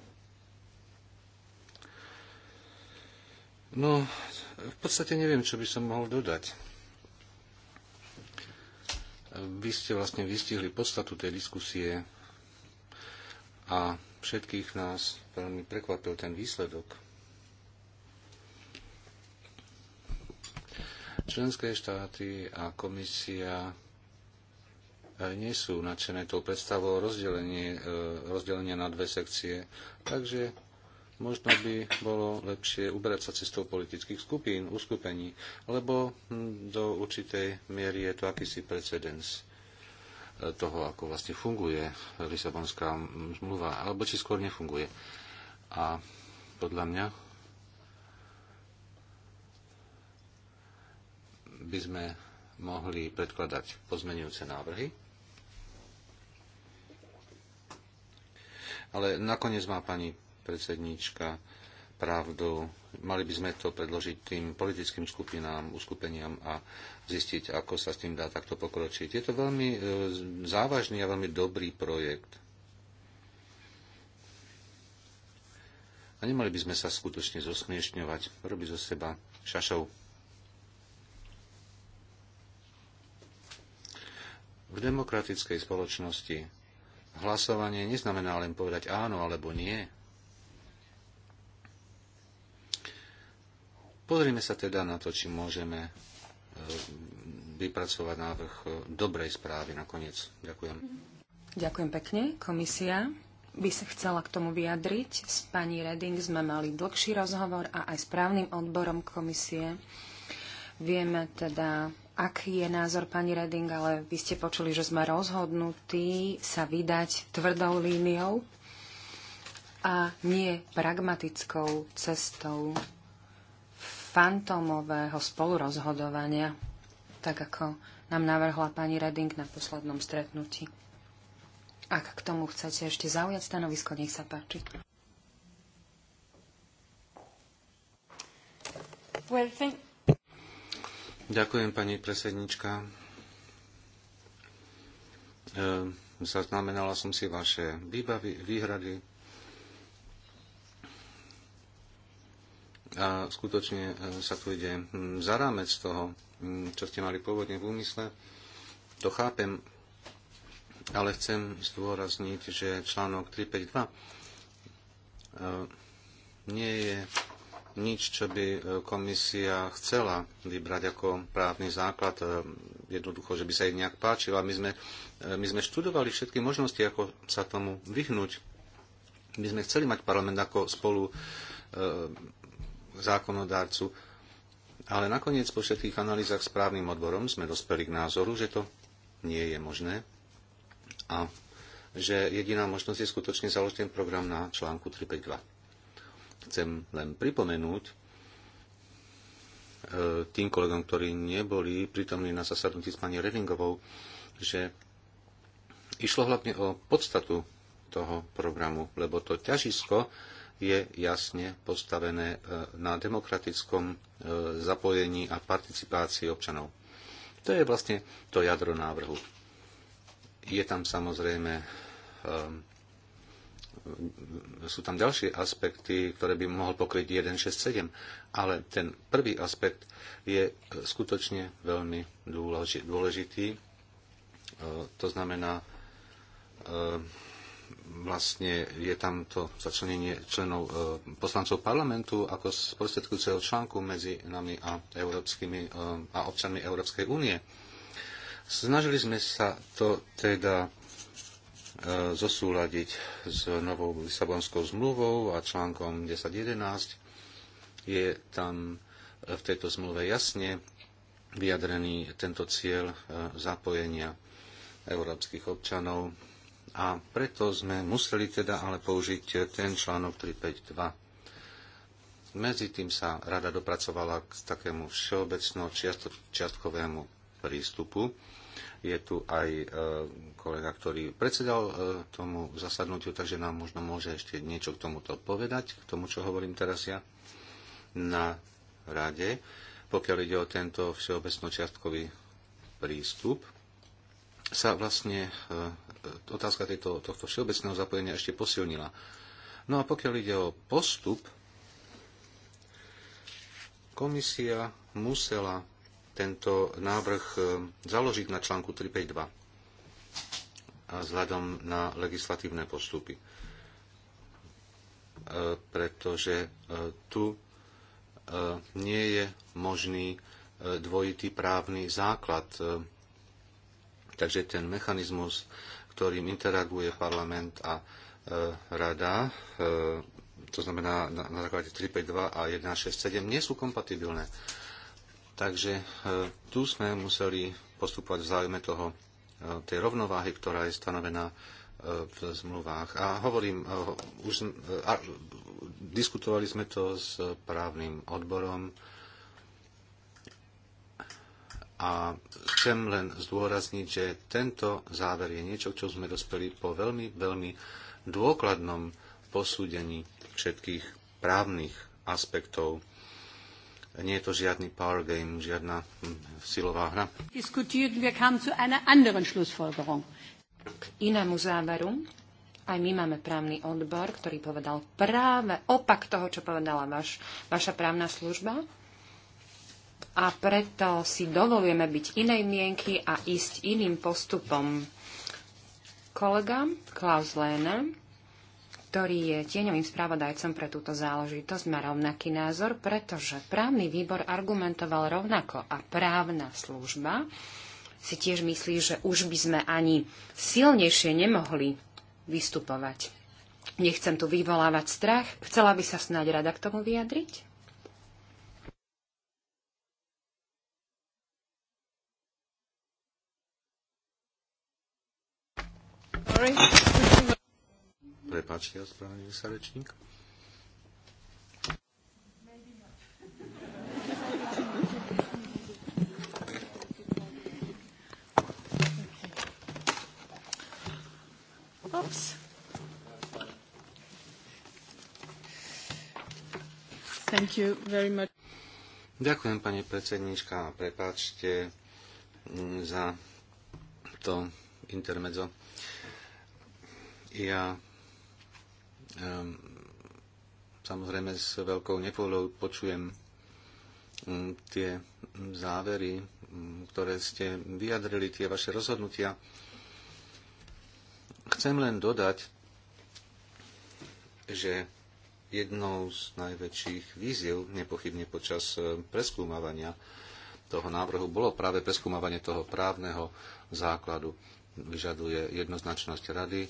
No, v podstate neviem, čo by som mohol dodať vy ste vlastne vystihli podstatu tej diskusie a všetkých nás veľmi prekvapil ten výsledok. Členské štáty a komisia e, nie sú nadšené tou predstavou rozdelenie, e, rozdelenia na dve sekcie, takže Možno by bolo lepšie uberať sa cestou politických skupín, uskupení, lebo hm, do určitej miery je to akýsi precedens e, toho, ako vlastne funguje Lisabonská hm, zmluva, alebo či skôr nefunguje. A podľa mňa by sme mohli predkladať pozmenujúce návrhy. Ale nakoniec má pani predsedníčka, pravdu. Mali by sme to predložiť tým politickým skupinám, uskupeniam a zistiť, ako sa s tým dá takto pokročiť. Je to veľmi e, závažný a veľmi dobrý projekt. A nemali by sme sa skutočne zosmiešňovať, robiť zo seba šašov. V demokratickej spoločnosti hlasovanie neznamená len povedať áno alebo nie Pozrime sa teda na to, či môžeme e, vypracovať návrh e, dobrej správy nakoniec. Ďakujem. Ďakujem pekne. Komisia by sa chcela k tomu vyjadriť. S pani Reding sme mali dlhší rozhovor a aj s právnym odborom komisie. Vieme teda, aký je názor pani Reding, ale vy ste počuli, že sme rozhodnutí sa vydať tvrdou líniou a nie pragmatickou cestou fantómového spolurozhodovania, tak ako nám navrhla pani Reding na poslednom stretnutí. Ak k tomu chcete ešte zaujať stanovisko, nech sa páči. Well, Ďakujem, pani predsednička. Ehm, zaznamenala som si vaše výbavy, výhrady A skutočne e, sa tu ide za rámec toho, čo ste mali pôvodne v úmysle. To chápem, ale chcem zdôrazniť, že článok 352 e, nie je nič, čo by e, komisia chcela vybrať ako právny základ, jednoducho, že by sa jej nejak páčilo. A my sme, my sme študovali všetky možnosti, ako sa tomu vyhnúť. My sme chceli mať parlament ako spolu zákonodárcu. Ale nakoniec po všetkých analýzach s právnym odborom sme dospeli k názoru, že to nie je možné a že jediná možnosť je skutočne založiť ten program na článku 352. Chcem len pripomenúť, e, tým kolegom, ktorí neboli prítomní na zasadnutí s pani Redingovou, že išlo hlavne o podstatu toho programu, lebo to ťažisko je jasne postavené e, na demokratickom e, zapojení a participácii občanov. To je vlastne to jadro návrhu. Je tam samozrejme, ehm, sú tam ďalšie aspekty, ktoré by mohol pokryť 167, ale ten prvý aspekt je e, skutočne veľmi dôležitý. To znamená, ehm, vlastne je tam to začlenenie členov e, poslancov parlamentu ako sprostredkujúceho článku medzi nami a, európskymi, e, a občanmi Európskej únie. Snažili sme sa to teda e, zosúľadiť s novou Lisabonskou zmluvou a článkom 10.11. Je tam v tejto zmluve jasne vyjadrený tento cieľ zapojenia európskych občanov a preto sme museli teda ale použiť ten článok 352. Medzi tým sa rada dopracovala k takému všeobecno čiastkovému prístupu. Je tu aj e, kolega, ktorý predsedal e, tomu zasadnutiu, takže nám možno môže ešte niečo k tomuto povedať, k tomu, čo hovorím teraz ja na rade, pokiaľ ide o tento všeobecno čiastkový prístup sa vlastne e, e, otázka tejto, tohto všeobecného zapojenia ešte posilnila. No a pokiaľ ide o postup, komisia musela tento návrh e, založiť na článku 352 a vzhľadom na legislatívne postupy. Pretože tu nie je možný dvojitý právny základ Takže ten mechanizmus, ktorým interaguje parlament a e, rada, e, to znamená na, na základe 352 a 167, nie sú kompatibilné. Takže e, tu sme museli postupovať v záujme toho, tej rovnováhy, ktorá je stanovená v zmluvách. A hovorím, už a, diskutovali sme to s právnym odborom, a chcem len zdôrazniť, že tento záver je niečo, čo sme dospeli po veľmi, veľmi dôkladnom posúdení všetkých právnych aspektov. Nie je to žiadny power game, žiadna hm, silová hra. K inému záveru, aj my máme právny odbor, ktorý povedal práve opak toho, čo povedala vaš, vaša právna služba a preto si dovolujeme byť inej mienky a ísť iným postupom. Kolega Klaus Lehner, ktorý je tieňovým správodajcom pre túto záležitosť, má rovnaký názor, pretože právny výbor argumentoval rovnako a právna služba si tiež myslí, že už by sme ani silnejšie nemohli vystupovať. Nechcem tu vyvolávať strach. Chcela by sa snáď rada k tomu vyjadriť? Prepáčte, ospravedlňujem sa rečník. Oops. Thank you very much. Ďakujem, pani predsedníčka, a prepáčte mm, za to intermedzo. Ja um, samozrejme s veľkou nepôľou počujem um, tie závery, um, ktoré ste vyjadrili, tie vaše rozhodnutia. Chcem len dodať, že jednou z najväčších víziev nepochybne počas e, preskúmavania toho návrhu bolo práve preskúmavanie toho právneho základu. Vyžaduje jednoznačnosť rady,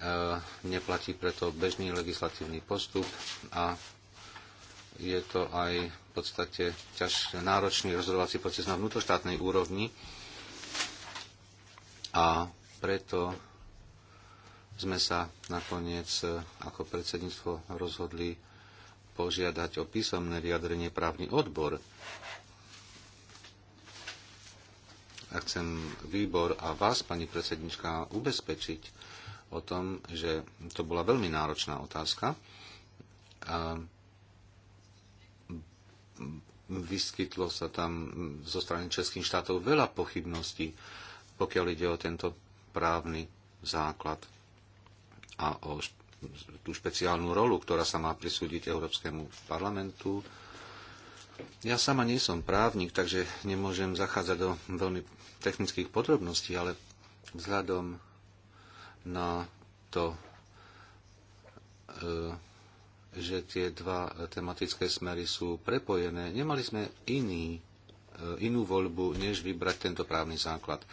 E, neplatí preto bežný legislatívny postup a je to aj v podstate ťaž, náročný rozhodovací proces na vnútroštátnej úrovni a preto sme sa nakoniec e, ako predsedníctvo rozhodli požiadať o písomné vyjadrenie právny odbor. A chcem výbor a vás, pani predsednička, ubezpečiť, o tom, že to bola veľmi náročná otázka. A vyskytlo sa tam zo strany českých štátov veľa pochybností, pokiaľ ide o tento právny základ a o tú špeciálnu rolu, ktorá sa má prisúdiť Európskemu parlamentu. Ja sama nie som právnik, takže nemôžem zachádzať do veľmi technických podrobností, ale vzhľadom na to, e, že tie dva tematické smery sú prepojené. Nemali sme iný, e, inú voľbu, než vybrať tento právny základ.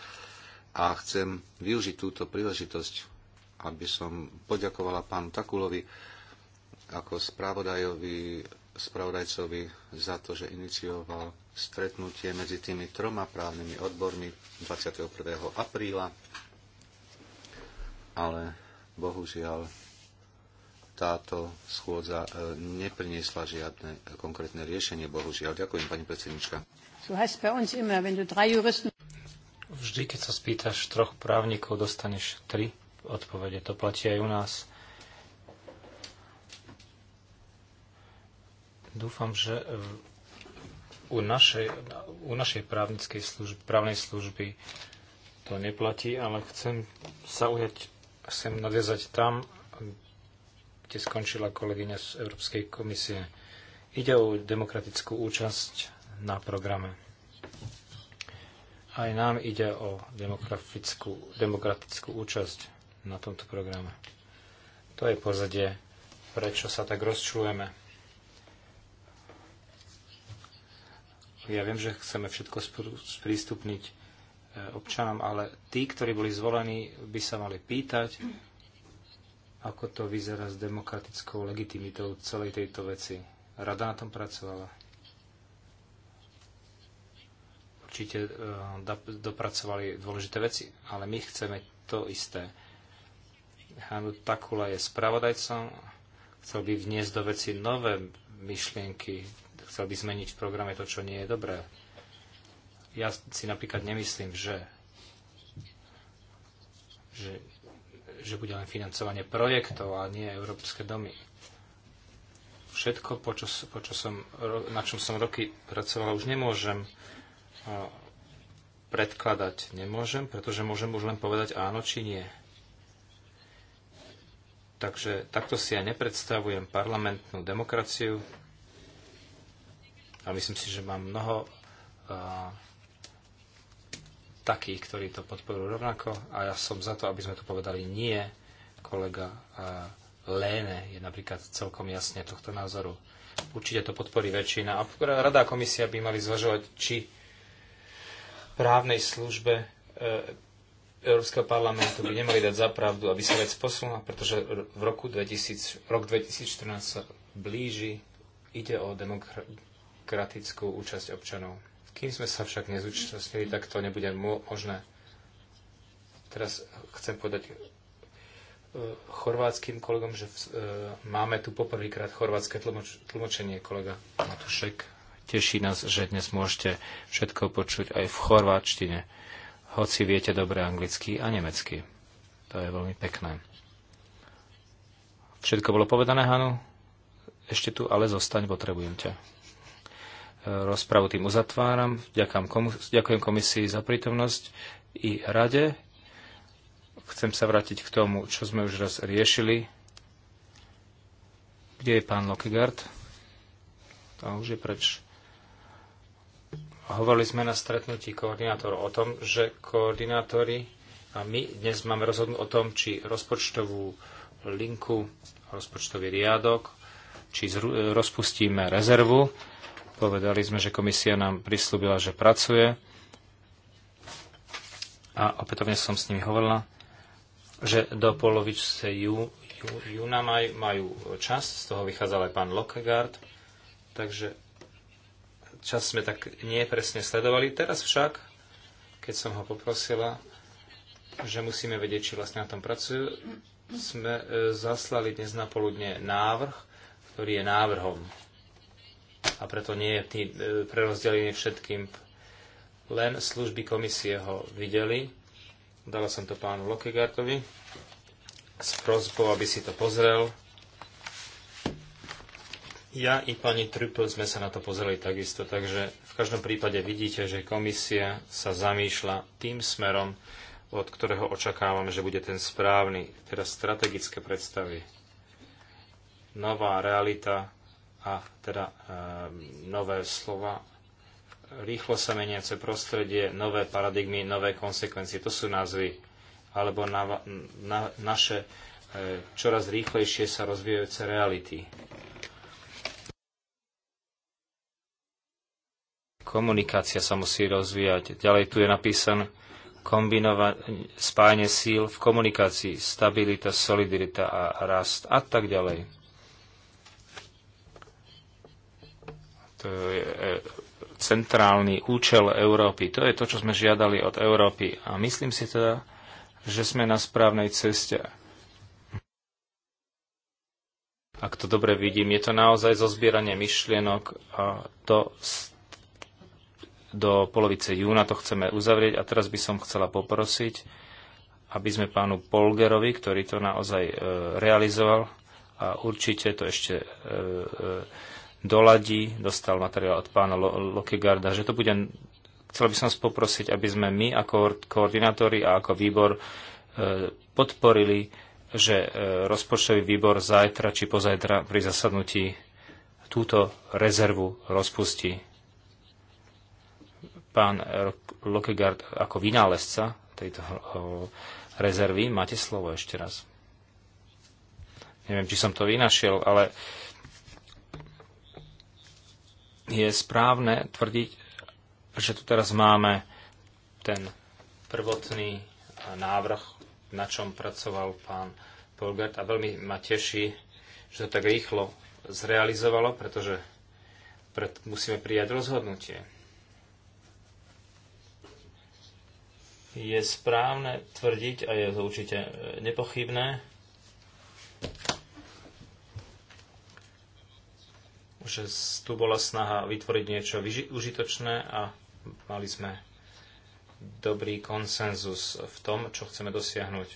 A chcem využiť túto príležitosť, aby som poďakovala pánu Takulovi ako spravodajovi spravodajcovi za to, že inicioval stretnutie medzi tými troma právnymi odbormi 21. apríla ale bohužiaľ táto schôdza e, nepriniesla žiadne konkrétne riešenie, bohužiaľ. Ďakujem, pani predsednička. Vždy, keď sa spýtaš troch právnikov, dostaneš tri odpovede. To platí aj u nás. Dúfam, že u našej, u našej právnickej služby, právnej služby to neplatí, ale chcem sa ujať chcem nadviazať tam, kde skončila kolegyňa z Európskej komisie. Ide o demokratickú účasť na programe. Aj nám ide o demokratickú, demokratickú účasť na tomto programe. To je pozadie, prečo sa tak rozčujeme. Ja viem, že chceme všetko sprístupniť občanom, ale tí, ktorí boli zvolení, by sa mali pýtať, ako to vyzerá s demokratickou legitimitou celej tejto veci. Rada na tom pracovala. Určite e, dopracovali dôležité veci, ale my chceme to isté. Hanu Takula je spravodajcom, chcel by vniesť do veci nové myšlienky, chcel by zmeniť v programe to, čo nie je dobré ja si napríklad nemyslím, že, že, že bude len financovanie projektov a nie európske domy. Všetko, po čo, po čo som, na čom som roky pracoval, už nemôžem predkladať. Nemôžem, pretože môžem už len povedať áno či nie. Takže takto si ja nepredstavujem parlamentnú demokraciu a myslím si, že mám mnoho uh, takých, ktorí to podporujú rovnako a ja som za to, aby sme to povedali nie. Kolega Léne je napríklad celkom jasne tohto názoru. Určite to podporí väčšina. A rada a komisia by mali zvažovať, či právnej službe e, Európskeho parlamentu by nemali dať zapravdu, aby sa vec posunula, pretože v roku 2000, rok 2014 sa blíži, ide o demokratickú účasť občanov. Kým sme sa však nezúčastnili, tak to nebude možné. Teraz chcem povedať e, chorvátským kolegom, že e, máme tu poprvýkrát chorvátske tlmoč- tlmočenie, kolega Matušek. Teší nás, že dnes môžete všetko počuť aj v chorváčtine, hoci viete dobre anglicky a nemecky. To je veľmi pekné. Všetko bolo povedané, Hanu? Ešte tu ale zostaň, potrebujem ťa. Rozpravu tým uzatváram. Ďakujem komisii za prítomnosť i rade. Chcem sa vrátiť k tomu, čo sme už raz riešili. Kde je pán Lokigard? Tam už je preč. Hovorili sme na stretnutí koordinátorov o tom, že koordinátori a my dnes máme rozhodnúť o tom, či rozpočtovú linku, rozpočtový riadok, či rozpustíme rezervu Povedali sme, že komisia nám prislúbila, že pracuje a opätovne som s nimi hovorila, že do polovice jú, jú, júna maj, majú čas, z toho vychádzal aj pán Lockegaard, takže čas sme tak nepresne sledovali. Teraz však, keď som ho poprosila, že musíme vedieť, či vlastne na tom pracujú, sme e, zaslali dnes na poludne návrh, ktorý je návrhom a preto nie je tý, e, prerozdelený všetkým. Len služby komisie ho videli. Dala som to pánu Lokegartovi s prozbou, aby si to pozrel. Ja i pani Trupl sme sa na to pozreli takisto, takže v každom prípade vidíte, že komisia sa zamýšľa tým smerom, od ktorého očakávame, že bude ten správny, teda strategické predstavy. Nová realita a teda ehm, nové slova, rýchlo sa meniace prostredie, nové paradigmy, nové konsekvencie. To sú názvy. Alebo na, na, naše e, čoraz rýchlejšie sa rozvíjajúce reality. Komunikácia sa musí rozvíjať. Ďalej tu je napísané kombinova- spájanie síl v komunikácii, stabilita, solidarita a rast a tak ďalej. To je e, centrálny účel Európy. To je to, čo sme žiadali od Európy. A myslím si teda, že sme na správnej ceste. Ak to dobre vidím, je to naozaj zozbieranie myšlienok a do, do polovice júna to chceme uzavrieť. A teraz by som chcela poprosiť, aby sme pánu Polgerovi, ktorý to naozaj e, realizoval, a určite to ešte e, e, doladí. Dostal materiál od pána Lokegarda, že to bude... Chcel by som poprosiť, aby sme my ako koordinátori a ako výbor e, podporili, že e, rozpočtový výbor zajtra či pozajtra pri zasadnutí túto rezervu rozpustí. Pán e, Lokegard ako vynálezca tejto rezervy, máte slovo ešte raz. Neviem, či som to vynašiel, ale je správne tvrdiť, že tu teraz máme ten prvotný návrh, na čom pracoval pán Polgert a veľmi ma teší, že to tak rýchlo zrealizovalo, pretože pred, musíme prijať rozhodnutie. Je správne tvrdiť, a je to určite nepochybné, že tu bola snaha vytvoriť niečo užitočné a mali sme dobrý konsenzus v tom, čo chceme dosiahnuť.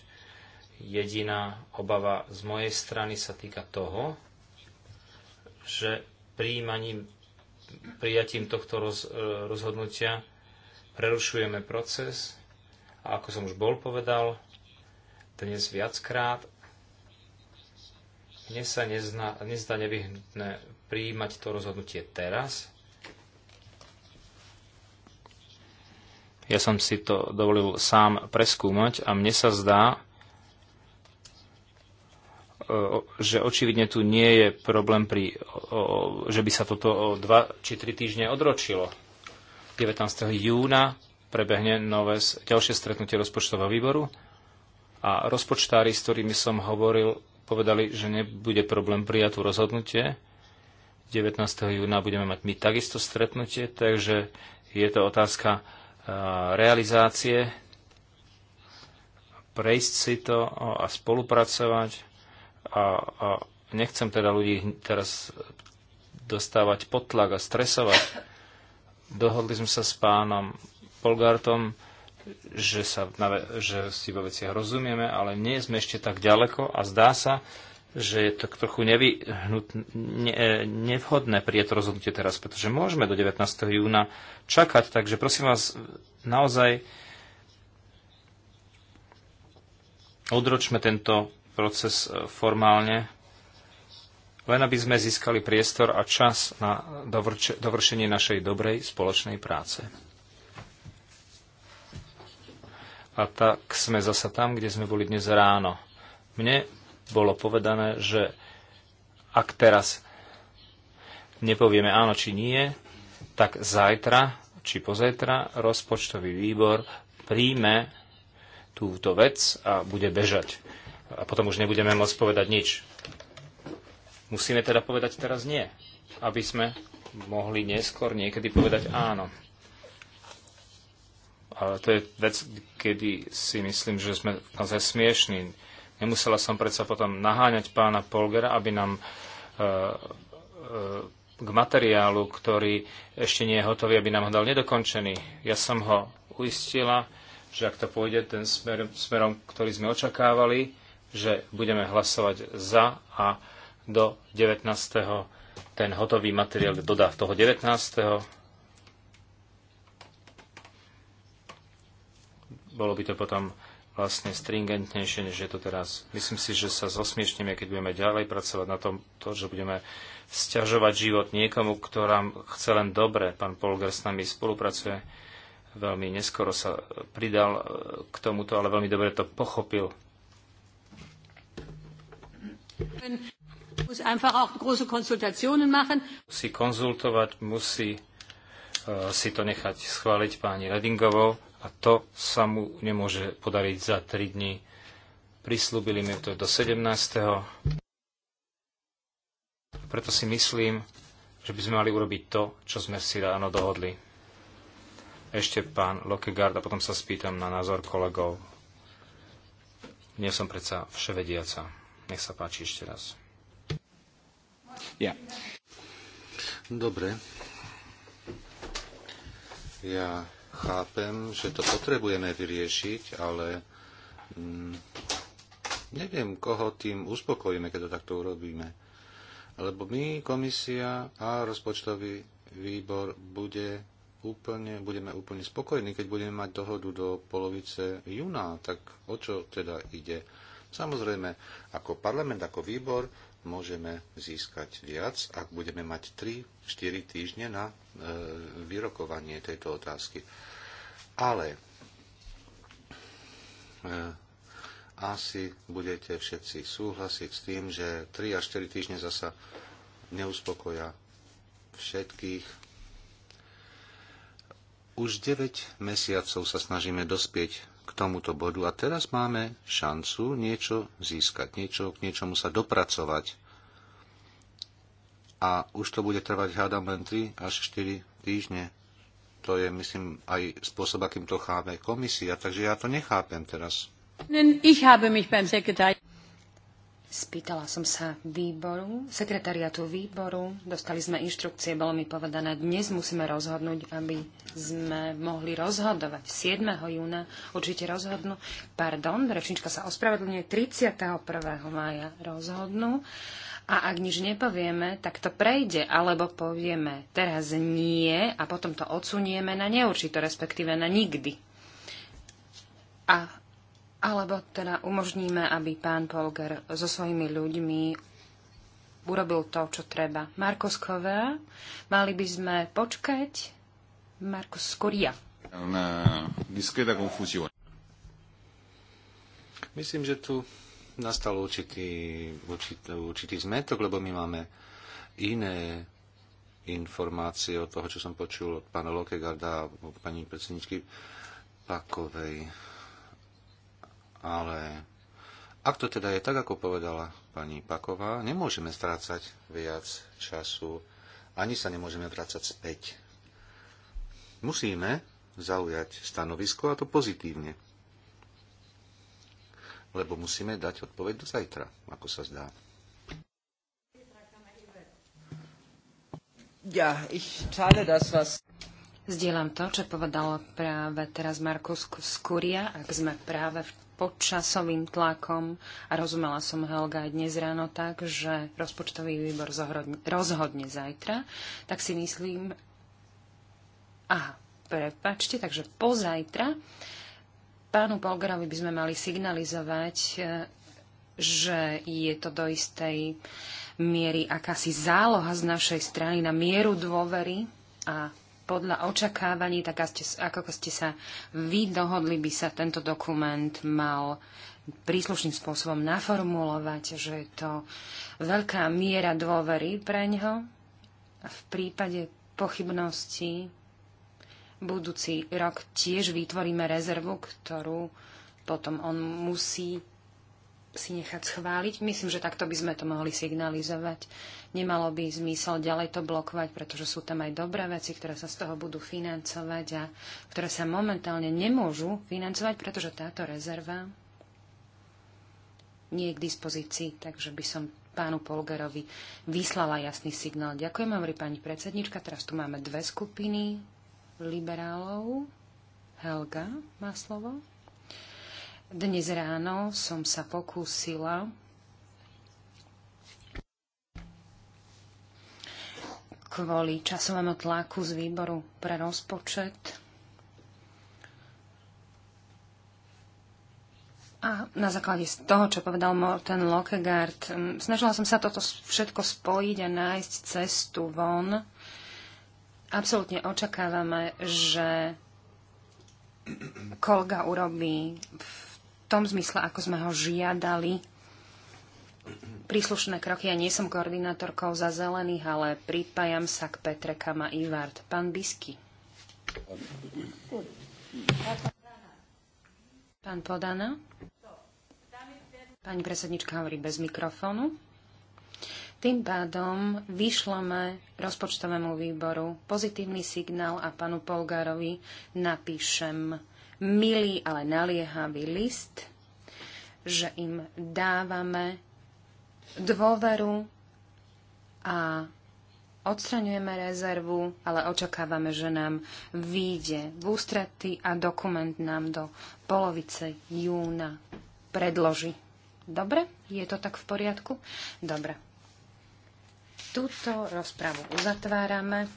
Jediná obava z mojej strany sa týka toho, že príjmaním, prijatím tohto roz, e, rozhodnutia prerušujeme proces a ako som už bol povedal, dnes viackrát mne sa nezna, nezdá nevyhnutné prijímať to rozhodnutie teraz. Ja som si to dovolil sám preskúmať a mne sa zdá, e, že očividne tu nie je problém, pri, že by sa toto o 2 či 3 týždne odročilo. 19. júna prebehne nové ďalšie stretnutie rozpočtového výboru a rozpočtári, s ktorými som hovoril, povedali, že nebude problém prijať tú rozhodnutie, 19. júna budeme mať my takisto stretnutie, takže je to otázka realizácie, prejsť si to a spolupracovať a, a nechcem teda ľudí teraz dostávať pod tlak a stresovať. Dohodli sme sa s pánom Polgartom, že, sa, že si vo veciach rozumieme, ale nie sme ešte tak ďaleko a zdá sa, že je to trochu nevyhnut, ne, e, nevhodné prijať rozhodnutie teraz, pretože môžeme do 19. júna čakať, takže prosím vás, naozaj odročme tento proces e, formálne, len aby sme získali priestor a čas na dovrče, dovršenie našej dobrej spoločnej práce. A tak sme zasa tam, kde sme boli dnes ráno. Mne bolo povedané, že ak teraz nepovieme áno či nie, tak zajtra či pozajtra rozpočtový výbor príjme túto vec a bude bežať. A potom už nebudeme môcť povedať nič. Musíme teda povedať teraz nie, aby sme mohli neskôr niekedy povedať áno. Ale to je vec, kedy si myslím, že sme naozaj smiešní Nemusela som predsa potom naháňať pána Polgera, aby nám e, e, k materiálu, ktorý ešte nie je hotový, aby nám ho dal nedokončený. Ja som ho uistila, že ak to pôjde ten smer, smerom, ktorý sme očakávali, že budeme hlasovať za a do 19. ten hotový materiál dodá v toho 19. Bolo by to potom vlastne stringentnejšie, než je to teraz. Myslím si, že sa zosmiešneme, keď budeme ďalej pracovať na tom, to, že budeme sťažovať život niekomu, kto chce len dobre. Pán Polger s nami spolupracuje. Veľmi neskoro sa pridal eh, k tomuto, ale veľmi dobre to pochopil. Musí konzultovať, musí eh, si to nechať schváliť pani Redingovou a to sa mu nemôže podariť za 3 dní. Prislúbili mi to do 17. Preto si myslím, že by sme mali urobiť to, čo sme si ráno dohodli. Ešte pán Lokegard a potom sa spýtam na názor kolegov. Nie som predsa vševediaca. Nech sa páči ešte raz. Ja. Dobre. Ja chápem, že to potrebujeme vyriešiť, ale mm, neviem, koho tým uspokojíme, keď to takto urobíme. Lebo my, komisia a rozpočtový výbor bude úplne, budeme úplne spokojní, keď budeme mať dohodu do polovice júna. Tak o čo teda ide? Samozrejme, ako parlament, ako výbor môžeme získať viac, ak budeme mať 3-4 týždne na e, vyrokovanie tejto otázky. Ale e, asi budete všetci súhlasiť s tým, že 3 až 4 týždne zasa neuspokoja všetkých. Už 9 mesiacov sa snažíme dospieť tomuto bodu a teraz máme šancu niečo získať, niečo, k niečomu sa dopracovať. A už to bude trvať, hádam, len 3 až 4 týždne. To je, myslím, aj spôsob, akým to chápe komisia, takže ja to nechápem teraz. Ich habe mich beim Sekretär... Spýtala som sa výboru, sekretariatu výboru, dostali sme inštrukcie, bolo mi povedané, dnes musíme rozhodnúť, aby sme mohli rozhodovať 7. júna, určite rozhodnú, pardon, rečnička sa ospravedlňuje, 31. mája rozhodnú a ak nič nepovieme, tak to prejde, alebo povieme teraz nie a potom to odsunieme na neurčito, respektíve na nikdy. A alebo teda umožníme, aby pán Polger so svojimi ľuďmi urobil to, čo treba. Marko Sková, mali by sme počkať. Marko Skoria. Myslím, že tu nastal určitý, určitý, určitý zmetok, lebo my máme iné informácie od toho, čo som počul od pána Lokegarda a pani predsedničky Pakovej ale ak to teda je tak, ako povedala pani Paková, nemôžeme strácať viac času, ani sa nemôžeme vrácať späť. Musíme zaujať stanovisko a to pozitívne. Lebo musíme dať odpoveď do zajtra, ako sa zdá. Ja, ich teile das, was... Zdieľam to, čo povedal práve teraz Markus Skuria, ak sme práve pod časovým tlakom a rozumela som Helga aj dnes ráno tak, že rozpočtový výbor rozhodne zajtra, tak si myslím, aha, prepačte, takže pozajtra pánu Polgarovi by sme mali signalizovať, e, že je to do istej miery akási záloha z našej strany na mieru dôvery a podľa očakávaní, tak ako ste sa vy dohodli, by sa tento dokument mal príslušným spôsobom naformulovať, že je to veľká miera dôvery pre ňo. A v prípade pochybnosti budúci rok tiež vytvoríme rezervu, ktorú potom on musí si nechať schváliť. Myslím, že takto by sme to mohli signalizovať. Nemalo by zmysel ďalej to blokovať, pretože sú tam aj dobré veci, ktoré sa z toho budú financovať a ktoré sa momentálne nemôžu financovať, pretože táto rezerva nie je k dispozícii, takže by som pánu Polgerovi vyslala jasný signál. Ďakujem, hovorí pani predsednička. Teraz tu máme dve skupiny liberálov. Helga má slovo. Dnes ráno som sa pokúsila kvôli časovému tlaku z výboru pre rozpočet a na základe z toho, čo povedal Morten Lockegaard, snažila som sa toto všetko spojiť a nájsť cestu von. Absolútne očakávame, že kolga urobí v tom zmysle, ako sme ho žiadali príslušné kroky. Ja nie som koordinátorkou za zelených, ale pripájam sa k Petre Kama Ivard. Pán Bisky. Pán Podana. Pani predsednička hovorí bez mikrofónu. Tým pádom vyšleme rozpočtovému výboru pozitívny signál a panu Polgárovi napíšem milý, ale naliehavý list, že im dávame dôveru a odstraňujeme rezervu, ale očakávame, že nám výjde v ústrety a dokument nám do polovice júna predloží. Dobre? Je to tak v poriadku? Dobre. Túto rozpravu uzatvárame.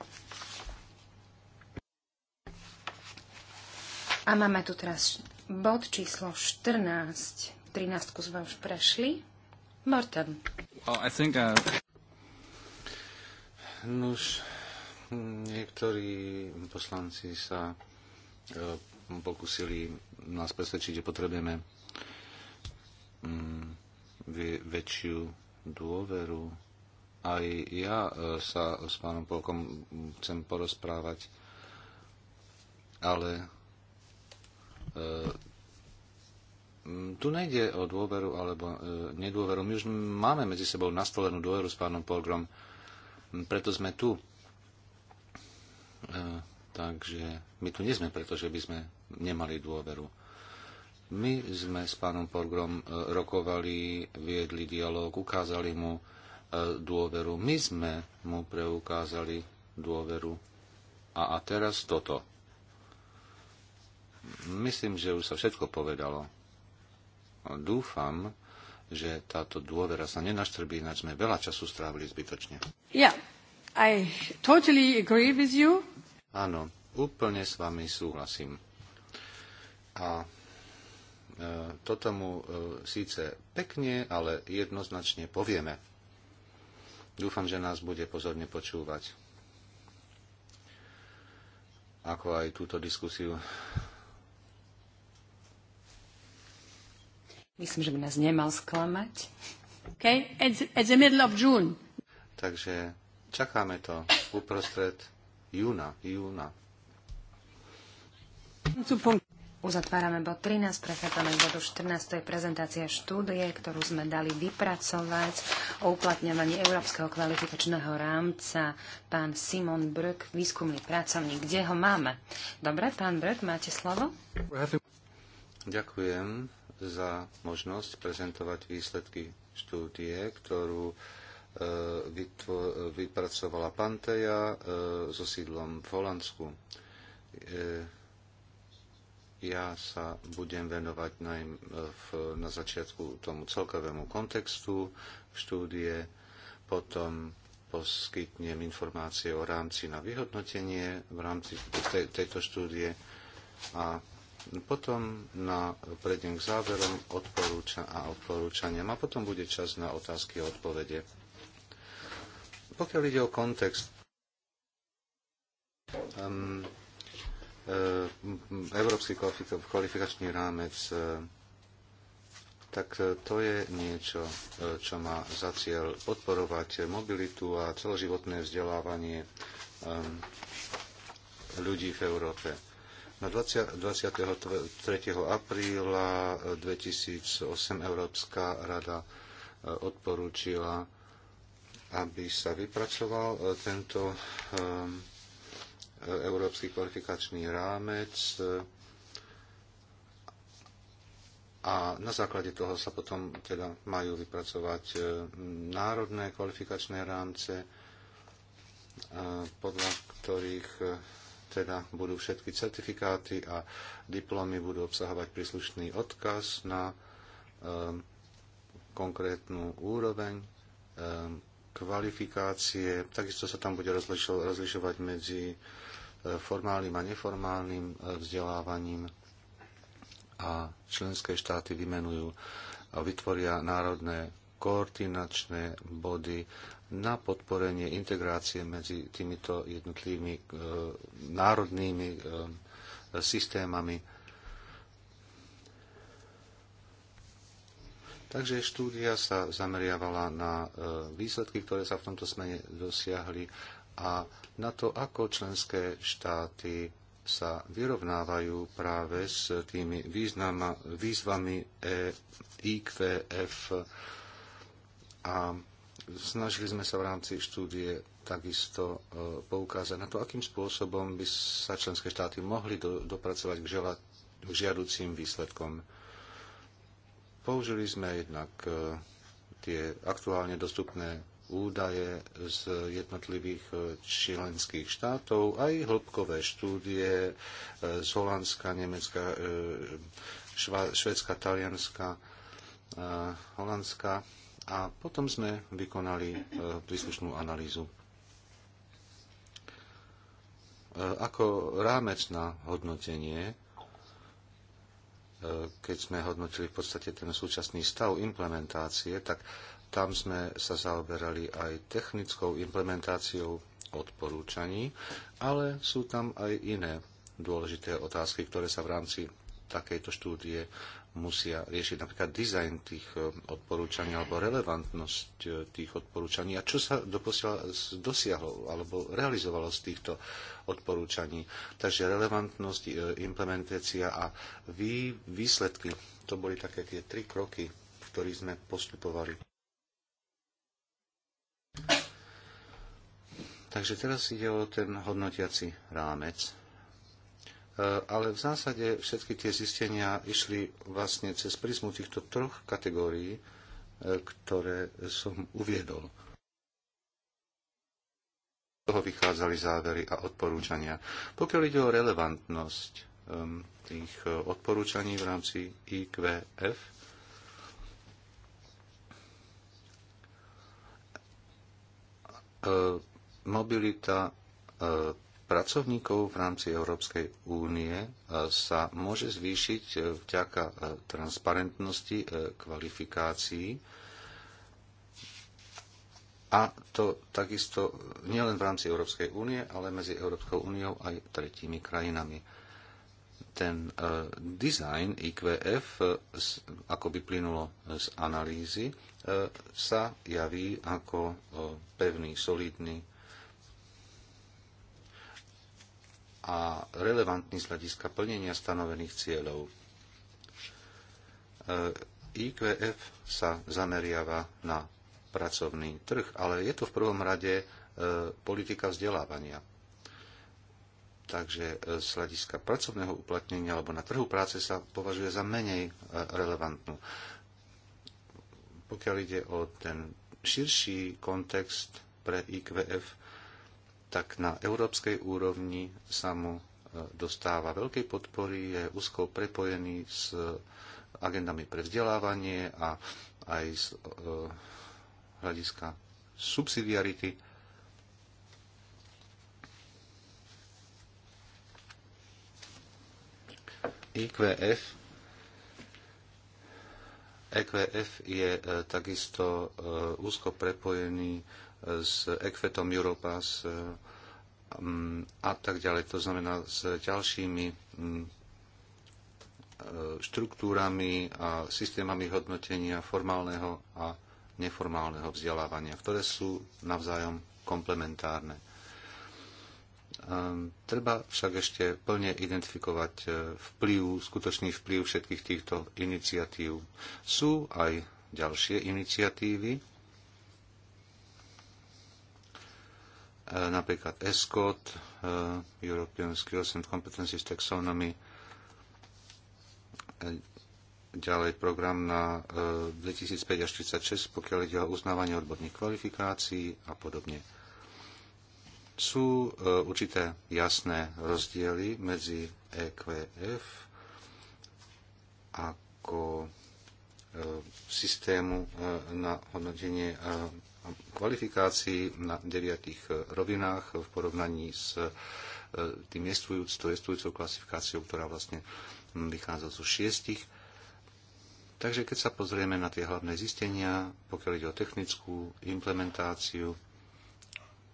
A máme tu teraz bod číslo 14. 13 sme už prešli. Morten. Well, I think, uh... Nuž, niektorí poslanci sa e, pokusili nás presvedčiť, že potrebujeme mm, väčšiu dôveru. Aj ja e, sa s pánom Polkom chcem porozprávať, ale E, tu nejde o dôveru alebo e, nedôveru. My už máme medzi sebou nastolenú dôveru s pánom Polgrom, preto sme tu. E, takže my tu nie sme pretože by sme nemali dôveru. My sme s pánom Polgrom e, rokovali, viedli dialog, ukázali mu e, dôveru. My sme mu preukázali dôveru. A, a teraz toto Myslím, že už sa všetko povedalo. Dúfam, že táto dôvera sa nenaštrbí, ináč sme veľa času strávili zbytočne. Yeah, I totally agree with you. Áno, úplne s vami súhlasím. A e, to tomu e, síce pekne, ale jednoznačne povieme. Dúfam, že nás bude pozorne počúvať, ako aj túto diskusiu Myslím, že by nás nemal sklamať. Okay? At, the, at the middle of June. Takže čakáme to uprostred júna. júna. Uzatvárame bod 13, prechádzame k bodu 14, to je prezentácia štúdie, ktorú sme dali vypracovať o uplatňovaní Európskeho kvalifikačného rámca. Pán Simon Brück, výskumný pracovník, kde ho máme? Dobre, pán Brück, máte slovo? Ďakujem za možnosť prezentovať výsledky štúdie, ktorú e, vypracovala Panteja e, so sídlom v Holandsku. E, ja sa budem venovať na začiatku tomu celkovému kontextu štúdie, potom poskytnem informácie o rámci na vyhodnotenie v rámci tejto štúdie a potom na, prejdem k záverom odporúča a odporúčaniam a potom bude čas na otázky a odpovede. Pokiaľ ide o kontext, um, e, Európsky kvalifikačný rámec, e, tak e, to je niečo, čo má za cieľ podporovať mobilitu a celoživotné vzdelávanie um, ľudí v Európe. Na 20, 23. apríla 2008 e, Európska rada e, odporúčila, aby sa vypracoval e, tento Európsky kvalifikačný rámec a na základe toho sa potom teda majú vypracovať národné kvalifikačné rámce, podľa ktorých teda budú všetky certifikáty a diplomy budú obsahovať príslušný odkaz na um, konkrétnu úroveň um, kvalifikácie. Takisto sa tam bude rozlišo- rozlišovať medzi e, formálnym a neformálnym e, vzdelávaním a členské štáty vymenujú a vytvoria národné koordinačné body na podporenie integrácie medzi týmito jednotlivými e, národnými e, systémami. Takže štúdia sa zameriavala na e, výsledky, ktoré sa v tomto smene dosiahli a na to, ako členské štáty sa vyrovnávajú práve s tými výzvami EIQF a Snažili sme sa v rámci štúdie takisto e, poukázať na to, akým spôsobom by sa členské štáty mohli do, dopracovať k, žela, k žiaducím výsledkom. Použili sme jednak e, tie aktuálne dostupné údaje z jednotlivých e, členských štátov, aj hĺbkové štúdie z Holandska, Nemecka, Švedska, Talianska, Holandska a potom sme vykonali e, príslušnú analýzu. E, ako rámec na hodnotenie, e, keď sme hodnotili v podstate ten súčasný stav implementácie, tak tam sme sa zaoberali aj technickou implementáciou odporúčaní, ale sú tam aj iné dôležité otázky, ktoré sa v rámci takejto štúdie musia riešiť napríklad dizajn tých e, odporúčaní alebo relevantnosť e, tých odporúčaní a čo sa doposiaľ dosiahlo alebo realizovalo z týchto odporúčaní. Takže relevantnosť, e, implementácia a vý, výsledky. To boli také tie tri kroky, v ktorých sme postupovali. Takže teraz ide o ten hodnotiaci rámec Eh, ale v zásade všetky tie zistenia išli vlastne cez prizmu týchto troch kategórií, eh, ktoré som uviedol. Z toho vychádzali závery a odporúčania. Pokiaľ ide o relevantnosť ehm, tých eh, odporúčaní v rámci IQF, mobilita pracovníkov v rámci Európskej únie e, sa môže zvýšiť e, vďaka e, transparentnosti kvalifikácií a to takisto nielen v rámci Európskej únie, ale medzi Európskou úniou aj tretími krajinami. Ten design IQF, ako by plynulo z analýzy, sa javí ako pevný, solidný a relevantný z hľadiska plnenia stanovených cieľov. E, IQF sa zameriava na pracovný trh, ale je to v prvom rade e, politika vzdelávania. Takže e, z hľadiska pracovného uplatnenia alebo na trhu práce sa považuje za menej relevantnú. Pokiaľ ide o ten širší kontext pre IQF, tak na európskej úrovni sa mu e, dostáva veľkej podpory, je úzko prepojený s agendami pre vzdelávanie a aj z e, hľadiska subsidiarity. IQF EQF je e, takisto úzko prepojený s Ekvetom Europass mm, a tak ďalej. To znamená s ďalšími mm, e, štruktúrami a systémami hodnotenia formálneho a neformálneho vzdelávania, ktoré sú navzájom komplementárne. Ehm, treba však ešte plne identifikovať e, vplyv, skutočný vplyv všetkých týchto iniciatív. Sú aj ďalšie iniciatívy, E, napríklad ESCOT, e, European Skills and Competencies Taxonomy, e, ďalej program na 2005 až 36, pokiaľ ide o uznávanie odborných kvalifikácií a podobne. Sú určité jasné rozdiely medzi EQF ako systému e, na hodnotenie e, kvalifikácií na deviatých e, rovinách v porovnaní s tým jestvujúcou, klasifikáciou, ktorá vlastne vychádza zo šiestich. Takže keď sa pozrieme na tie hlavné zistenia, pokiaľ ide o technickú implementáciu,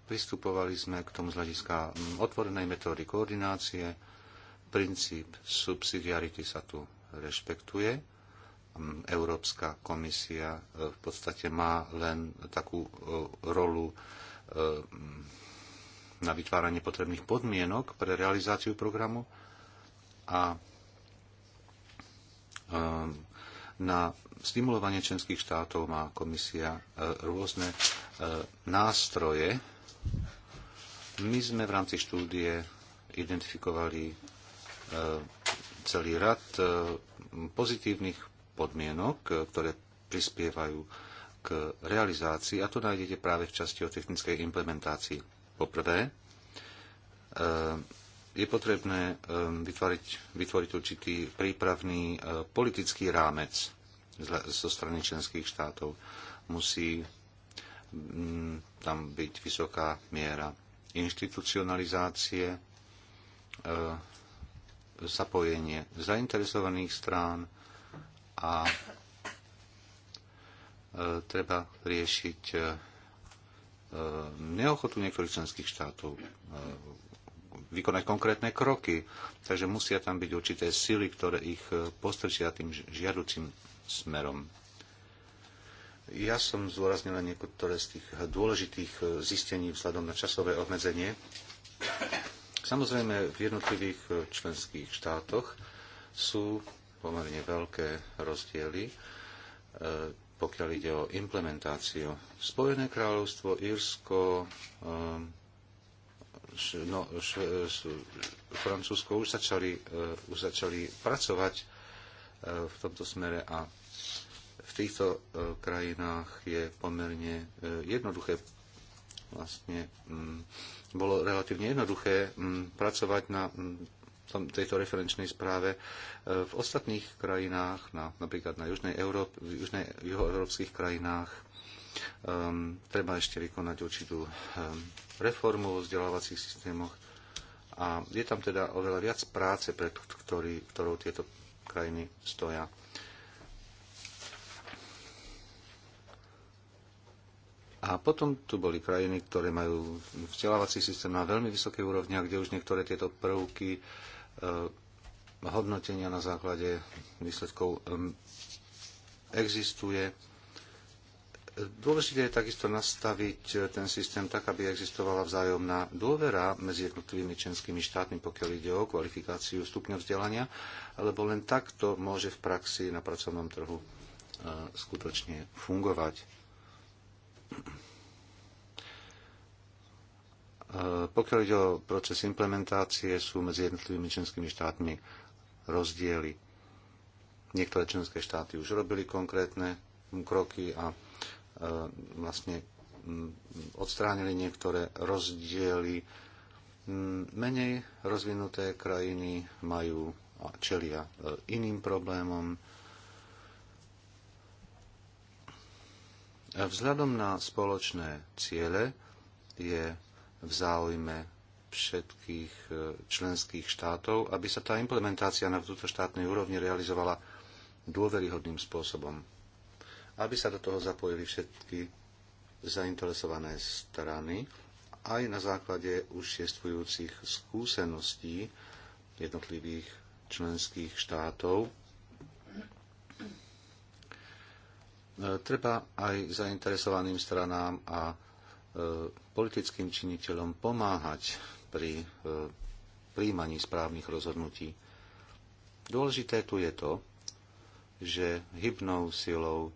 pristupovali sme k tomu z hľadiska otvorenej metódy koordinácie, princíp subsidiarity sa tu rešpektuje Mm, Európska komisia e, v podstate má len takú e, rolu e, mm, na vytváranie potrebných podmienok pre realizáciu programu a na stimulovanie členských štátov má komisia rôzne nástroje. My sme v rámci štúdie identifikovali celý rad pozitívnych podmienok, e, ktoré prispievajú k realizácii a to nájdete práve v časti o technickej implementácii. Poprvé, e, je potrebné e, vytvoriť, vytvoriť určitý prípravný politický rámec zo strany členských štátov. Musí tam byť vysoká miera inštitucionalizácie, zapojenie zainteresovaných strán, a e, treba riešiť e, neochotu niektorých členských štátov e, vykonať konkrétne kroky. Takže musia tam byť určité sily, ktoré ich postrčia tým žiaducim smerom. Ja som zdôraznila niektoré z tých dôležitých zistení vzhľadom na časové obmedzenie. Samozrejme, v jednotlivých členských štátoch sú pomerne veľké rozdiely, e, pokiaľ ide o implementáciu. Spojené kráľovstvo, Írsko, e, no, Francúzsko už začali, e, už začali pracovať v tomto smere a v týchto krajinách je pomerne jednoduché vlastne mm, bolo relatívne jednoduché mm, pracovať na mm, tejto referenčnej správe. E, v ostatných krajinách, na, napríklad na južnej, v južnej juhoeurópskych krajinách, um, treba ešte vykonať určitú um, reformu o vzdelávacích systémoch. A je tam teda oveľa viac práce, pred ktorý, ktorou tieto krajiny stoja. A potom tu boli krajiny, ktoré majú vzdelávací systém na veľmi vysokej úrovni, a kde už niektoré tieto prvky E, hodnotenia na základe výsledkov e, existuje. Dôležité je takisto nastaviť ten systém tak, aby existovala vzájomná dôvera medzi jednotlivými členskými štátmi, pokiaľ ide o kvalifikáciu stupňa vzdelania, lebo len takto môže v praxi na pracovnom trhu e, skutočne fungovať. E, pokiaľ ide o proces implementácie, sú medzi jednotlivými členskými štátmi rozdiely. Niektoré členské štáty už robili konkrétne kroky a e, vlastne odstránili niektoré rozdiely. Menej rozvinuté krajiny majú a čelia e, iným problémom. Vzhľadom na spoločné ciele je v záujme všetkých e, členských štátov, aby sa tá implementácia na vnútroštátnej úrovni realizovala dôveryhodným spôsobom. Aby sa do toho zapojili všetky zainteresované strany, aj na základe už existujúcich skúseností jednotlivých členských štátov. E, treba aj zainteresovaným stranám a E, politickým činiteľom pomáhať pri e, príjmaní správnych rozhodnutí. Dôležité tu je to, že hybnou silou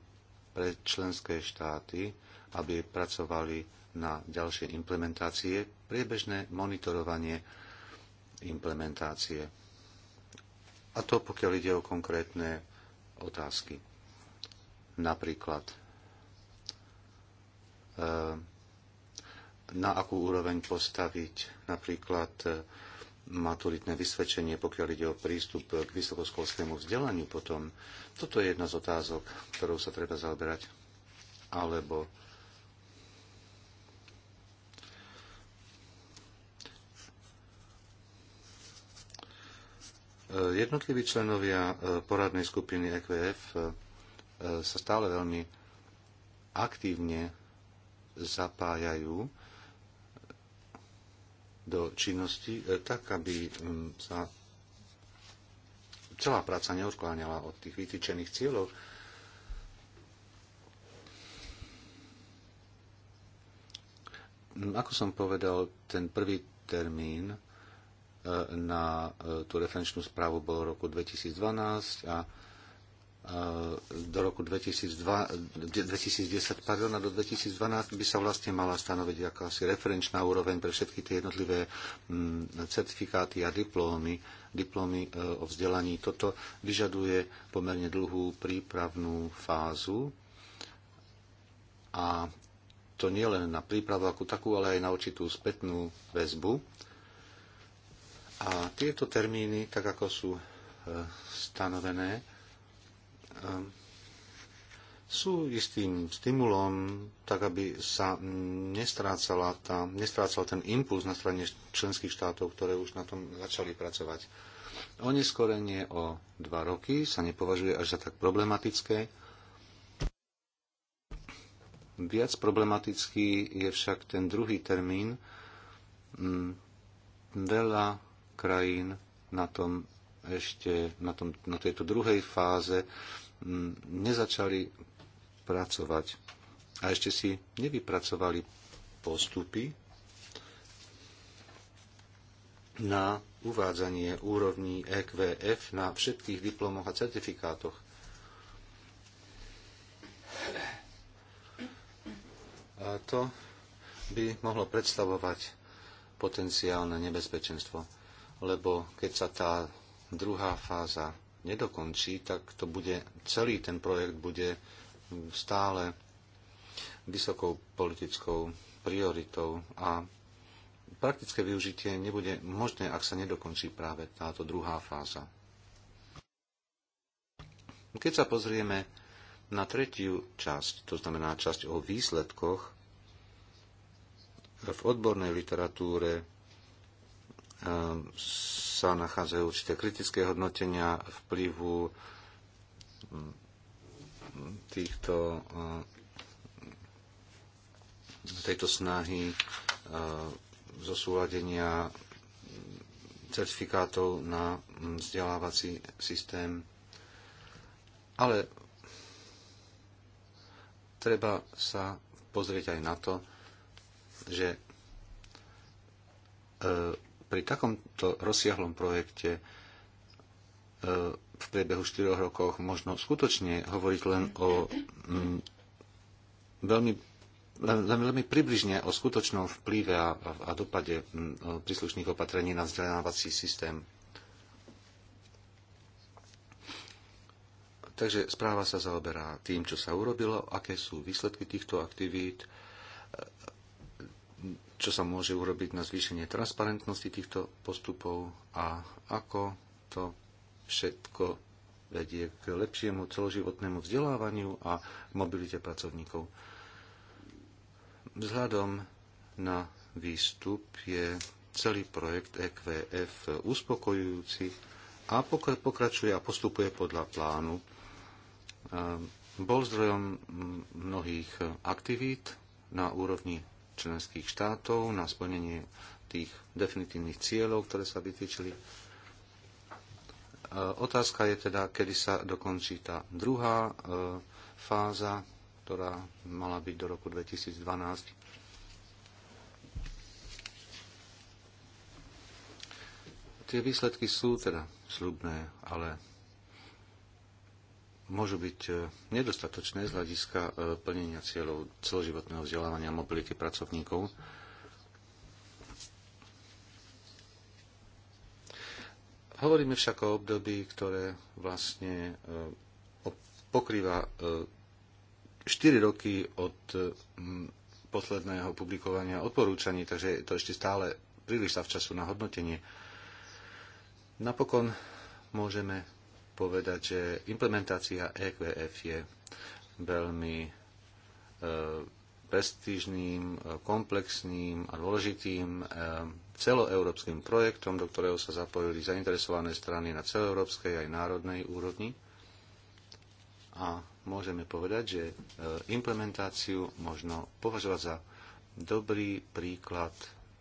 pre členské štáty, aby pracovali na ďalšie implementácie, priebežné monitorovanie implementácie. A to pokiaľ ide o konkrétne otázky. Napríklad e, na akú úroveň postaviť napríklad e, maturitné vysvedčenie, pokiaľ ide o prístup k vysokoškolskému vzdelaniu potom. Toto je jedna z otázok, ktorou sa treba zaoberať. Alebo e, Jednotliví členovia e, poradnej skupiny EQF sa stále veľmi aktívne zapájajú do činnosti, e, tak aby mm, sa celá práca neodkláňala od tých vytýčených cieľov. Ako som povedal, ten prvý termín e, na e, tú referenčnú správu bol roku 2012 a do roku 2002, 2010 pardon, a do 2012 by sa vlastne mala stanoviť akási referenčná úroveň pre všetky tie jednotlivé mm, certifikáty a diplómy, diplomy e, o vzdelaní. Toto vyžaduje pomerne dlhú prípravnú fázu a to nie len na prípravu ako takú, ale aj na určitú spätnú väzbu. A tieto termíny, tak ako sú e, stanovené, sú istým stimulom, tak aby sa nestrácala tá, nestrácal ten impuls na strane členských štátov, ktoré už na tom začali pracovať. Oneskorenie o dva roky sa nepovažuje až za tak problematické. Viac problematický je však ten druhý termín. Mm, veľa krajín na tom ešte, na, tom, na tejto druhej fáze nezačali pracovať a ešte si nevypracovali postupy na uvádzanie úrovní EQF na všetkých diplomoch a certifikátoch. A to by mohlo predstavovať potenciálne nebezpečenstvo, lebo keď sa tá druhá fáza nedokončí, tak to bude, celý ten projekt bude stále vysokou politickou prioritou a praktické využitie nebude možné, ak sa nedokončí práve táto druhá fáza. Keď sa pozrieme na tretiu časť, to znamená časť o výsledkoch, v odbornej literatúre Ehm, sa nachádzajú určité kritické hodnotenia vplyvu mm, týchto, ehm, tejto snahy ehm, zosúladenia certifikátov na mm, vzdelávací systém. Ale treba sa pozrieť aj na to, že pri takomto rozsiahlom projekte e, v priebehu 4 rokov možno skutočne hovoriť len o mm, veľmi, len, len veľmi približne o skutočnom vplyve a, a dopade mm, príslušných opatrení na vzdelávací systém. Takže správa sa zaoberá tým, čo sa urobilo, aké sú výsledky týchto aktivít, čo sa môže urobiť na zvýšenie transparentnosti týchto postupov a ako to všetko vedie k lepšiemu celoživotnému vzdelávaniu a mobilite pracovníkov. Vzhľadom na výstup je celý projekt EQF uspokojujúci a pokračuje a postupuje podľa plánu. Ehm, bol zdrojom mnohých aktivít na úrovni členských štátov na splnenie tých definitívnych cieľov, ktoré sa vytýčili. E, otázka je teda, kedy sa dokončí tá druhá e, fáza, ktorá mala byť do roku 2012. Tie výsledky sú teda slubné, ale môžu byť e, nedostatočné z hľadiska e, plnenia cieľov celoživotného vzdelávania a mobility pracovníkov. Hovoríme však o období, ktoré vlastne e, pokrýva 4 roky od posledného publikovania odporúčaní, takže je to ešte stále príliš sa v času na hodnotenie. Napokon môžeme povedať, že implementácia EQF e je veľmi e, prestížným, e, komplexným a dôležitým celoeurópskym projektom, do ktorého sa zapojili zainteresované strany na celoeurópskej aj národnej úrovni. A môžeme povedať, že implementáciu možno považovať za dobrý príklad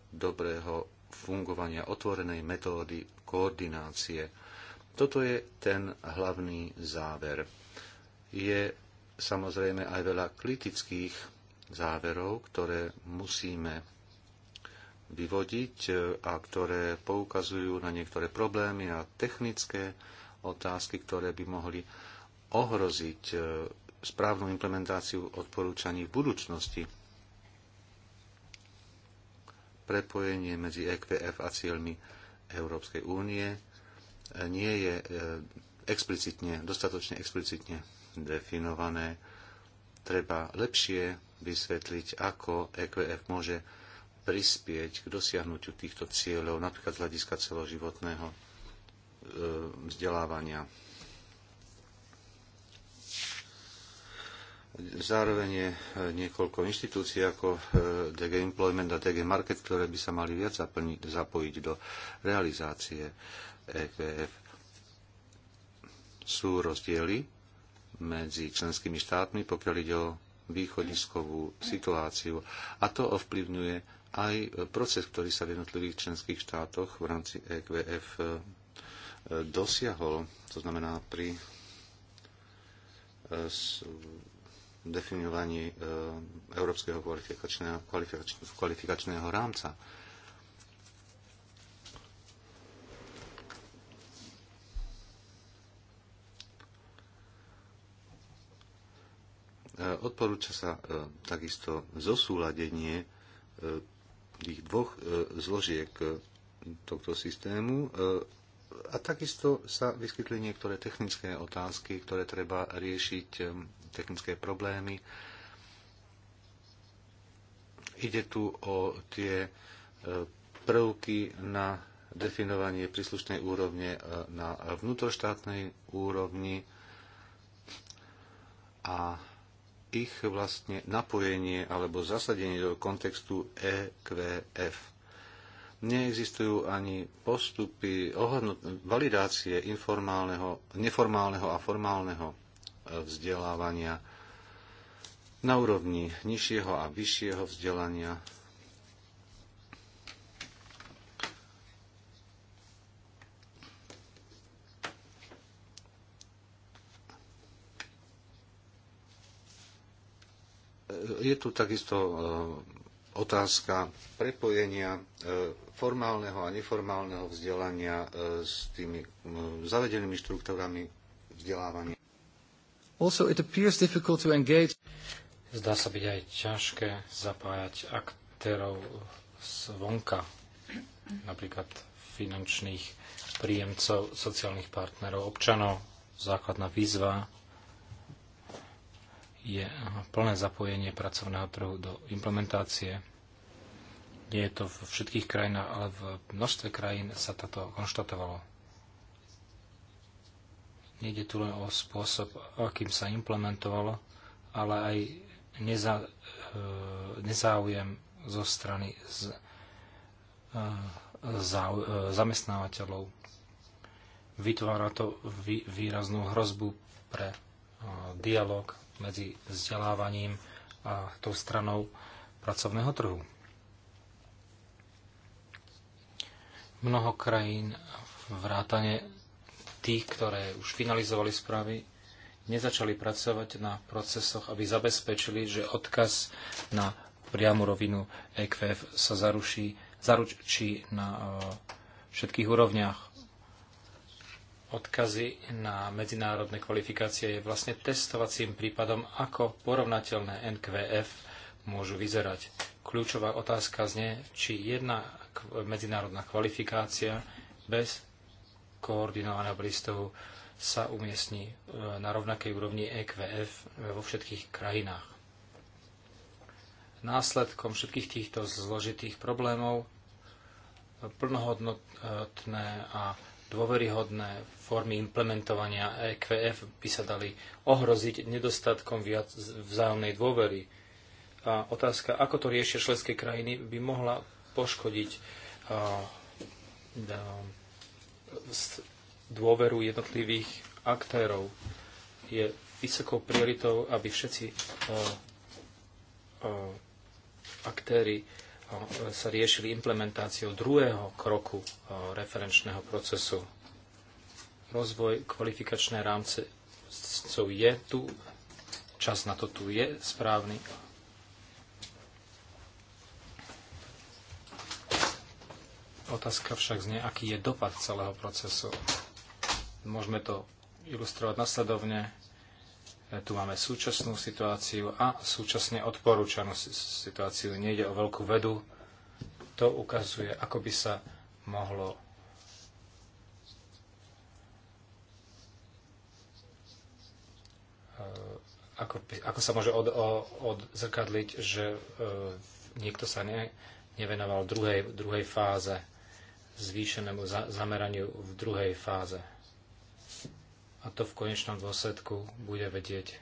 dobrého fungovania otvorenej metódy koordinácie toto je ten hlavný záver. Je samozrejme aj veľa kritických záverov, ktoré musíme vyvodiť e, a ktoré poukazujú na niektoré problémy a technické otázky, ktoré by mohli ohroziť e, správnu implementáciu odporúčaní v budúcnosti. Prepojenie medzi EQF a cieľmi Európskej únie nie je eh, explicitne, dostatočne explicitne definované. Treba lepšie vysvetliť, ako EQF môže prispieť k dosiahnutiu týchto cieľov, napríklad z hľadiska celoživotného eh, vzdelávania Zároveň je e, niekoľko inštitúcií ako e, DG Employment a DG Market, ktoré by sa mali viac zapojiť do realizácie EQF. Sú rozdiely medzi členskými štátmi, pokiaľ ide o východiskovú situáciu a to ovplyvňuje aj proces, ktorý sa v jednotlivých členských štátoch v rámci EQF e, dosiahol, to znamená pri definovaní e, Európskeho kvalifikačného, kvalifikačného, kvalifikačného rámca. E, odporúča sa e, takisto zosúladenie tých dvoch zložiek tohto systému a takisto sa vyskytli niektoré technické otázky, ktoré treba riešiť technické problémy. Ide tu o tie e, prvky na definovanie príslušnej úrovne e, na vnútroštátnej úrovni a ich vlastne napojenie alebo zasadenie do kontextu EQF. Neexistujú ani postupy validácie informálneho, neformálneho a formálneho vzdelávania na úrovni nižšieho a vyššieho vzdelania. Je tu takisto e, otázka prepojenia e, formálneho a neformálneho vzdelania e, s tými zavedenými štruktúrami vzdelávania. Also, it appears difficult to engage. Zdá sa byť aj ťažké zapájať aktérov zvonka, napríklad finančných príjemcov, sociálnych partnerov, občanov. Základná výzva je plné zapojenie pracovného trhu do implementácie. Nie je to v všetkých krajinách, ale v množstve krajín sa toto konštatovalo. Nejde tu len o spôsob, akým sa implementovalo, ale aj neza, e, nezáujem zo strany z, e, za, e, zamestnávateľov. Vytvára to vý, výraznú hrozbu pre dialog medzi vzdelávaním a tou stranou pracovného trhu. Mnoho krajín vrátane tí, ktoré už finalizovali správy, nezačali pracovať na procesoch, aby zabezpečili, že odkaz na priamu rovinu EQF sa zaruší, zaručí na e, všetkých úrovniach. Odkazy na medzinárodné kvalifikácie je vlastne testovacím prípadom, ako porovnateľné NQF môžu vyzerať. Kľúčová otázka znie, či jedna medzinárodná kvalifikácia bez koordinovaného prístavu sa umiestni e, na rovnakej úrovni EQF e, vo všetkých krajinách. Následkom všetkých týchto zložitých problémov e, plnohodnotné a dôveryhodné formy implementovania EQF by sa dali ohroziť nedostatkom viac vzájomnej dôvery. A otázka, ako to riešia členské krajiny, by mohla poškodiť dôveru jednotlivých aktérov. Je vysokou prioritou, aby všetci eh, eh, aktéry eh, sa riešili implementáciou druhého kroku referenčného procesu. Rozvoj kvalifikačné rámce je tu, čas na to tu je správny Otázka však znie, aký je dopad celého procesu. Môžeme to ilustrovať nasledovne. E, tu máme súčasnú situáciu a súčasne odporúčanú situáciu. Nejde o veľkú vedu. To ukazuje, ako by sa mohlo e, ako, ako sa môže od, od, odzrkadliť, že e, niekto sa ne, nevenoval druhej, druhej fáze zvýšenému za- zameraniu v druhej fáze. A to v konečnom dôsledku bude vedieť,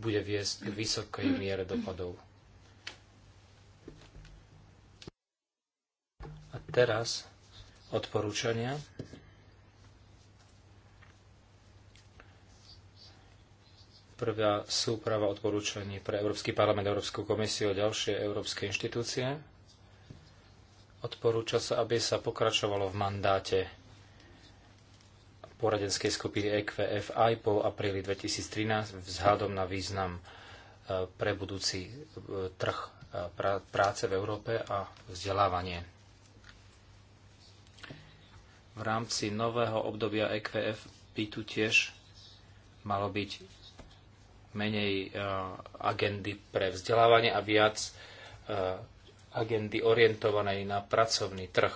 bude viesť k vysokej miere dopadov. A teraz odporúčania. Prvá súprava odporúčaní pre Európsky parlament, Európsku komisiu a ďalšie európske inštitúcie. Odporúča sa, aby sa pokračovalo v mandáte poradenskej skupiny EQF aj po apríli 2013 vzhľadom na význam e, pre budúci e, trh e, práce v Európe a vzdelávanie. V rámci nového obdobia EQF by tu tiež malo byť menej agendy pre vzdelávanie a viac agendy orientovanej na pracovný trh.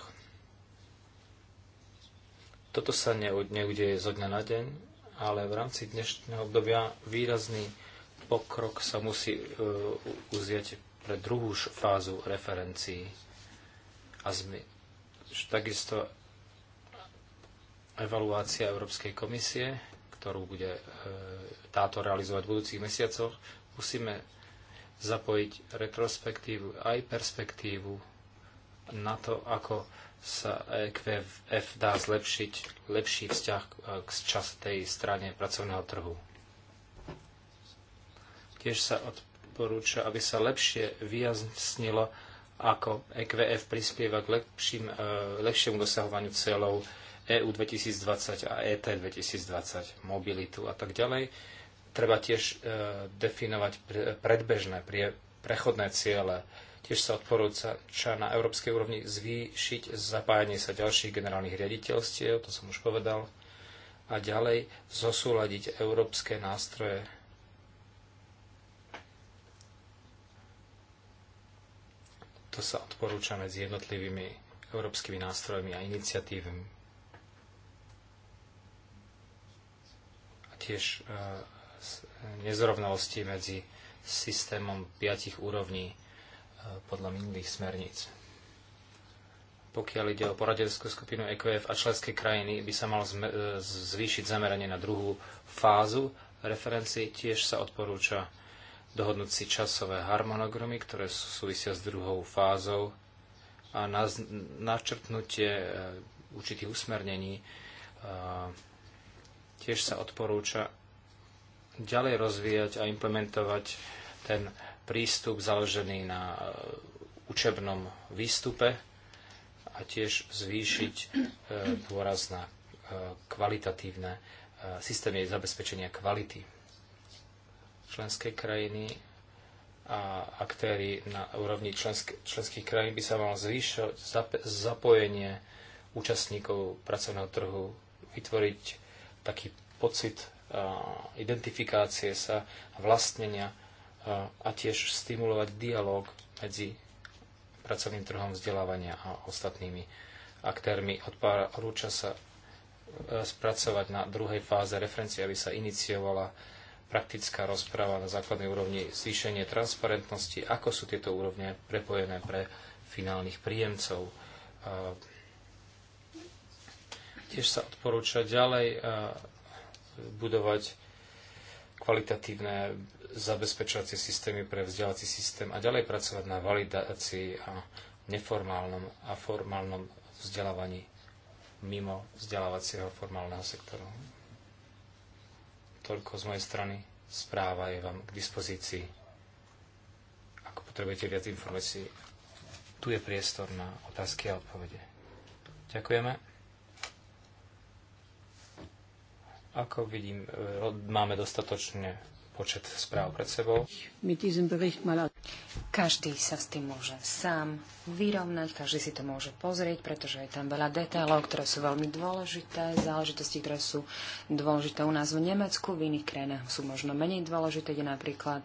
Toto sa neudeje zo dňa na deň, ale v rámci dnešného obdobia výrazný pokrok sa musí e, uzrieť pre druhú fázu referencií. A zmi. takisto evaluácia Európskej komisie, ktorú bude e, táto realizovať v budúcich mesiacoch, musíme zapojiť retrospektívu aj perspektívu na to, ako sa EQF dá zlepšiť lepší vzťah k čas tej strane pracovného trhu. Tiež sa odporúča, aby sa lepšie vyjasnilo, ako EQF prispieva k lepším, e, lepšiemu dosahovaniu cieľov EU 2020 a e ET 2020, mobilitu a tak ďalej Treba tiež e, definovať predbežné, prechodné ciele. Tiež sa odporúča na európskej úrovni zvýšiť zapájanie sa ďalších generálnych riaditeľstiev, to som už povedal, a ďalej zosúľadiť európske nástroje to sa odporúča medzi jednotlivými európskymi nástrojmi a iniciatívami. A tiež e, nezrovnalosti medzi systémom piatich úrovní e, podľa minulých smerníc. Pokiaľ ide o poradenskú skupinu EQF a členské krajiny, by sa mal e, zvýšiť zameranie na druhú fázu referencií. Tiež sa odporúča dohodnúť si časové harmonogramy, ktoré súvisia s druhou fázou a načrtnutie e, určitých usmernení. Tiež sa odporúča ďalej rozvíjať a implementovať ten prístup založený na e, učebnom výstupe a tiež zvýšiť e, dôraz na e, kvalitatívne systémy zabezpečenia kvality. členskej krajiny a aktéry na úrovni člensk- členských krajín by sa malo zap- zapojenie účastníkov pracovného trhu, vytvoriť taký pocit identifikácie sa a vlastnenia a tiež stimulovať dialog medzi pracovným trhom vzdelávania a ostatnými aktérmi. Odporúča sa e, spracovať na druhej fáze referencie, aby sa iniciovala praktická rozpráva na základnej úrovni, zvýšenie transparentnosti, ako sú tieto úrovne prepojené pre finálnych príjemcov. Tiež sa odporúča ďalej budovať kvalitatívne zabezpečovacie systémy pre vzdelávací systém a ďalej pracovať na validácii a neformálnom a formálnom vzdelávaní mimo vzdelávacieho formálneho sektoru. Toľko z mojej strany. Správa je vám k dispozícii. Ak potrebujete viac informácií, tu je priestor na otázky a odpovede. Ďakujeme. Ako vidím, e, máme dostatočne počet správ pred sebou. Každý sa s tým môže sám vyrovnať, každý si to môže pozrieť, pretože je tam veľa detailov, ktoré sú veľmi dôležité, záležitosti, ktoré sú dôležité u nás v Nemecku, v iných krajinách sú možno menej dôležité. Ide napríklad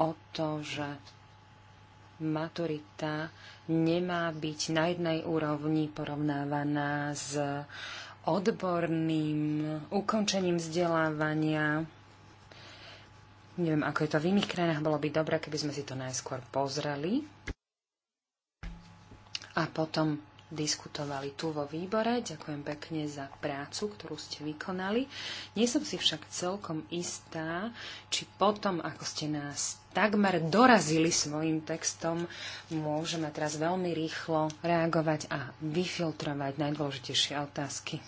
o to, že maturita nemá byť na jednej úrovni porovnávaná s odborným ukončením vzdelávania. Neviem, ako je to v iných krajinách, bolo by dobré, keby sme si to najskôr pozreli a potom diskutovali tu vo výbore. Ďakujem pekne za prácu, ktorú ste vykonali. Nie som si však celkom istá, či potom, ako ste nás takmer dorazili svojim textom, môžeme teraz veľmi rýchlo reagovať a vyfiltrovať najdôležitejšie otázky.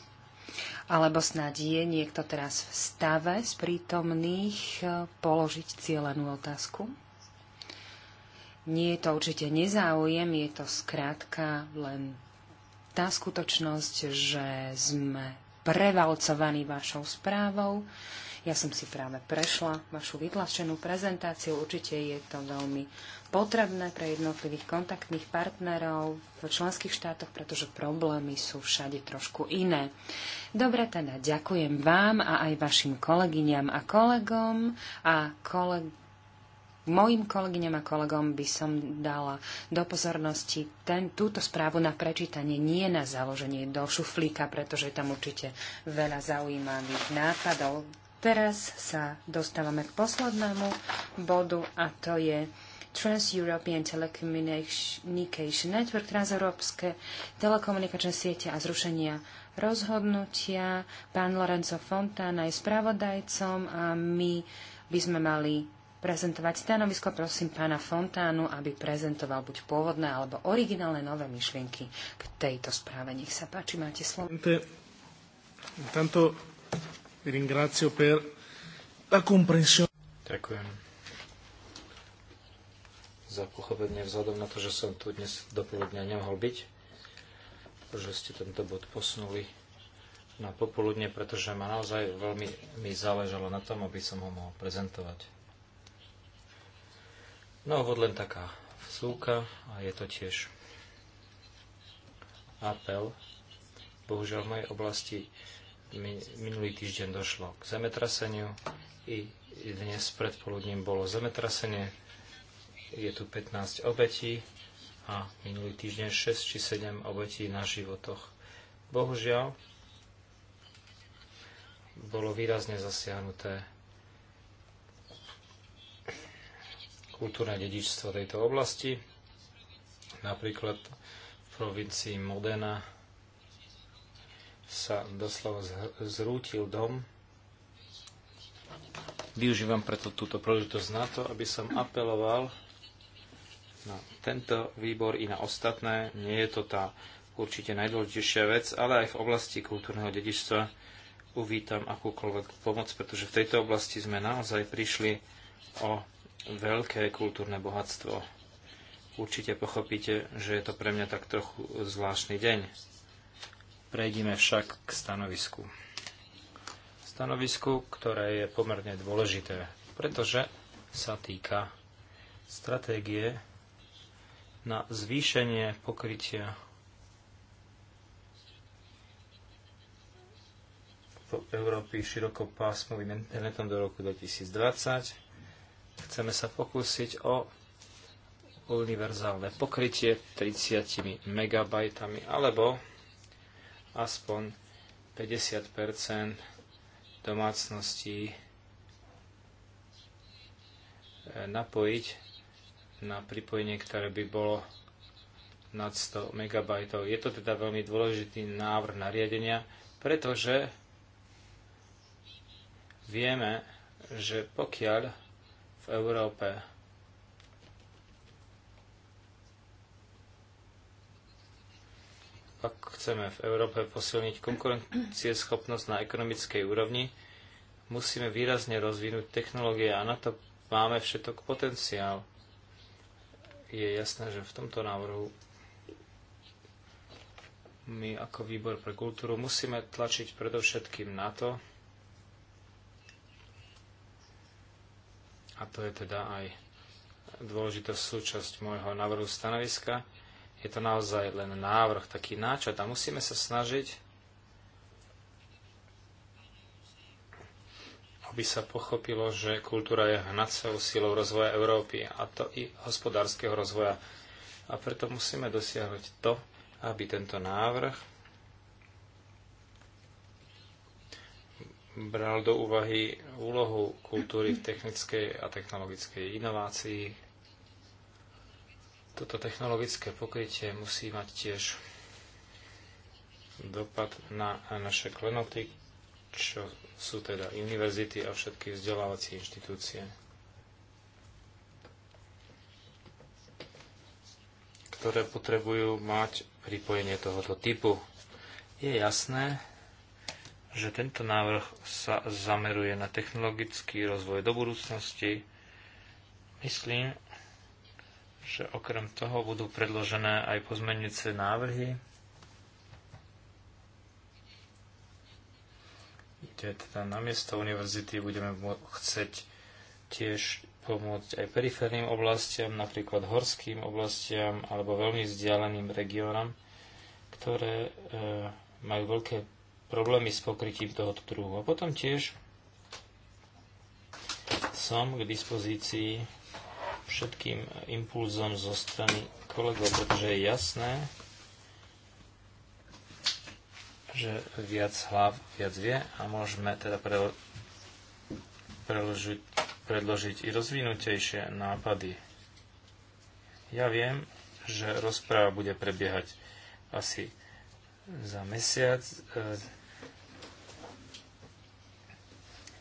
Alebo snad je niekto teraz v stave z prítomných e, položiť cieľenú otázku? Nie je to určite nezáujem, je to skrátka len tá skutočnosť, že sme prevalcovaní vašou správou. Ja som si práve prešla vašu vytlačenú prezentáciu. Určite je to veľmi potrebné pre jednotlivých kontaktných partnerov v členských štátoch, pretože problémy sú všade trošku iné. Dobre, teda ďakujem vám a aj vašim kolegyňam a kolegom a koleg... Mojim kolegyňam a kolegom by som dala do pozornosti ten, túto správu na prečítanie, nie na založenie do šuflíka, pretože je tam určite veľa zaujímavých nápadov. Teraz sa dostávame k poslednému bodu a to je Trans-European Telecommunication Network, transeurópske telekomunikačné siete a zrušenia rozhodnutia. Pán Lorenzo Fontana je spravodajcom a my by sme mali prezentovať stanovisko. Prosím pána Fontánu, aby prezentoval buď pôvodné alebo originálne nové myšlienky k tejto správe. Nech sa páči, máte slovo. Ďakujem za pochopenie vzhľadom na to, že som tu dnes dopoludne nemohol byť, že ste tento bod posunuli na popoludne, pretože ma naozaj veľmi mi záležalo na tom, aby som ho mohol prezentovať. No, hod len taká vsúka a je to tiež apel. Bohužiaľ v mojej oblasti minulý týždeň došlo k zemetraseniu i dnes predpoludním bolo zemetrasenie je tu 15 obetí a minulý týždeň 6 či 7 obetí na životoch. Bohužiaľ, bolo výrazne zasiahnuté kultúrne dedičstvo tejto oblasti. Napríklad v provincii Modena sa doslova zrútil dom. Využívam preto túto príležitosť na to, aby som apeloval na tento výbor i na ostatné. Nie je to tá určite najdôležitejšia vec, ale aj v oblasti kultúrneho dedičstva uvítam akúkoľvek pomoc, pretože v tejto oblasti sme naozaj prišli o veľké kultúrne bohatstvo. Určite pochopíte, že je to pre mňa tak trochu zvláštny deň. Prejdime však k stanovisku. Stanovisku, ktoré je pomerne dôležité, pretože sa týka stratégie na zvýšenie pokrytia Európy širokopásmovým internetom do roku 2020. Chceme sa pokúsiť o univerzálne pokrytie 30 MB alebo aspoň 50 domácností eh, napojiť na pripojenie, ktoré by bolo nad 100 MB. Je to teda veľmi dôležitý návrh nariadenia, pretože vieme, že pokiaľ v Európe ak chceme v Európe posilniť konkurencieschopnosť na ekonomickej úrovni, musíme výrazne rozvinúť technológie a na to máme všetok potenciál je jasné, že v tomto návrhu my ako výbor pre kultúru musíme tlačiť predovšetkým na to, a to je teda aj dôležitá súčasť môjho návrhu stanoviska, je to naozaj len návrh, taký náčat a musíme sa snažiť aby sa pochopilo, že kultúra je hnacou silou rozvoja Európy a to i hospodárskeho rozvoja. A preto musíme dosiahnuť to, aby tento návrh bral do úvahy úlohu kultúry v technickej a technologickej inovácii. Toto technologické pokrytie musí mať tiež dopad na naše klenoty, čo sú teda univerzity a všetky vzdelávacie inštitúcie. ktoré potrebujú mať pripojenie tohoto typu. Je jasné, že tento návrh sa zameruje na technologický rozvoj do budúcnosti. Myslím, že okrem toho budú predložené aj pozmenujúce návrhy, kde teda namiesto univerzity budeme chcieť tiež pomôcť aj periférnym oblastiam, napríklad horským oblastiam alebo veľmi vzdialeným regiónom, ktoré e, majú veľké problémy s pokrytím tohoto druhu. A potom tiež som k dispozícii všetkým impulzom zo strany kolegov, pretože je jasné, že viac hlav viac vie a môžeme teda preložiť, predložiť i rozvinutejšie nápady. Ja viem, že rozpráva bude prebiehať asi za mesiac eh,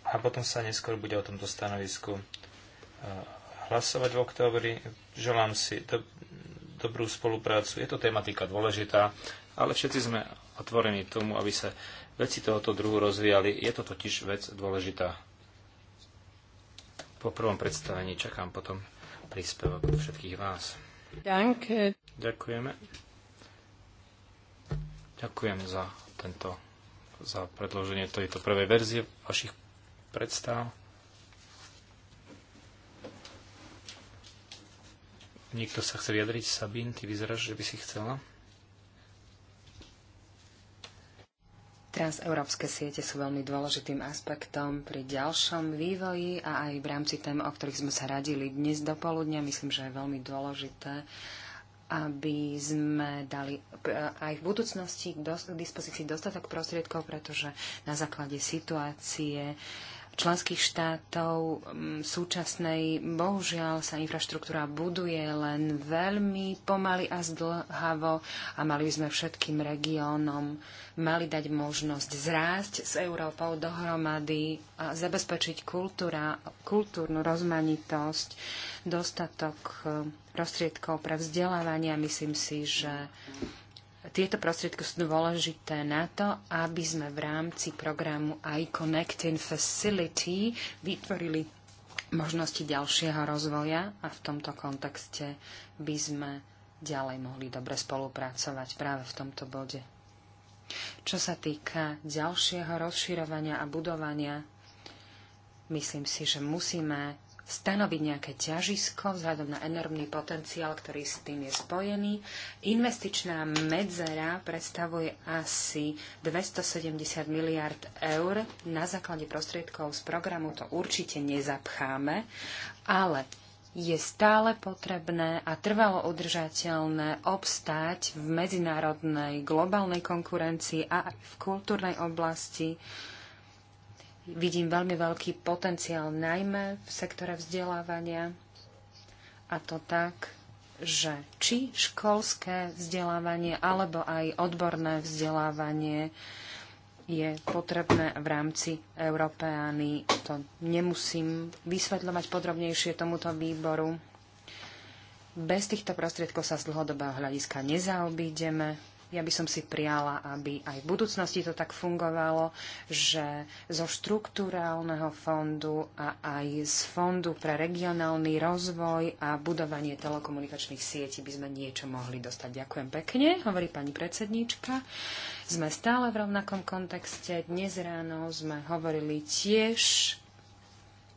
a potom sa neskôr bude o tomto stanovisku eh, hlasovať v októbri. Želám si do, dobrú spoluprácu. Je to tematika dôležitá, ale všetci sme otvorení tomu, aby sa veci tohoto druhu rozvíjali. Je to totiž vec dôležitá. Po prvom predstavení čakám potom príspevok od všetkých vás. Danke. Ďakujeme. Ďakujem za tento za predloženie tejto prvej verzie vašich predstav. Niekto sa chce vyjadriť? Sabín, ty vyzeráš, že by si chcela? Transeurópske siete sú veľmi dôležitým aspektom pri ďalšom vývoji a aj v rámci tém, o ktorých sme sa radili dnes do poludnia. Myslím, že je veľmi dôležité, aby sme dali eh, aj v budúcnosti k dispozícii dostatok prostriedkov, pretože na základe situácie členských štátov súčasnej, bohužiaľ, sa infraštruktúra buduje len veľmi pomaly a zdlhavo a mali by sme všetkým regiónom mali dať možnosť zrásť s Európou dohromady a zabezpečiť kultúra, kultúrnu rozmanitosť, dostatok e, prostriedkov pre vzdelávanie. Myslím si, že tieto prostriedky sú dôležité na to, aby sme v rámci programu iConnecting Facility vytvorili možnosti ďalšieho rozvoja a v tomto kontexte by sme ďalej mohli dobre spolupracovať práve v tomto bode. Čo sa týka ďalšieho rozširovania a budovania, myslím si, že musíme stanoviť nejaké ťažisko vzhľadom na enormný potenciál, ktorý s tým je spojený. Investičná medzera predstavuje asi 270 miliard eur. Na základe prostriedkov z programu to určite nezapcháme, ale je stále potrebné a trvalo udržateľné obstáť v medzinárodnej globálnej konkurencii a v kultúrnej oblasti vidím veľmi veľký potenciál, najmä v sektore vzdelávania. A to tak, že či školské vzdelávanie alebo aj odborné vzdelávanie je potrebné v rámci Európeány. To nemusím vysvetľovať podrobnejšie tomuto výboru. Bez týchto prostriedkov sa z dlhodobého hľadiska nezaobídeme ja by som si priala, aby aj v budúcnosti to tak fungovalo, že zo štruktúrálneho fondu a aj z fondu pre regionálny rozvoj a budovanie telekomunikačných sietí by sme niečo mohli dostať. Ďakujem pekne, hovorí pani predsedníčka. Sme stále v rovnakom kontexte. Dnes ráno sme hovorili tiež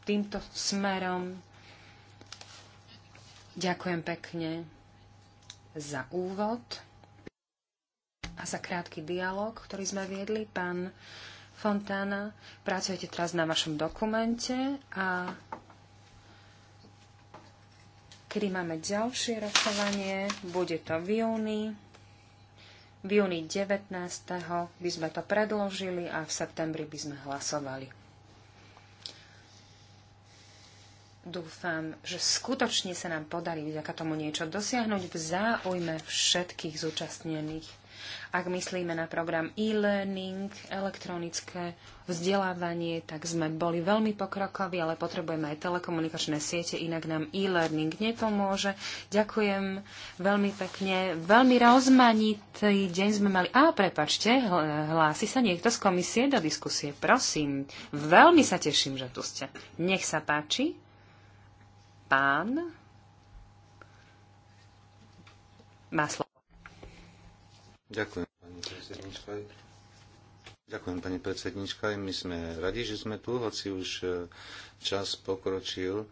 týmto smerom. Ďakujem pekne za úvod a za krátky dialog, ktorý sme viedli. Pán Fontána, pracujete teraz na vašom dokumente a kedy máme ďalšie rokovanie, bude to v júni. V júni 19. by sme to predložili a v septembri by sme hlasovali. Dúfam, že skutočne sa nám podarí vďaka tomu niečo dosiahnuť v záujme všetkých zúčastnených. Ak myslíme na program e-learning, elektronické vzdelávanie, tak sme boli veľmi pokrokoví, ale potrebujeme aj telekomunikačné siete, inak nám e-learning nepomôže. Ďakujem veľmi pekne. Veľmi rozmanitý deň sme mali. A prepačte, hlási sa niekto z komisie do diskusie. Prosím, veľmi sa teším, že tu ste. Nech sa páči. Pán. Má slovo. Ďakujem, pani predsednička. Ďakujem, pani predsednička. My sme radi, že sme tu, hoci už e, čas pokročil.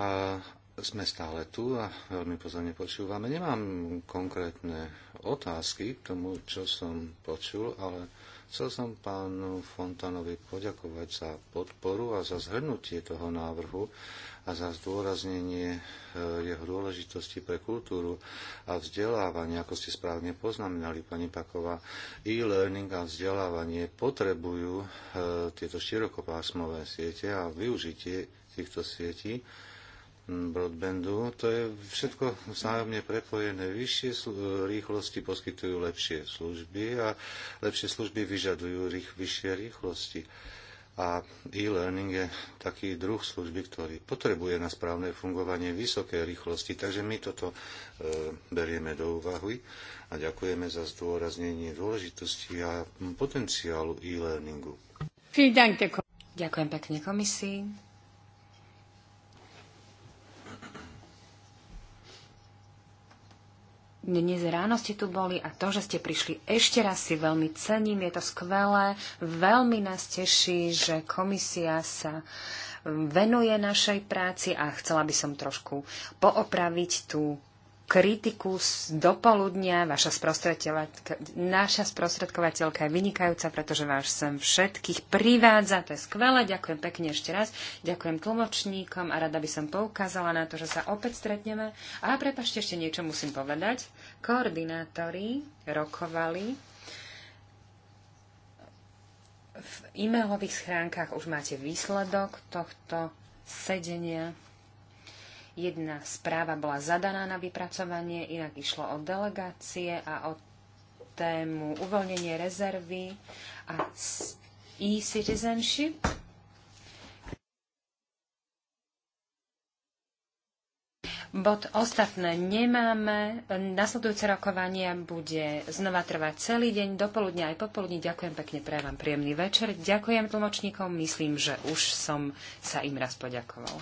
A sme stále tu a veľmi pozorne počúvame. Nemám konkrétne otázky k tomu, čo som počul, ale Chcel som pánu Fontanovi poďakovať za podporu a za zhrnutie toho návrhu a za zdôraznenie e, jeho dôležitosti pre kultúru a vzdelávanie, ako ste správne poznamenali, pani Paková. E-learning a vzdelávanie potrebujú e, tieto širokopásmové siete a využitie týchto sietí broadbandu. To je všetko vzájomne prepojené. Vyššie rýchlosti poskytujú lepšie služby a lepšie služby vyžadujú rých, vyššie rýchlosti. A e-learning je taký druh služby, ktorý potrebuje na správne fungovanie vysoké rýchlosti. Takže my toto e, berieme do úvahy a ďakujeme za zdôraznenie dôležitosti a potenciálu e-learningu. Ďakujem pekne komisii. dnes ráno ste tu boli a to, že ste prišli ešte raz si veľmi cením, je to skvelé. Veľmi nás teší, že komisia sa venuje našej práci a chcela by som trošku poopraviť tú kritiku z dopoludnia. Vaša sprostredkovateľka, naša sprostredkovateľka je vynikajúca, pretože vás sem všetkých privádza. To je skvelé. Ďakujem pekne ešte raz. Ďakujem tlmočníkom a rada by som poukázala na to, že sa opäť stretneme. A prepašte, ešte niečo musím povedať. Koordinátori rokovali. V e-mailových schránkach už máte výsledok tohto sedenia. Jedna správa bola zadaná na vypracovanie, inak išlo o delegácie a o tému uvoľnenie rezervy a e-citizenship Bod ostatné nemáme. Nasledujúce rokovanie bude znova trvať celý deň, dopoludne aj popoludne. Ďakujem pekne, pre vám príjemný večer. Ďakujem tlmočníkom, myslím, že už som sa im raz poďakoval.